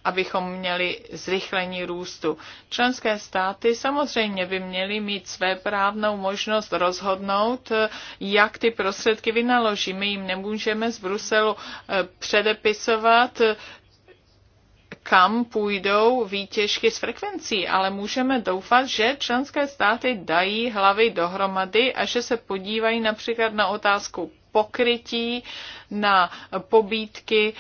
abychom měli zrychlení růstu. Členské státy samozřejmě by měly mít své právnou možnost rozhodnout, eh, jak ty prostředky vynaloží. My jim nemůžeme z Bruselu eh, předepisovat, eh, kam půjdou výtěžky z frekvencí, ale můžeme doufat, že členské státy dají hlavy dohromady a že se podívají například na otázku pokrytí na pobídky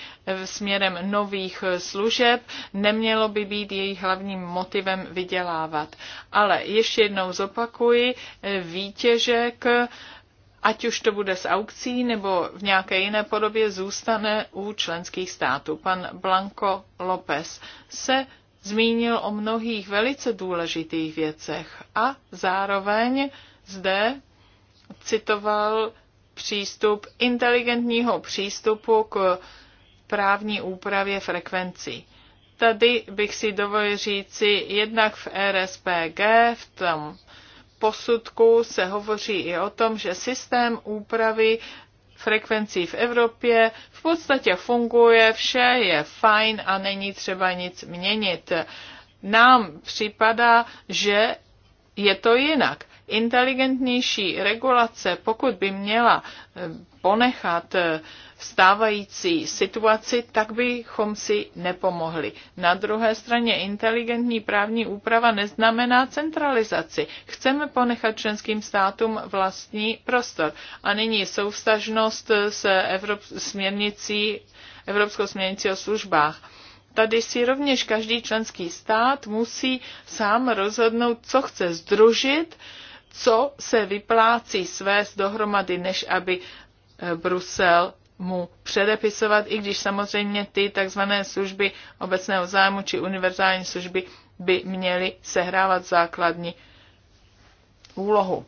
směrem nových služeb. Nemělo by být jejich hlavním motivem vydělávat. Ale ještě jednou zopakuji, výtěžek ať už to bude s aukcí nebo v nějaké jiné podobě, zůstane u členských států. Pan Blanco López se zmínil o mnohých velice důležitých věcech a zároveň zde citoval přístup inteligentního přístupu k právní úpravě frekvencí. Tady bych si dovolil říci, jednak v RSPG, v tom posudku se hovoří i o tom, že systém úpravy frekvencí v Evropě v podstatě funguje, vše je fajn a není třeba nic měnit. Nám připadá, že je to jinak. Inteligentnější regulace, pokud by měla eh, ponechat eh, stávající situaci, tak bychom si nepomohli. Na druhé straně inteligentní právní úprava neznamená centralizaci. Chceme ponechat členským státům vlastní prostor. A nyní souvstažnost eh, s Evrop- směrnicí, Evropskou směrnicí o službách. Tady si rovněž každý členský stát musí sám rozhodnout, co chce združit, co se vyplácí svést dohromady, než aby e, Brusel mu předepisovat, i když samozřejmě ty tzv. služby obecného zájmu či univerzální služby by měly sehrávat základní úlohu.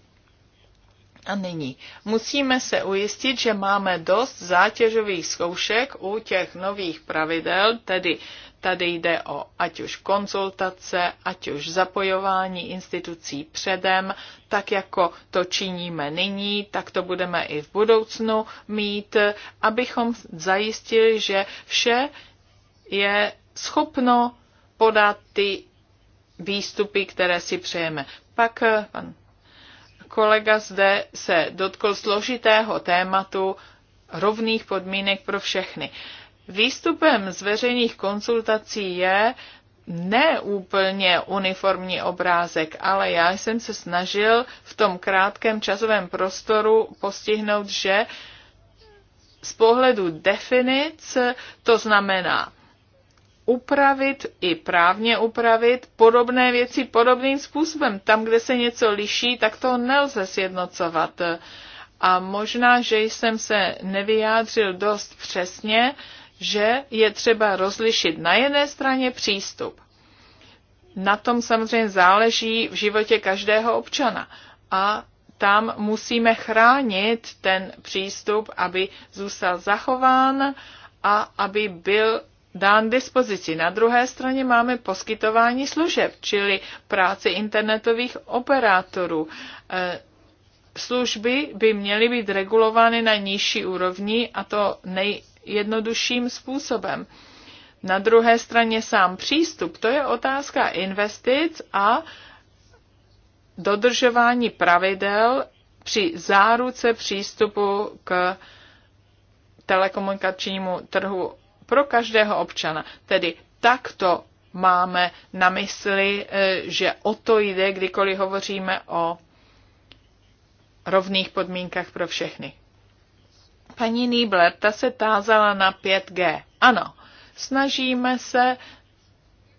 A nyní musíme se ujistit, že máme dost zátěžových zkoušek u těch nových pravidel, tedy tady jde o ať už konzultace, ať už zapojování institucí předem, tak jako to činíme nyní, tak to budeme i v budoucnu mít, abychom zajistili, že vše je schopno podat ty výstupy, které si přejeme. Pak eh, pan kolega zde se dotkl složitého tématu rovných podmínek pro všechny. Výstupem z veřejných konzultací je neúplně uniformní obrázek, ale já jsem se snažil v tom krátkém časovém prostoru postihnout, že z pohledu definic to znamená upravit i právně upravit podobné věci podobným způsobem. Tam, kde se něco liší, tak to nelze sjednocovat. A možná, že jsem se nevyjádřil dost přesně, že je třeba rozlišit na jedné straně přístup. Na tom samozřejmě záleží v životě každého občana. A tam musíme chránit ten přístup, aby zůstal zachován a aby byl dán dispozici. Na druhé straně máme poskytování služeb, čili práci internetových operátorů. E, služby by měly být regulovány na nižší úrovni a to nejjednodušším způsobem. Na druhé straně sám přístup, to je otázka investic a dodržování pravidel při záruce přístupu k telekomunikačnímu trhu pro každého občana. Tedy takto máme na mysli, e, že o to jde, kdykoliv hovoříme o rovných podmínkách pro všechny. Paní Niebler, ta se tázala na 5G. Ano, snažíme se,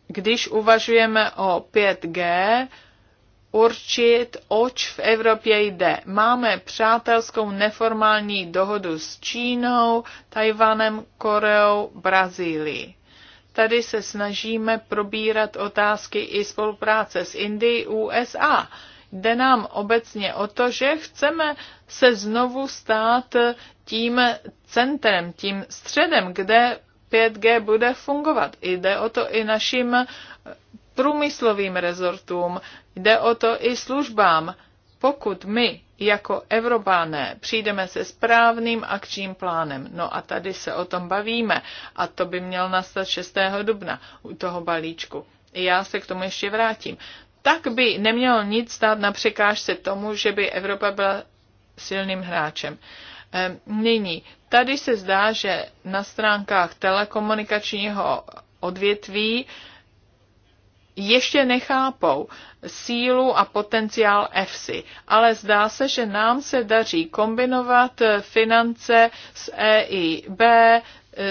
když uvažujeme o 5G, určit, oč v Evropě jde. Máme přátelskou neformální dohodu s Čínou, Tajvanem, Koreou, Brazílií. Tady se snažíme probírat otázky i spolupráce s Indií, USA. Jde nám obecně o to, že chceme se znovu stát tím centrem, tím středem, kde 5G bude fungovat. Jde o to i našim průmyslovým rezortům, jde o to i službám. Pokud my jako Evropané přijdeme se správným akčním plánem, no a tady se o tom bavíme, a to by měl nastat 6. dubna u toho balíčku. Já se k tomu ještě vrátím. Tak by nemělo nic stát na překážce tomu, že by Evropa byla silným hráčem. Ehm, nyní, tady se zdá, že na stránkách telekomunikačního odvětví ještě nechápou sílu a potenciál EFSI, ale zdá se, že nám se daří kombinovat finance s EIB,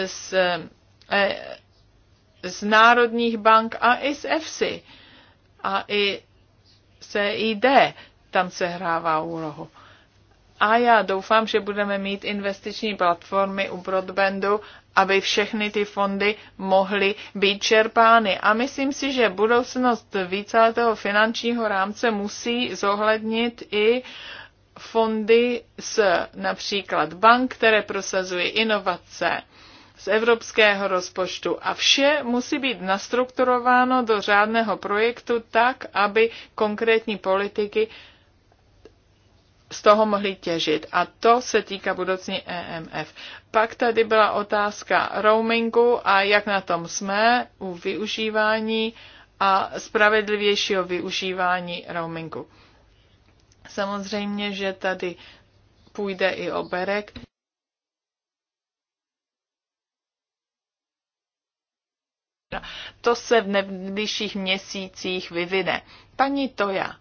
s, e, z národních bank a i z EFSI a i CID e tam se hrává úlohu. A já doufám, že budeme mít investiční platformy u broadbandu aby všechny ty fondy mohly být čerpány. A myslím si, že budoucnost víceletého finančního rámce musí zohlednit i fondy s například bank, které prosazují inovace z evropského rozpočtu a vše musí být nastrukturováno do řádného projektu tak, aby konkrétní politiky z toho mohli těžit. A to se týká budoucí EMF. Pak tady byla otázka roamingu a jak na tom jsme u využívání a spravedlivějšího využívání roamingu. Samozřejmě, že tady půjde i o berek. To se v nejbližších měsících vyvine. Paní Toja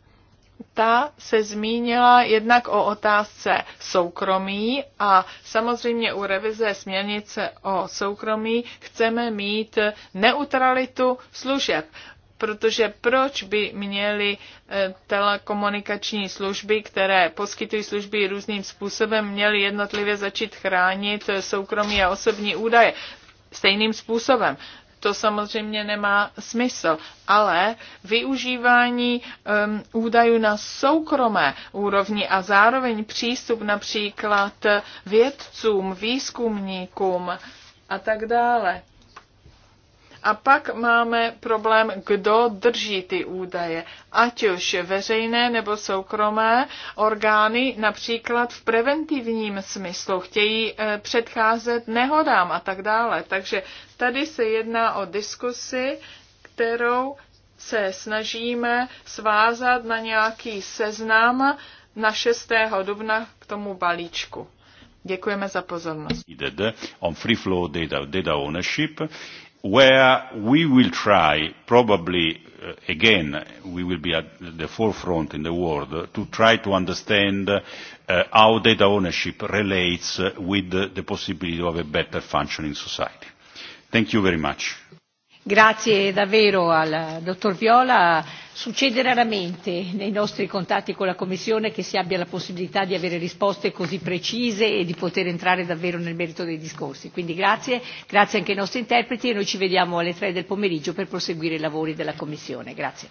ta se zmínila jednak o otázce soukromí a samozřejmě u revize směrnice o soukromí chceme mít neutralitu služeb. Protože proč by měly eh, telekomunikační služby, které poskytují služby různým způsobem, měly jednotlivě začít chránit soukromí a osobní údaje? stejným způsobem to samozřejmě nemá smysl. Ale využívání um, údajů na soukromé úrovni a zároveň přístup například vědcům, výzkumníkům a tak dále a pak máme problém, kdo drží ty údaje, ať už veřejné nebo soukromé orgány, například v preventivním smyslu, chtějí eh, předcházet nehodám a tak dále. Takže tady se jedná o diskusi, kterou se snažíme svázat na nějaký seznam na 6. dubna k tomu balíčku. Děkujeme za pozornost. On free flow data, data ownership where we will try, probably uh, again, we will be at the forefront in the world, uh, to try to understand uh, how data ownership relates uh, with the, the possibility of a better functioning society. Thank you very much. Grazie davvero al dottor Viola. Succede raramente nei nostri contatti con la Commissione che si abbia la possibilità di avere risposte così precise e di poter entrare davvero nel merito dei discorsi. Quindi grazie, grazie anche ai nostri interpreti e noi ci vediamo alle tre del pomeriggio per proseguire i lavori della Commissione. Grazie.